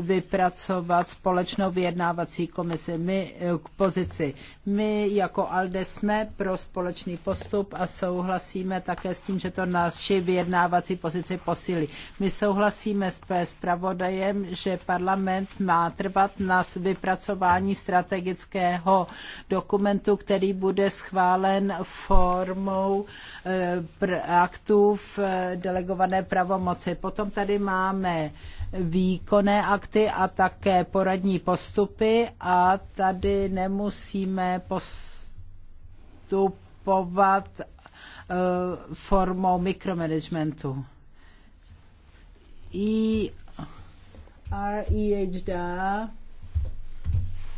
vypracovat společnou vyjednávací komisi, my, eh, k pozici. My jako ALDE jsme pro společný postup a souhlasíme také s tím, že to naši vyjednávací pozici posílí. My souhlasíme s zpravodajem, že parlament má trvat na vypracování strategického dokumentu, který bude schválen formou eh, pr aktů v eh, delegované pravomoci. Potom tady máme výkonné akty a také poradní postupy a tady nemusíme postupovat eh, formou mikromanagementu. I D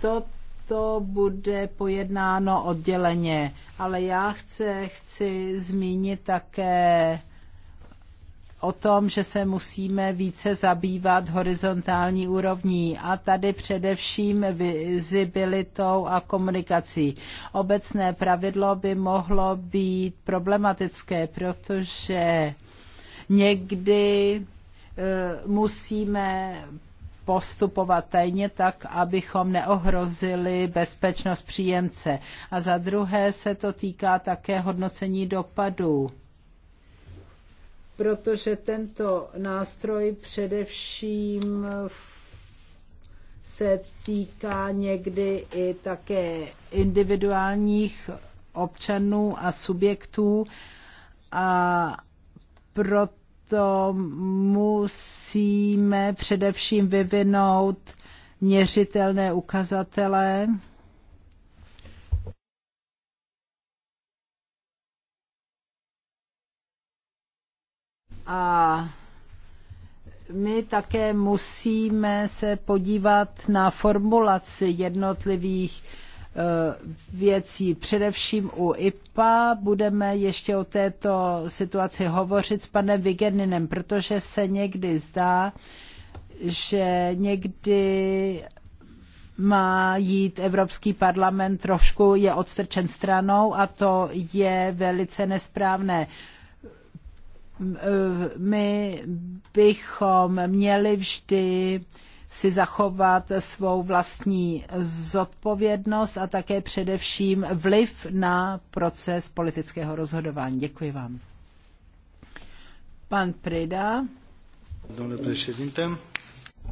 to to bude pojednáno odděleně. Ale já chci, chci zmínit také o tom, že se musíme více zabývat horizontální úrovní a tady především vizibilitou a komunikací. Obecné pravidlo by mohlo být problematické, protože někdy eh, musíme postupovat tajně tak, abychom neohrozili bezpečnost příjemce. A za druhé se to týká také hodnocení dopadů protože tento nástroj především se týká někdy i také individuálních občanů a subjektů a proto to musíme především vyvinout měřitelné ukazatele. A my také musíme se podívat na formulaci jednotlivých Eh, věcí. Především u IPA budeme ještě o této situaci hovořit s panem Vigeninem, protože se někdy zdá, že někdy má jít Evropský parlament trošku je odstrčen stranou a to je velice nesprávné eh, my bychom měli vždy si zachovat svou vlastní zodpovědnost a také především vliv na proces politického rozhodování. Děkuji vám. Pan Prida.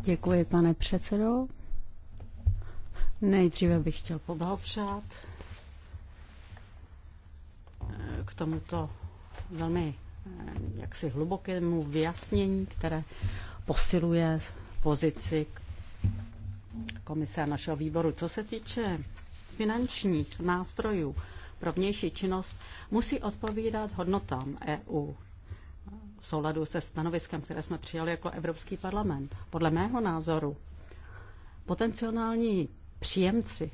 Děkuji, pane předsedo. Nejdříve bych chtěl poblahopřát k tomuto velmi eh, jaksi hlubokému vyjasnění, které posiluje pozici komise a našeho výboru. Co se týče finančních nástrojů pro vnější činnost, musí odpovídat hodnotám EU v souladu se stanoviskem, které jsme přijali jako Evropský parlament. Podle mého názoru potenciální příjemci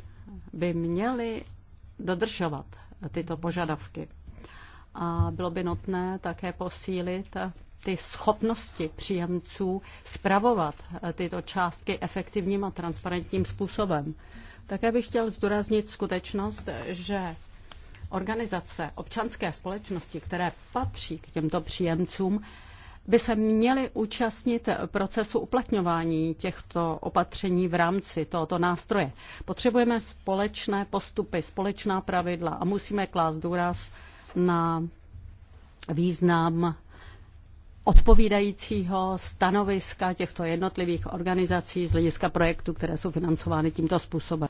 by měli dodržovat tyto požadavky. A bylo by nutné také posílit ty schopnosti příjemců spravovat eh, tyto částky efektivním a transparentním způsobem. Také bych chtěl zdůraznit skutečnost, že organizace občanské společnosti, které patří k těmto příjemcům, by se měly účastnit procesu uplatňování těchto opatření v rámci tohoto nástroje. Potřebujeme společné postupy, společná pravidla a musíme klást důraz na význam odpovídajícího stanoviska těchto jednotlivých organizací z hlediska projektů, které jsou financovány tímto způsobem.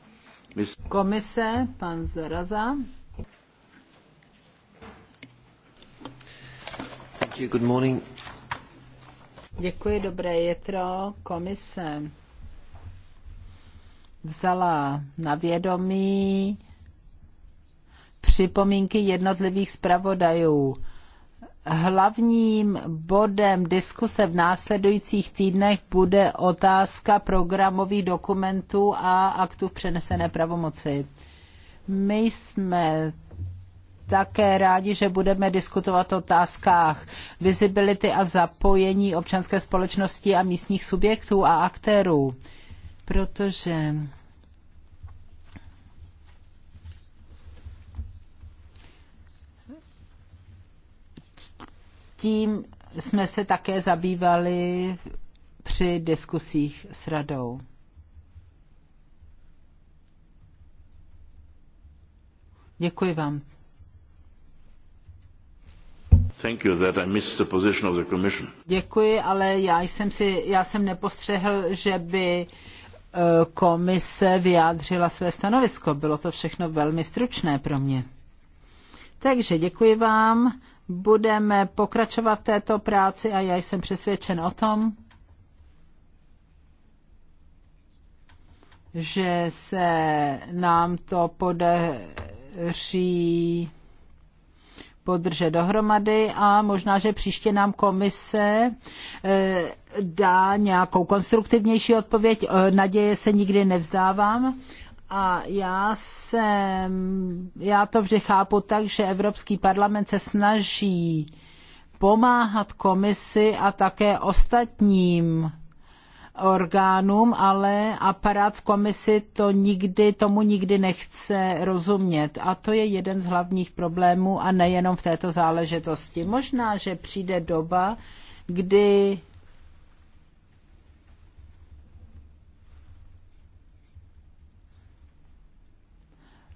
Komise, pan Zaraza. Good morning. Děkuji, dobré jetro. Komise vzala na vědomí připomínky jednotlivých zpravodajů Hlavním bodem diskuse v následujících týdnech bude otázka programových dokumentů a aktů přenesené pravomoci. My jsme také rádi, že budeme diskutovat o otázkách vizibility a zapojení občanské společnosti a místních subjektů a aktérů, protože tím jsme se také zabývali při diskusích s radou. Děkuji vám. Thank you that I missed the position of the commission. Děkuji, ale já jsem, si, já jsem nepostřehl, že by eh, komise vyjádřila své stanovisko. Bylo to všechno velmi stručné pro mě. Takže děkuji vám budeme pokračovat v této práci a já jsem přesvědčen o tom, že se nám to podaří podrže dohromady a možná, že příště nám komise eh, dá nějakou konstruktivnější odpověď. Eh, naděje se nikdy nevzdávám a já jsem, já to vždy chápu tak, že Evropský parlament se snaží pomáhat komisi a také ostatním orgánům, ale aparát v komisi to nikdy, tomu nikdy nechce rozumět. A to je jeden z hlavních problémů a nejenom v této záležitosti. Možná, že přijde doba, kdy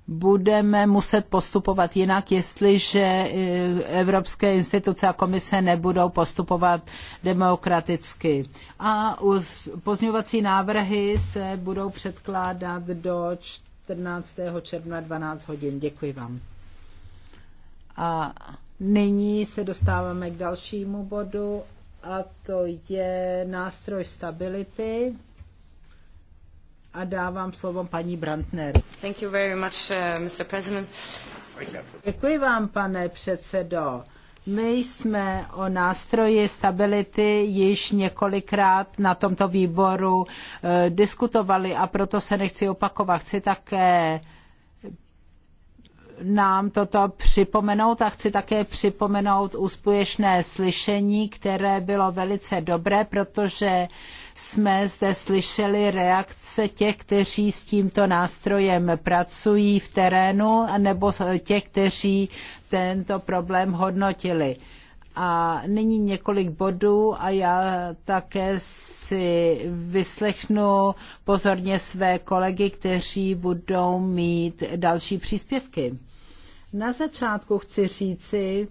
budeme muset postupovat jinak, jestliže e, evropské instituce a komise nebudou postupovat demokraticky. A pozňovací návrhy se budou předkládat do 14. června 12 hodin. Děkuji vám. A nyní se dostáváme k dalšímu bodu a to je nástroj stability a dávám slovo paní Brandner. Thank you very much, uh, Mr. President. Děkuji vám, pane předsedo. My jsme o nástroji stability již několikrát na tomto výboru uh, diskutovali a proto se nechci opakovat. Chci také nám toto připomenout a chci také připomenout úspěšné slyšení, které bylo velice dobré, protože jsme zde slyšeli reakce těch, kteří s tímto nástrojem pracují v terénu, nebo těch, kteří tento problém hodnotili. A nyní několik bodů a já také si vyslechnu pozorně své kolegy, kteří budou mít další příspěvky. Na začátku chci říci,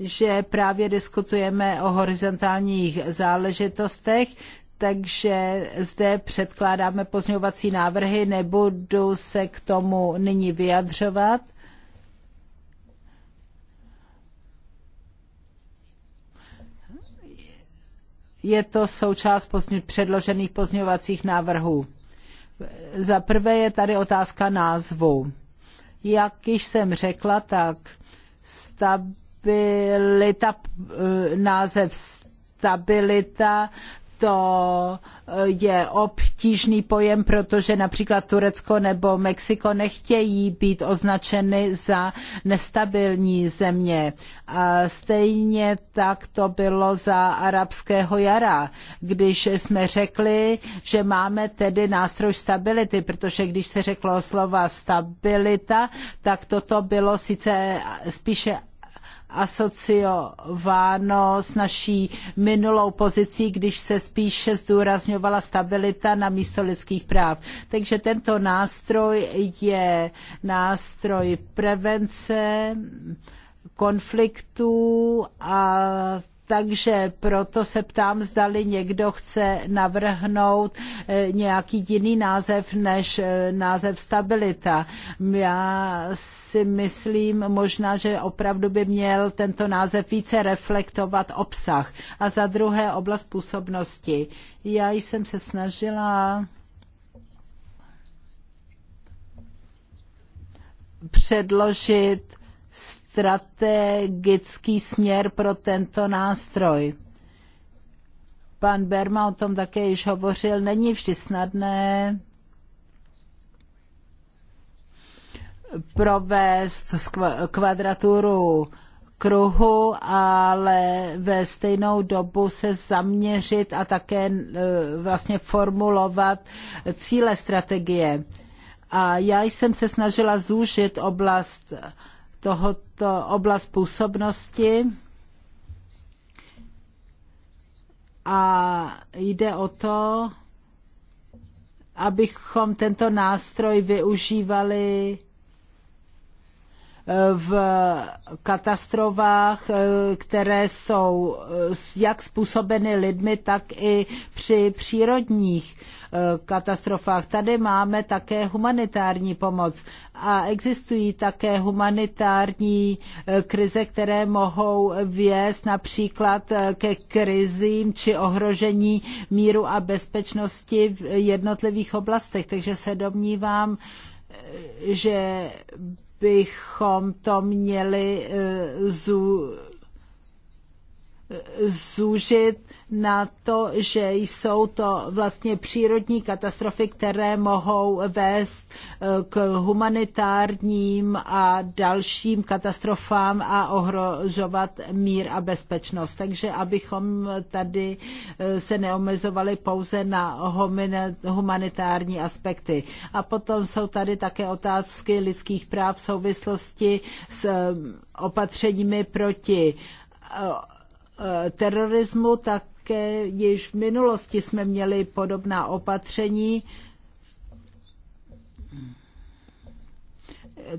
že právě diskutujeme o horizontálních záležitostech, takže zde předkládáme pozňovací návrhy, nebudu se k tomu nyní vyjadřovat. Je to součást pozň- předložených pozňovacích návrhů. Za prvé je tady otázka názvu. Jak již jsem řekla, tak stabilita, e, název stabilita to eh, je obtížný pojem, protože například Turecko nebo Mexiko nechtějí být označeny za nestabilní země. A stejně tak to bylo za arabského jara, když jsme řekli, že máme tedy nástroj stability, protože když se řeklo slova stabilita, tak toto bylo sice spíše asociováno s naší minulou pozicí, když se spíše zdůrazňovala stabilita na místo lidských práv. Takže tento nástroj je nástroj prevence konfliktů a takže proto se ptám, zdali někdo chce navrhnout eh, nějaký jiný název než eh, název stabilita. Já si myslím možná, že opravdu by měl tento název více reflektovat obsah. A za druhé oblast působnosti. Já jsem se snažila předložit strategický směr pro tento nástroj. Pan Berma o tom také již hovořil. Není vždy snadné provést kvadraturu kruhu, ale ve stejnou dobu se zaměřit a také e, vlastně formulovat cíle strategie. A já jsem se snažila zúžit oblast tohoto oblast působnosti a jde o to, abychom tento nástroj využívali eh, v katastrofách, eh, které jsou eh, jak způsobeny lidmi, tak i při přírodních Eh, katastrofách. Tady máme také humanitární pomoc a existují také humanitární eh, krize, které mohou vést například eh, ke krizím či ohrožení míru a bezpečnosti v jednotlivých oblastech. Takže se domnívám, že bychom to měli zú, zúžit na to, že jsou to vlastně přírodní katastrofy, které mohou vést eh, k humanitárním a dalším katastrofám a ohrožovat mír a bezpečnost. Takže abychom tady eh, se neomezovali pouze na humanitární aspekty. A potom jsou tady také otázky lidských práv v souvislosti s eh, opatřeními proti terorismu, tak také již v minulosti jsme měli podobná opatření.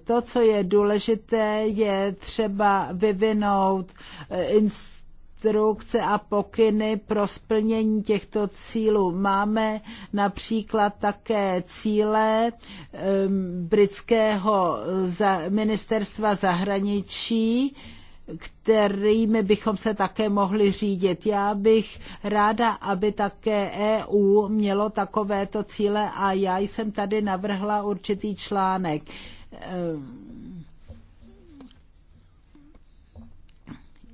To, co je důležité, je třeba vyvinout eh, instrukce a pokyny pro splnění těchto cílů. Máme například také cíle ehm, britského ministerstva zahraničí, kterými bychom se také mohli řídit. Já bych ráda, aby také EU mělo takovéto cíle a já jsem tady navrhla určitý článek. Ehm,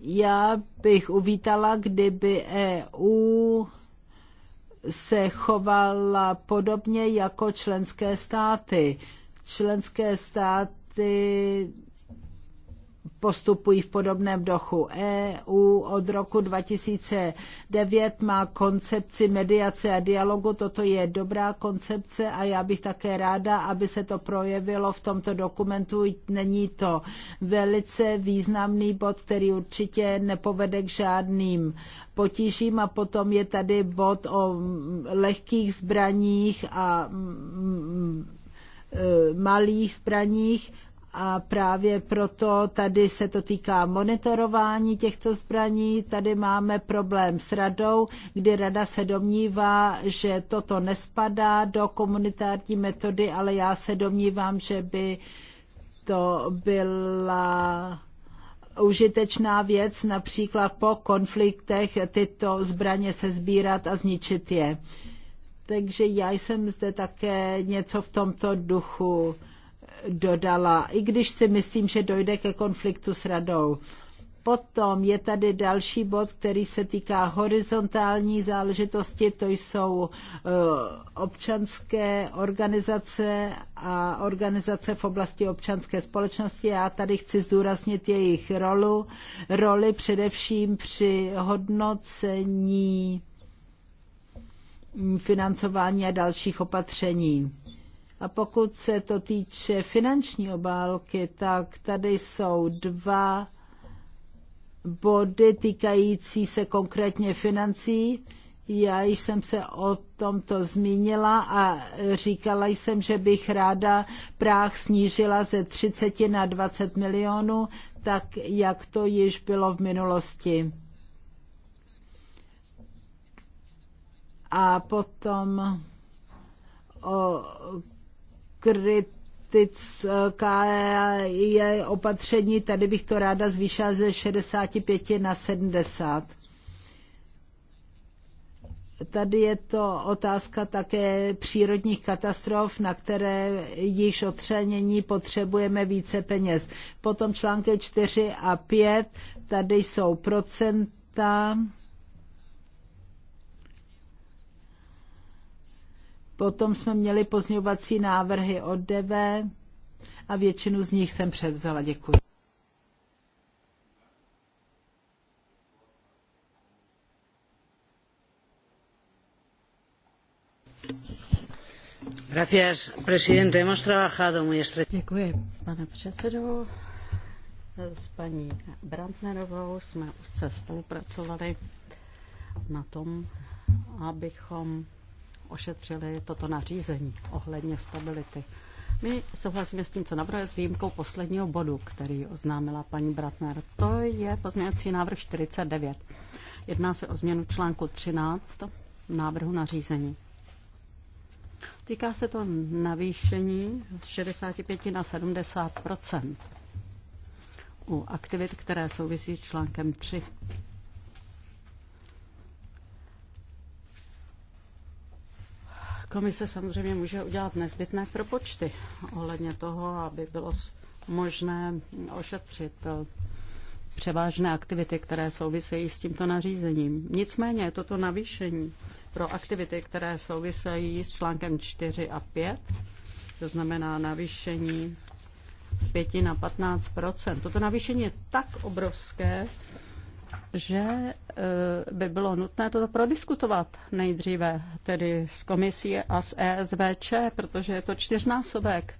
já bych uvítala, kdyby EU se chovala podobně jako členské státy. Členské státy postupují v podobném dochu. EU od roku 2009 má koncepci mediace a dialogu. Toto je dobrá koncepce a já bych také ráda, aby se to projevilo v tomto dokumentu. Není to velice významný bod, který určitě nepovede k žádným potížím a potom je tady bod o lehkých zbraních a mm, mm, mm, e, malých zbraních a právě proto tady se to týká monitorování těchto zbraní. Tady máme problém s radou, kdy rada se domnívá, že toto nespadá do komunitární metody, ale já se domnívám, že by to byla užitečná věc, například po konfliktech tyto zbraně se sbírat a zničit je. Takže já jsem zde také něco v tomto duchu dodala, i když si myslím, že dojde ke konfliktu s radou. Potom je tady další bod, který se týká horizontální záležitosti, to jsou e, občanské organizace a organizace v oblasti občanské společnosti. Já tady chci zdůraznit jejich rolu, roli především při hodnocení financování a dalších opatření. A pokud se to týče finanční obálky, tak tady jsou dva body týkající se konkrétně financí. Já jsem se o tomto zmínila a říkala jsem, že bych ráda práh snížila ze 30 na 20 milionů, tak jak to již bylo v minulosti. A potom o kritická je opatření, tady bych to ráda zvýšila ze 65 na 70. Tady je to otázka také přírodních katastrof, na které již otřenění potřebujeme více peněz. Potom články 4 a 5, tady jsou procenta Potom jsme měli pozňovací návrhy od DV a většinu z nich jsem převzala. Děkuji. Gracias, Presidente. Hemos trabajado muy Děkuji, pane předsedo. S paní Brandnerovou jsme úzce spolupracovali na tom, abychom ošetřili toto nařízení ohledně stability. My souhlasíme s tím, co navrhuje s výjimkou posledního bodu, který oznámila paní Bratner. To je pozměňovací návrh 49. Jedná se o změnu článku 13 návrhu nařízení. Týká se to navýšení z 65 na 70 u aktivit, které souvisí s článkem 3. Komise samozřejmě může udělat nezbytné propočty ohledně toho, aby bylo možné ošetřit eh, převážné aktivity, které souvisejí s tímto nařízením. Nicméně toto navýšení pro aktivity, které souvisejí s článkem 4 a 5, to znamená navýšení z 5 na 15 Toto navýšení je tak obrovské, že eh, by bylo nutné toto prodiskutovat nejdříve, tedy s komisí a s ESVČ, protože je to čtyřnásobek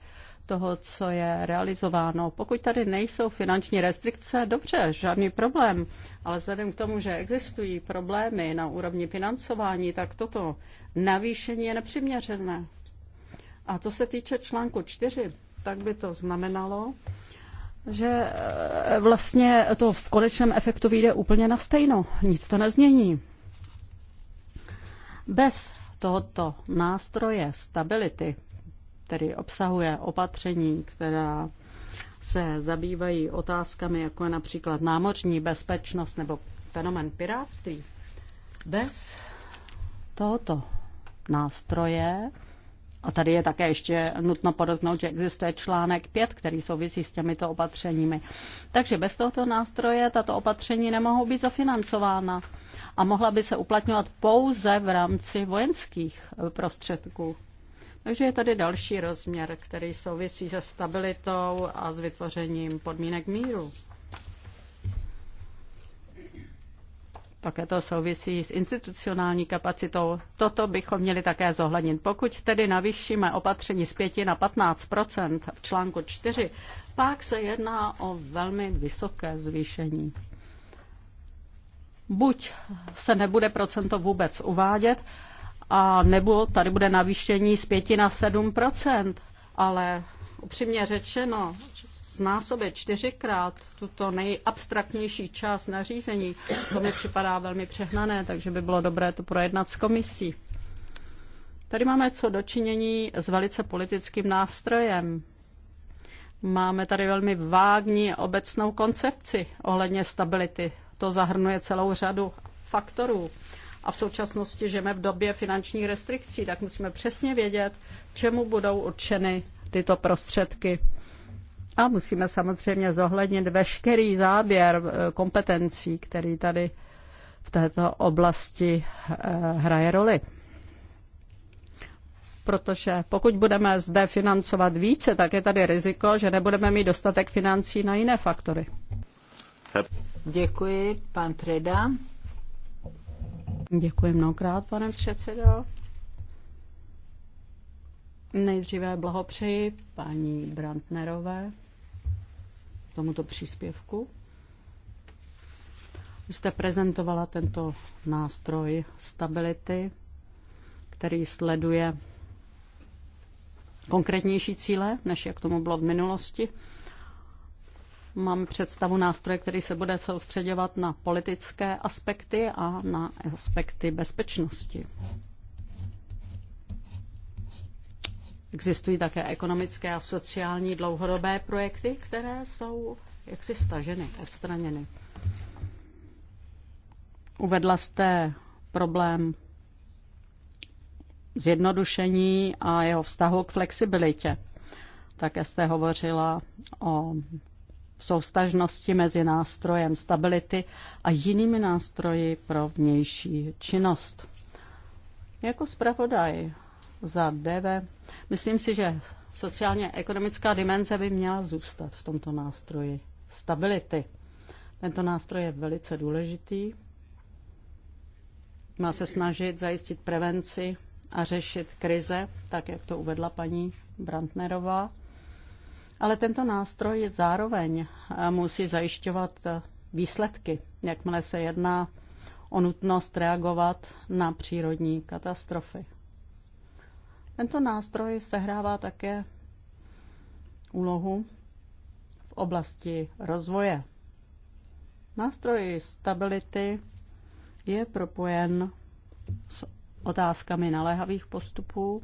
toho, co je realizováno. Pokud tady nejsou finanční restrikce, dobře, žádný problém, ale vzhledem k tomu, že existují problémy na úrovni financování, tak toto navýšení je nepřiměřené. A co se týče článku 4, tak by to znamenalo, že eh, vlastně to v konečném efektu vyjde úplně na stejno. Nic to nezmění. Bez tohoto nástroje stability, který obsahuje opatření, která se zabývají otázkami, jako je například námořní bezpečnost nebo fenomen piráctví, bez tohoto nástroje a tady je také ještě nutno podotknout, že existuje článek 5, který souvisí s těmito opatřeními. Takže bez tohoto nástroje tato opatření nemohou být zafinancována a mohla by se uplatňovat pouze v rámci vojenských eh, prostředků. Takže je tady další rozměr, který souvisí se stabilitou a s vytvořením podmínek míru. Také to souvisí s institucionální kapacitou. Toto bychom měli také zohlednit. Pokud tedy navýšíme opatření z 5 na 15 v článku 4, pak se jedná o velmi vysoké zvýšení. Buď se nebude procento vůbec uvádět, a nebo tady bude navýšení z 5 na 7 ale upřímně řečeno, znásobit čtyřikrát tuto nejabstraktnější část nařízení, to mi připadá velmi přehnané, takže by bylo dobré to projednat s komisí. Tady máme co dočinění s velice politickým nástrojem. Máme tady velmi vágní obecnou koncepci ohledně stability. To zahrnuje celou řadu faktorů. A v současnosti žijeme v době finančních restrikcí, tak musíme přesně vědět, čemu budou určeny tyto prostředky. A musíme samozřejmě zohlednit veškerý záběr eh, kompetencí, který tady v této oblasti eh, hraje roli. Protože pokud budeme zde financovat více, tak je tady riziko, že nebudeme mít dostatek financí na jiné faktory. Děkuji, pan Preda. Děkuji mnohokrát, pane předsedo. Nejdříve blahopřeji paní Brandnerové tomuto příspěvku. Vy jste prezentovala tento nástroj stability, který sleduje konkrétnější cíle, než jak tomu bylo v minulosti. Mám představu nástroje, který se bude soustředěvat na politické aspekty a na aspekty bezpečnosti. Existují také ekonomické a sociální dlouhodobé projekty, které jsou jaksi staženy, odstraněny. Uvedla jste problém zjednodušení a jeho vztahu k flexibilitě. Také jste hovořila o soustažnosti mezi nástrojem stability a jinými nástroji pro vnější činnost. Jako zpravodaj za DV. Myslím si, že sociálně-ekonomická dimenze by měla zůstat v tomto nástroji stability. Tento nástroj je velice důležitý. Má se snažit zajistit prevenci a řešit krize, tak jak to uvedla paní Brantnerová. Ale tento nástroj zároveň eh, musí zajišťovat eh, výsledky, jakmile se jedná o nutnost reagovat na přírodní katastrofy. Tento nástroj sehrává také úlohu v oblasti rozvoje. Nástroj stability je propojen s otázkami naléhavých postupů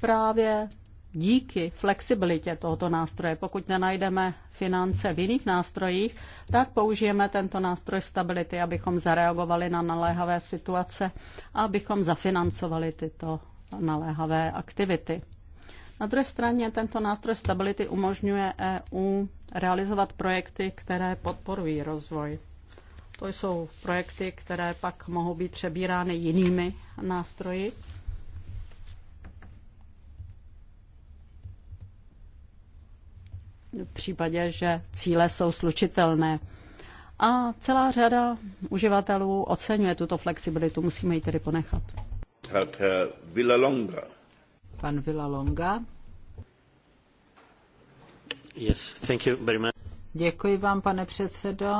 právě díky flexibilitě tohoto nástroje, pokud nenajdeme finance v jiných nástrojích, tak použijeme tento nástroj stability, abychom zareagovali na naléhavé situace a abychom zafinancovali tyto naléhavé aktivity. Na druhé straně tento nástroj stability umožňuje EU realizovat projekty, které podporují rozvoj. To jsou projekty, které pak mohou být přebírány jinými nástroji v případě, že cíle jsou slučitelné. A celá řada uživatelů oceňuje tuto flexibilitu, musíme ji tedy ponechat. Eh, Villalonga. Pan Villalonga. Yes, thank you very much. Děkuji vám, pane předsedo.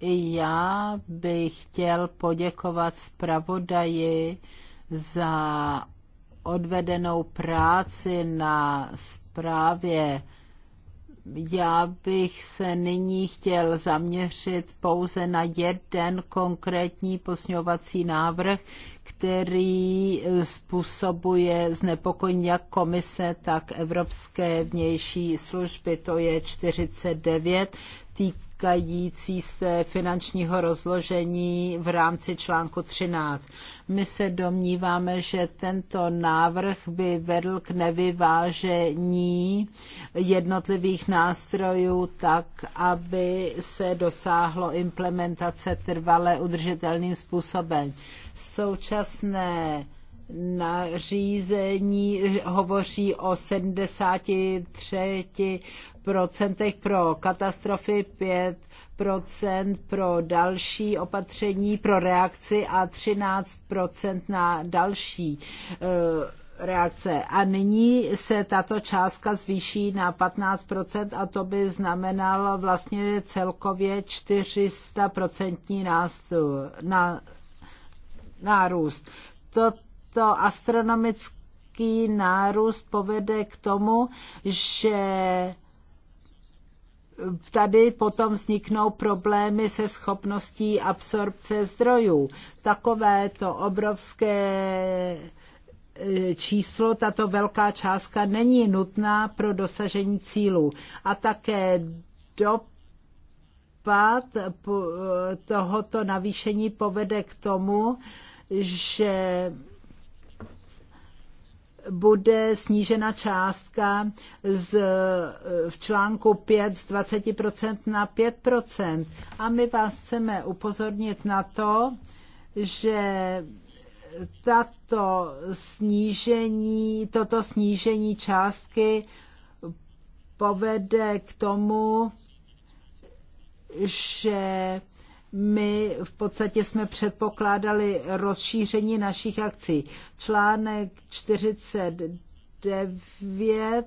I já bych chtěl poděkovat zpravodaji za odvedenou práci na zprávě já bych se nyní chtěl zaměřit pouze na jeden konkrétní posňovací návrh, který způsobuje znepokojení jak komise, tak Evropské vnější služby. To je 49. Týká týkající se finančního rozložení v rámci článku 13. My se domníváme, že tento návrh by vedl k nevyvážení jednotlivých nástrojů tak, aby se dosáhlo implementace trvale udržitelným způsobem. Současné nařízení hovoří o 73 procentech pro katastrofy, 5 procent pro další opatření, pro reakci a 13 procent na další eh, reakce. A nyní se tato částka zvýší na 15% a to by znamenalo vlastně celkově 400% nástup, na, nárůst. Toto astronomické nárůst povede k tomu, že tady potom vzniknou problémy se schopností absorpce zdrojů. takové to obrovské e, číslo, tato velká částka není nutná pro dosažení cílů. A také dopad e, tohoto navýšení povede k tomu, že bude snížena částka z, v článku 5 z 20% na 5%. A my vás chceme upozornit na to, že tato snížení, toto snížení částky povede k tomu, že my v podstatě jsme předpokládali rozšíření našich akcí. Článek 49 eh,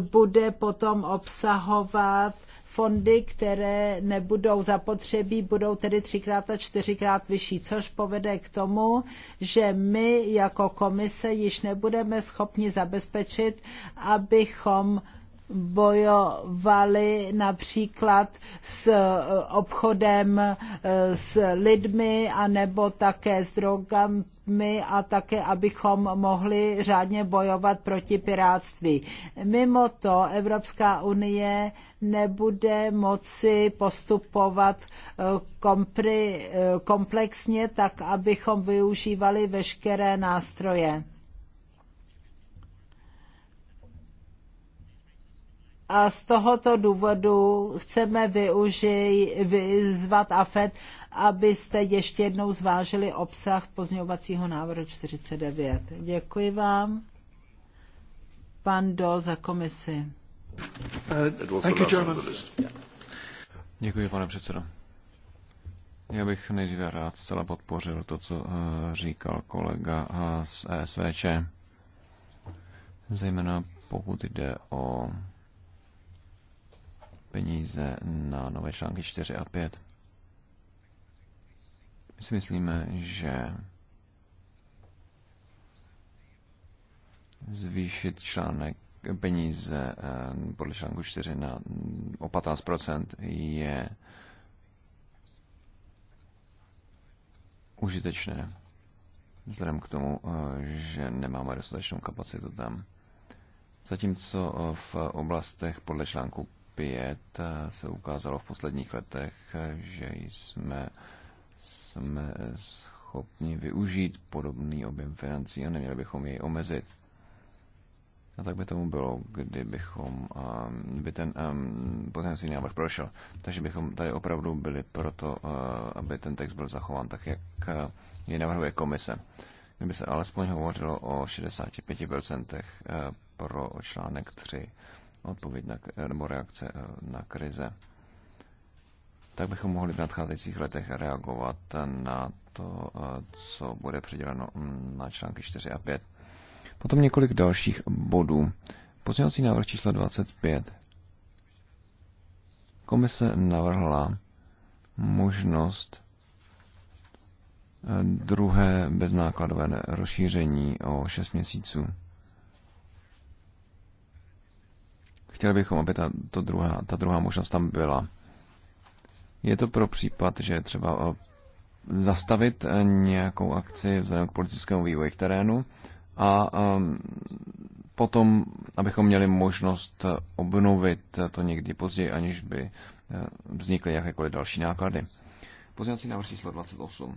bude potom obsahovat fondy, které nebudou zapotřebí, budou tedy třikrát a čtyřikrát vyšší, což povede k tomu, že my jako komise již nebudeme schopni zabezpečit, abychom bojovali například s e, obchodem e, s lidmi a nebo také s drogami a také, abychom mohli řádně bojovat proti piráctví. Mimo to Evropská unie nebude moci postupovat e, komplexně tak, abychom využívali veškeré nástroje A z tohoto důvodu chceme využij, vyzvat AFED, abyste ještě jednou zvážili obsah pozňovacího návrhu 49. Děkuji vám. Pan Dol za komisi. Uh, thank you, Děkuji, pane předsedo. Já bych nejdříve rád zcela podpořil to, co uh, říkal kolega uh, z ESVČ, zejména pokud jde o peníze na nové články 4 a 5. My si myslíme, že zvýšit článek peníze eh, podle článku 4 na, o 15% je užitečné, vzhledem k tomu, eh, že nemáme dostatečnou kapacitu tam. Zatímco eh, v oblastech podle článku 5 eh, se ukázalo v posledních letech, eh, že jsme, jsme schopni využít podobný objem financí a neměli bychom jej omezit. A tak by tomu bylo, kdybychom, um, by ten um, potenciální návrh prošel. Takže bychom tady opravdu byli proto, uh, aby ten text byl zachován tak, jak uh, je navrhuje komise. Kdyby se alespoň hovořilo o 65% pro článek 3 odpověď na, nebo reakce eh, na krize. Tak bychom mohli v nadcházejících letech reagovat na to, eh, co bude předěleno mm, na články 4 a 5. Potom několik dalších bodů. Pozměňovací návrh číslo 25. Komise navrhla možnost eh, druhé beznákladové rozšíření o 6 měsíců. Chtěli bychom, aby ta, to druhá, ta druhá možnost tam byla. Je to pro případ, že třeba eh, zastavit eh, nějakou akci vzhledem k politickému vývoji v terénu a ehm, potom, abychom měli možnost eh, obnovit to někdy později, aniž by vznikly jakékoliv další náklady. Pozměňovací návrh číslo 28.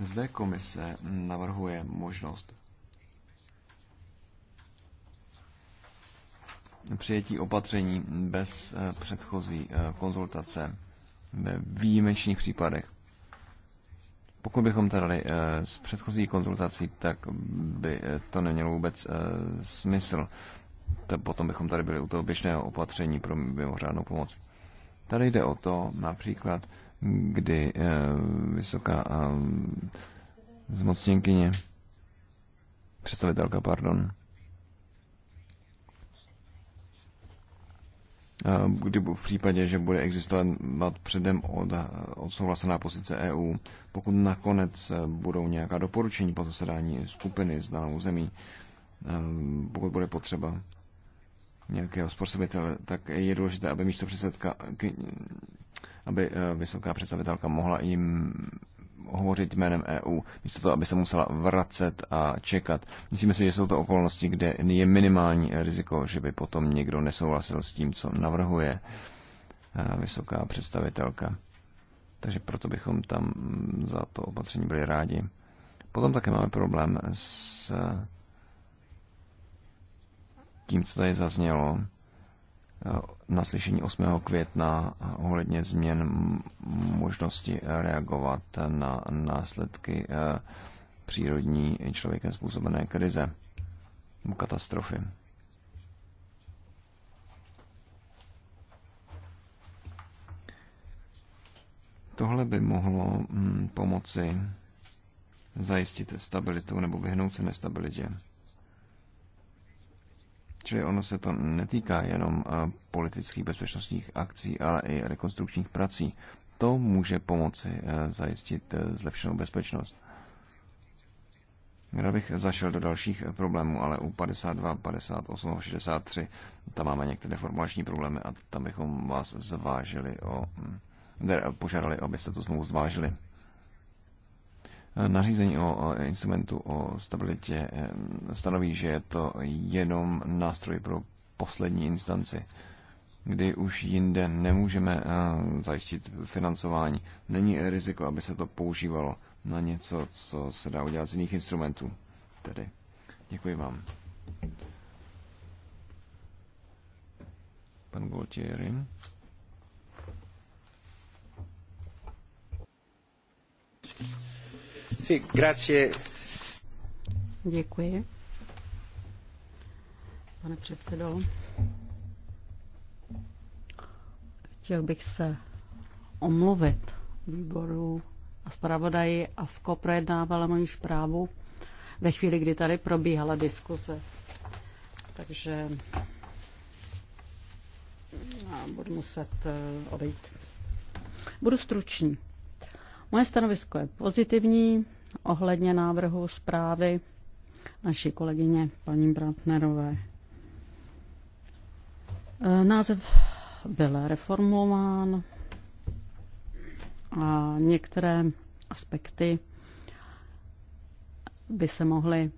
Zde komise navrhuje možnost přijetí opatření bez eh, předchozí eh, konzultace ve výjimečných případech. Pokud bychom to dali eh, s předchozí konzultací, tak by to nemělo vůbec smysl. To potom bychom tady byli u toho běžného opatření pro mimořádnou pomoc. Tady jde o to například, kdy vysoká zmocněnkyně, představitelka, pardon, kdy v případě, že bude existovat předem od, odsouhlasená pozice EU, pokud nakonec e, budou nějaká doporučení po zasedání skupiny s danou zemí, e, pokud bude potřeba nějakého spotřebitele, tak je důležité, aby místo předsedka, aby e, vysoká představitelka mohla jim hovořit jménem EU, místo toho, aby se musela vracet a čekat. Myslíme si, že jsou to okolnosti, kde je minimální riziko, že by potom někdo nesouhlasil s tím, co navrhuje eh, vysoká představitelka. Takže proto bychom tam mm, za to opatření byli rádi. Potom také máme problém s eh, tím, co tady zaznělo Eh, na slyšení 8. května ohledně změn možnosti reagovat na následky eh, přírodní člověkem způsobené krize nebo katastrofy. Tohle by mohlo hm, pomoci zajistit stabilitu nebo vyhnout se nestabilitě. Čili ono se to netýká jenom eh, politických bezpečnostních akcí, ale i rekonstrukčních prací. To může pomoci eh, zajistit eh, zlepšenou bezpečnost. Já bych zašel do dalších problémů, ale u 52, 58 63 tam máme některé formulační problémy a tam bychom vás zvážili o, hm, požádali, abyste to znovu zvážili nařízení o instrumentu o stabilitě eh, stanoví, že je to jenom nástroj pro poslední instanci, kdy už jinde nemůžeme eh, zajistit financování. Není riziko, aby se to používalo na něco, co se dá udělat z jiných instrumentů. Tedy. Děkuji vám. Pan Gualtieri. Thank you. Sì, grazie. Děkuji. Pane předsedo, chtěl bych se omluvit výboru a zpravodaji a SKO projednávala moji zprávu ve chvíli, kdy tady probíhala diskuse. Takže já budu muset e, odejít. Budu stručný. Moje stanovisko je pozitivní ohledně návrhu zprávy naší kolegyně paní Bratnerové. E, název byl reformulován a některé aspekty by se mohly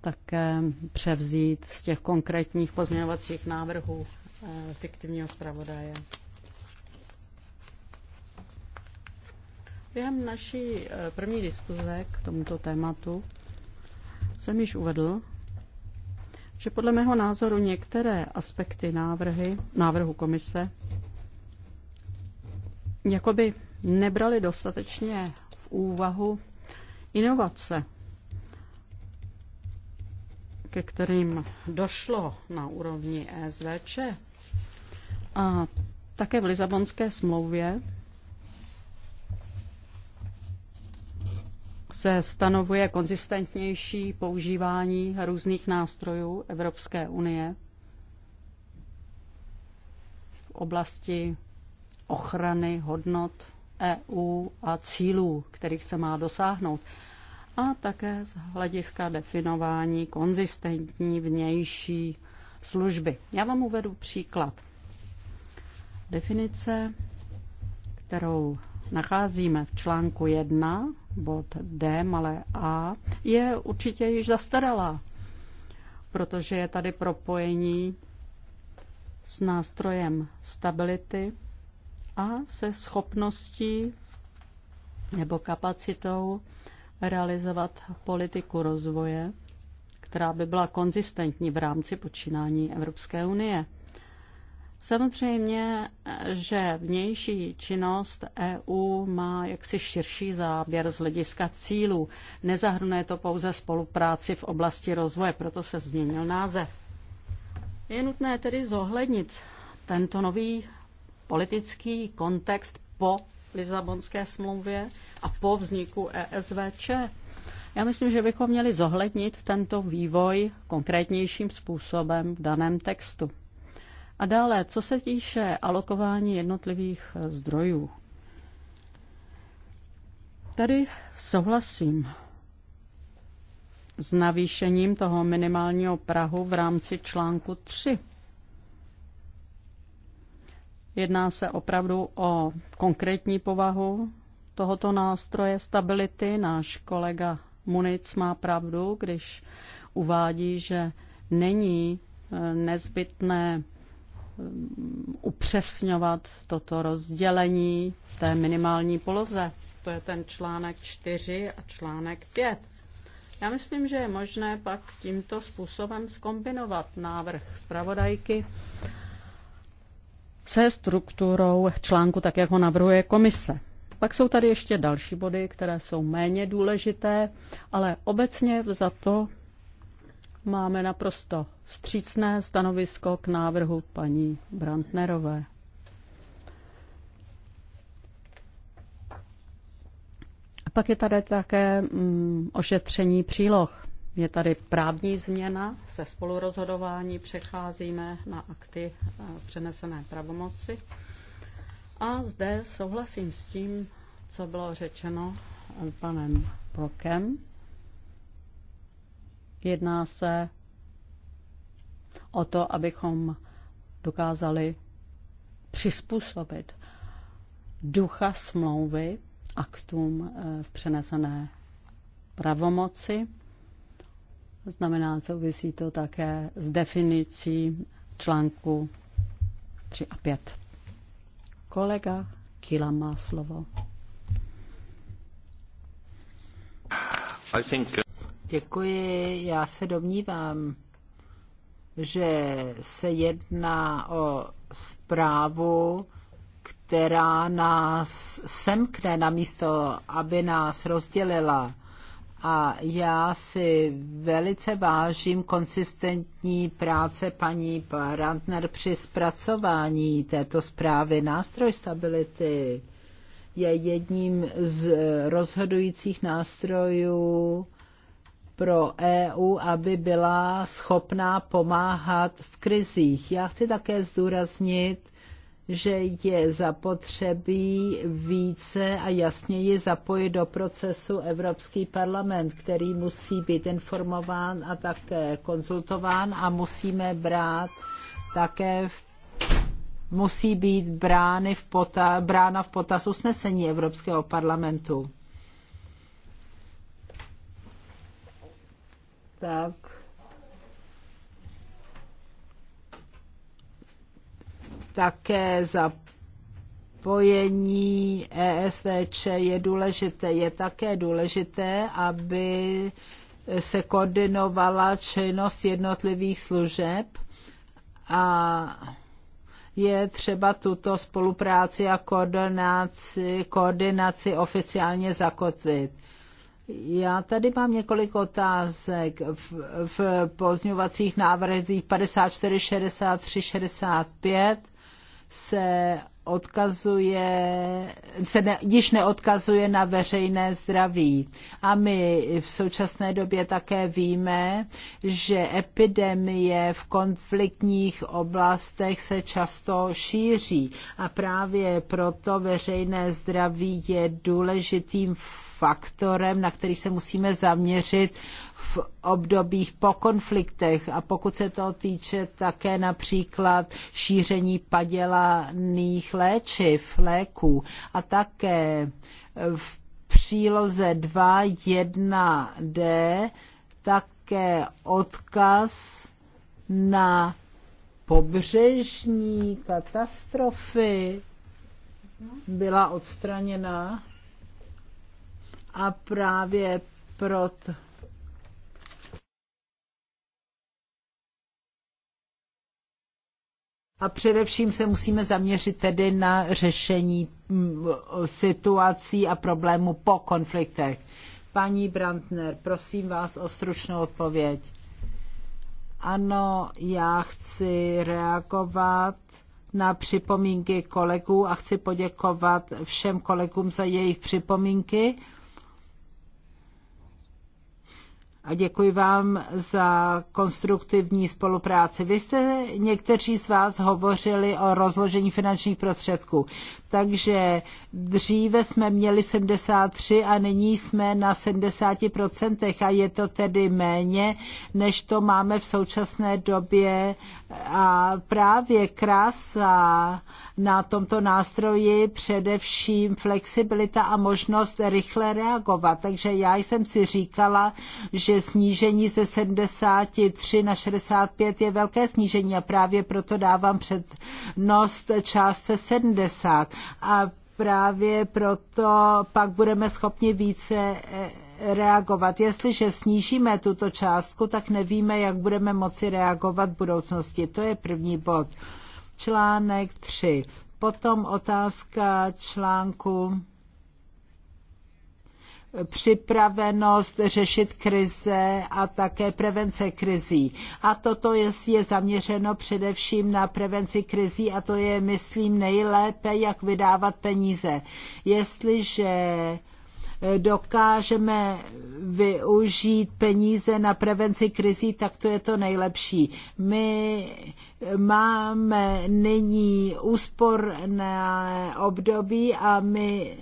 také převzít z těch konkrétních pozměňovacích návrhů e, fiktivního zpravodaje. Během naší eh, první diskuze k tomuto tématu jsem již uvedl, že podle mého názoru některé aspekty návrhy, návrhu komise jakoby nebrali dostatečně v úvahu inovace, ke kterým došlo na úrovni ESVČ a také v Lisabonské smlouvě se stanovuje konzistentnější používání různých nástrojů Evropské unie v oblasti ochrany hodnot EU a cílů, kterých se má dosáhnout. A také z hlediska definování konzistentní vnější služby. Já vám uvedu příklad. Definice, kterou nacházíme v článku 1 bod D, malé a, je určitě již zastaralá, protože je tady propojení s nástrojem stability a se schopností nebo kapacitou realizovat politiku rozvoje, která by byla konzistentní v rámci počínání Evropské unie. Samozřejmě, že vnější činnost EU má jaksi širší záběr z hlediska cílů. Nezahrnuje to pouze spolupráci v oblasti rozvoje, proto se změnil název. Je nutné tedy zohlednit tento nový politický kontext po Lisabonské smlouvě a po vzniku ESVČ. Já myslím, že bychom měli zohlednit tento vývoj konkrétnějším způsobem v daném textu. A dále, co se týče alokování jednotlivých eh, zdrojů. Tady souhlasím s navýšením toho minimálního Prahu v rámci článku 3. Jedná se opravdu o konkrétní povahu tohoto nástroje stability. Náš kolega Munic má pravdu, když uvádí, že není eh, nezbytné upřesňovat toto rozdělení v té minimální poloze. To je ten článek 4 a článek 5. Já myslím, že je možné pak tímto způsobem skombinovat návrh zpravodajky se strukturou článku, tak jak ho navrhuje komise. Pak jsou tady ještě další body, které jsou méně důležité, ale obecně za to máme naprosto vstřícné stanovisko k návrhu paní Brandnerové. A pak je tady také mm, ošetření příloh. Je tady právní změna, se spolurozhodování přecházíme na akty e, přenesené pravomoci. A zde souhlasím s tím, co bylo řečeno e, panem Prokem. Jedná se o to, abychom dokázali přizpůsobit ducha smlouvy aktům eh, v přenesené pravomoci. Znamená, souvisí to také s definicí článku 3 a 5. Kolega Kila má slovo. Think... Uh, Děkuji, já se domnívám, že se jedná o zprávu, která nás semkne na místo, aby nás rozdělila. A já si velice vážím konsistentní práce paní Brandner při zpracování této zprávy. Nástroj stability je jedním z rozhodujících nástrojů pro EU, aby byla schopná pomáhat v krizích. Já chci také zdůraznit, že je zapotřebí více a jasněji zapojit do procesu Evropský parlament, který musí být informován a také konzultován a musíme brát také v musí být brány v pota, brána v potaz usnesení Evropského parlamentu. tak také zapojení ESVČ je důležité. Je také důležité, aby se koordinovala činnost jednotlivých služeb a je třeba tuto spolupráci a koordinaci, koordinaci oficiálně zakotvit. Já tady mám několik otázek v, v pozňovacích návrzích 54, 63, 65 se odkazuje, se ne, již neodkazuje na veřejné zdraví. A my v současné době také víme, že epidemie v konfliktních oblastech se často šíří a právě proto veřejné zdraví je důležitým faktorem, na který se musíme zaměřit v obdobích po konfliktech a pokud se to týče také například šíření padělaných léčiv, léků a také v příloze 21 d také odkaz na pobřežní katastrofy byla odstraněna a právě proto A především se musíme zaměřit tedy na řešení mm, situací a problémů po konfliktech. Paní Brandner, prosím vás o stručnou odpověď. Ano, já chci reagovat na připomínky kolegů a chci poděkovat všem kolegům za jejich připomínky. a děkuji vám za konstruktivní spolupráci. Vy jste někteří z vás hovořili o rozložení finančních prostředků, takže dříve jsme měli 73 a nyní jsme na 70% a je to tedy méně, než to máme v současné době a právě krása na tomto nástroji především flexibilita a možnost rychle reagovat. Takže já jsem si říkala, že snížení ze 73 na 65 je velké snížení a právě proto dávám přednost částce 70. A právě proto pak budeme schopni více eh, reagovat. Jestliže snížíme tuto částku, tak nevíme, jak budeme moci reagovat v budoucnosti. To je první bod. Článek 3. Potom otázka článku připravenost řešit krize a také prevence krizí. A toto je, je zaměřeno především na prevenci krizí a to je, myslím, nejlépe, jak vydávat peníze. Jestliže dokážeme využít peníze na prevenci krizí, tak to je to nejlepší. My máme nyní úsporné období a my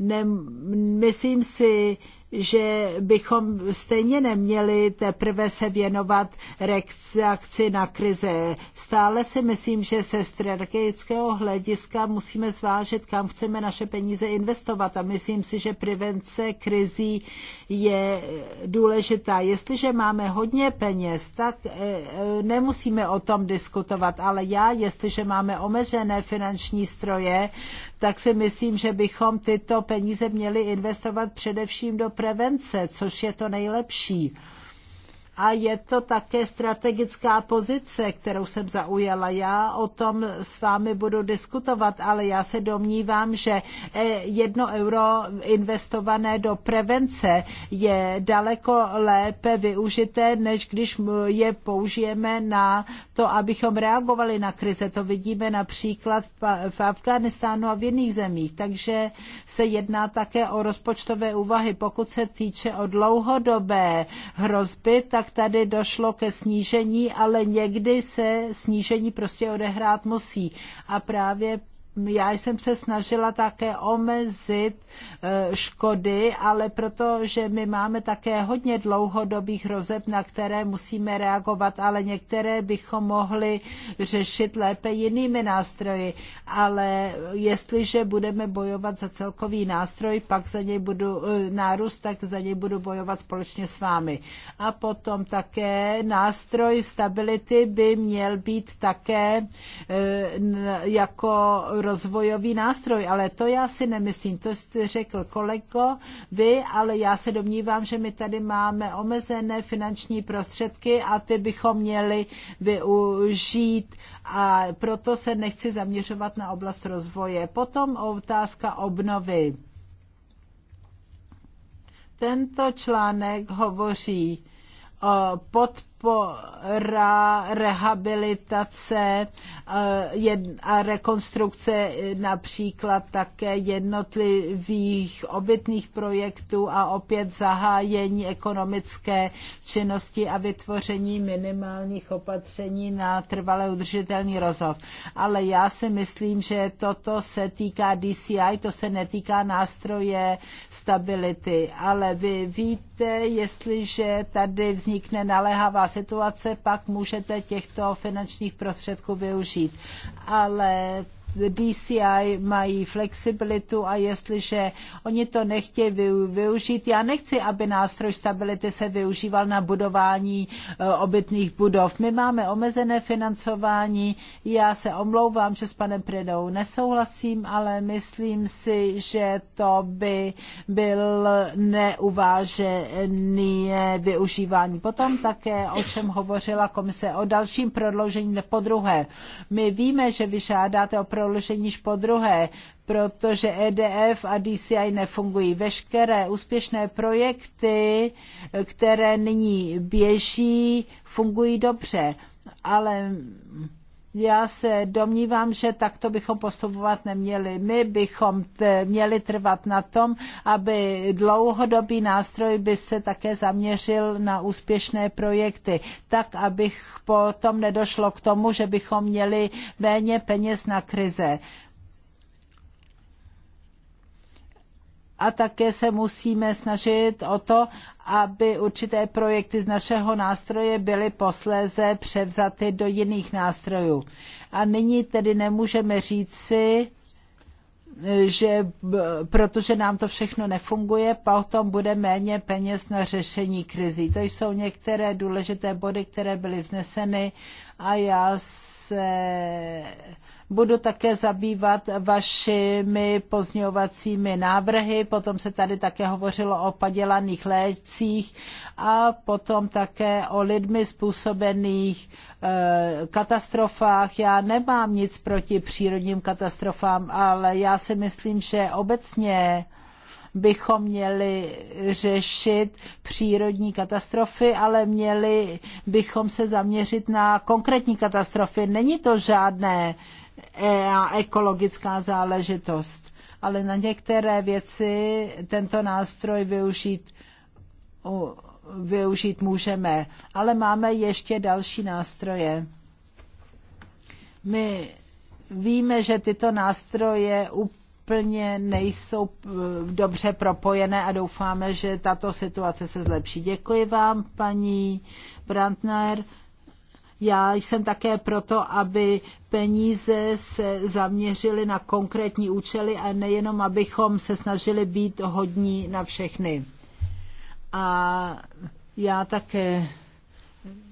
ne, myslím si, že bychom stejně neměli teprve se věnovat reakci na krize. Stále si myslím, že se strategického hlediska musíme zvážit, kam chceme naše peníze investovat a myslím si, že prevence krizí je důležitá. Jestliže máme hodně peněz, tak eh, eh, nemusíme o tom diskutovat, ale já, jestliže máme omezené finanční stroje, tak si myslím, že bychom tyto peníze měli investovat především do prevence, což je to nejlepší a je to také strategická pozice, kterou jsem zaujala. Já o tom s vámi budu diskutovat, ale já se domnívám, že eh, jedno euro investované do prevence je daleko lépe využité, než když je použijeme na to, abychom reagovali na krize. To vidíme například v Afganistánu a v jiných zemích. Takže se jedná také o rozpočtové úvahy. Pokud se týče o dlouhodobé hrozby, tak tak tady došlo ke snížení, ale někdy se snížení prostě odehrát musí. A právě já jsem se snažila také omezit e, škody, ale protože my máme také hodně dlouhodobých rozeb, na které musíme reagovat, ale některé bychom mohli řešit lépe jinými nástroji. Ale jestliže budeme bojovat za celkový nástroj, pak za něj budu e, nárůst, tak za něj budu bojovat společně s vámi. A potom také nástroj stability by měl být také e, jako rozvojový nástroj, ale to já si nemyslím. To jste řekl kolego, vy, ale já se domnívám, že my tady máme omezené finanční prostředky a ty bychom měli využít a proto se nechci zaměřovat na oblast rozvoje. Potom otázka obnovy. Tento článek hovoří o podpoře ra, rehabilitace eh, a rekonstrukce například také jednotlivých obytných projektů a opět zahájení ekonomické činnosti a vytvoření minimálních opatření na trvale udržitelný rozhov. Ale já si myslím, že toto se týká DCI, to se netýká nástroje stability. Ale vy víte, jestliže tady vznikne naléhavá situace, pak můžete těchto finančních prostředků využít. Ale DCI mají flexibilitu a jestliže oni to nechtějí využít, já nechci, aby nástroj stability se využíval na budování eh, obytných budov. My máme omezené financování, já se omlouvám, že s panem Predou nesouhlasím, ale myslím si, že to by byl neuvážený eh, využívání. Potom také, o čem hovořila komise, o dalším prodloužení po druhé. My víme, že vyžádáte o proložení již po druhé, protože EDF a DCI nefungují. Veškeré úspěšné projekty, které nyní běží, fungují dobře, ale já se domnívám, že takto bychom postupovat neměli. My bychom eh, měli trvat na tom, aby dlouhodobý nástroj by se také zaměřil na úspěšné projekty, tak abych potom nedošlo k tomu, že bychom měli méně peněz na krize. a také se musíme snažit o to, aby určité projekty z našeho nástroje byly posléze převzaty do jiných nástrojů. A nyní tedy nemůžeme říci, že protože nám to všechno nefunguje, potom bude méně peněz na řešení krizí. To jsou některé důležité body, které byly vzneseny a já se Budu také zabývat vašimi pozňovacími návrhy, potom se tady také hovořilo o padělaných lécích a potom také o lidmi způsobených e, katastrofách. Já nemám nic proti přírodním katastrofám, ale já si myslím, že obecně bychom měli řešit přírodní katastrofy, ale měli bychom se zaměřit na konkrétní katastrofy. Není to žádné ekologická záležitost. Ale na některé věci tento nástroj využít, využít můžeme. Ale máme ještě další nástroje. My víme, že tyto nástroje úplně nejsou eh, dobře propojené a doufáme, že tato situace se zlepší. Děkuji vám, paní Brandner. Já jsem také proto, aby peníze se zaměřily na konkrétní účely a nejenom, abychom se snažili být hodní na všechny. A já také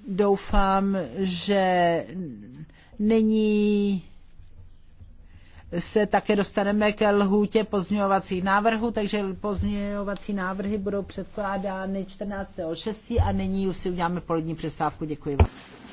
doufám, že nyní se také dostaneme ke lhůtě pozměňovacích návrhů, takže pozměňovací návrhy budou předkládány 14.6. a nyní už si uděláme polední přestávku. Děkuji vám.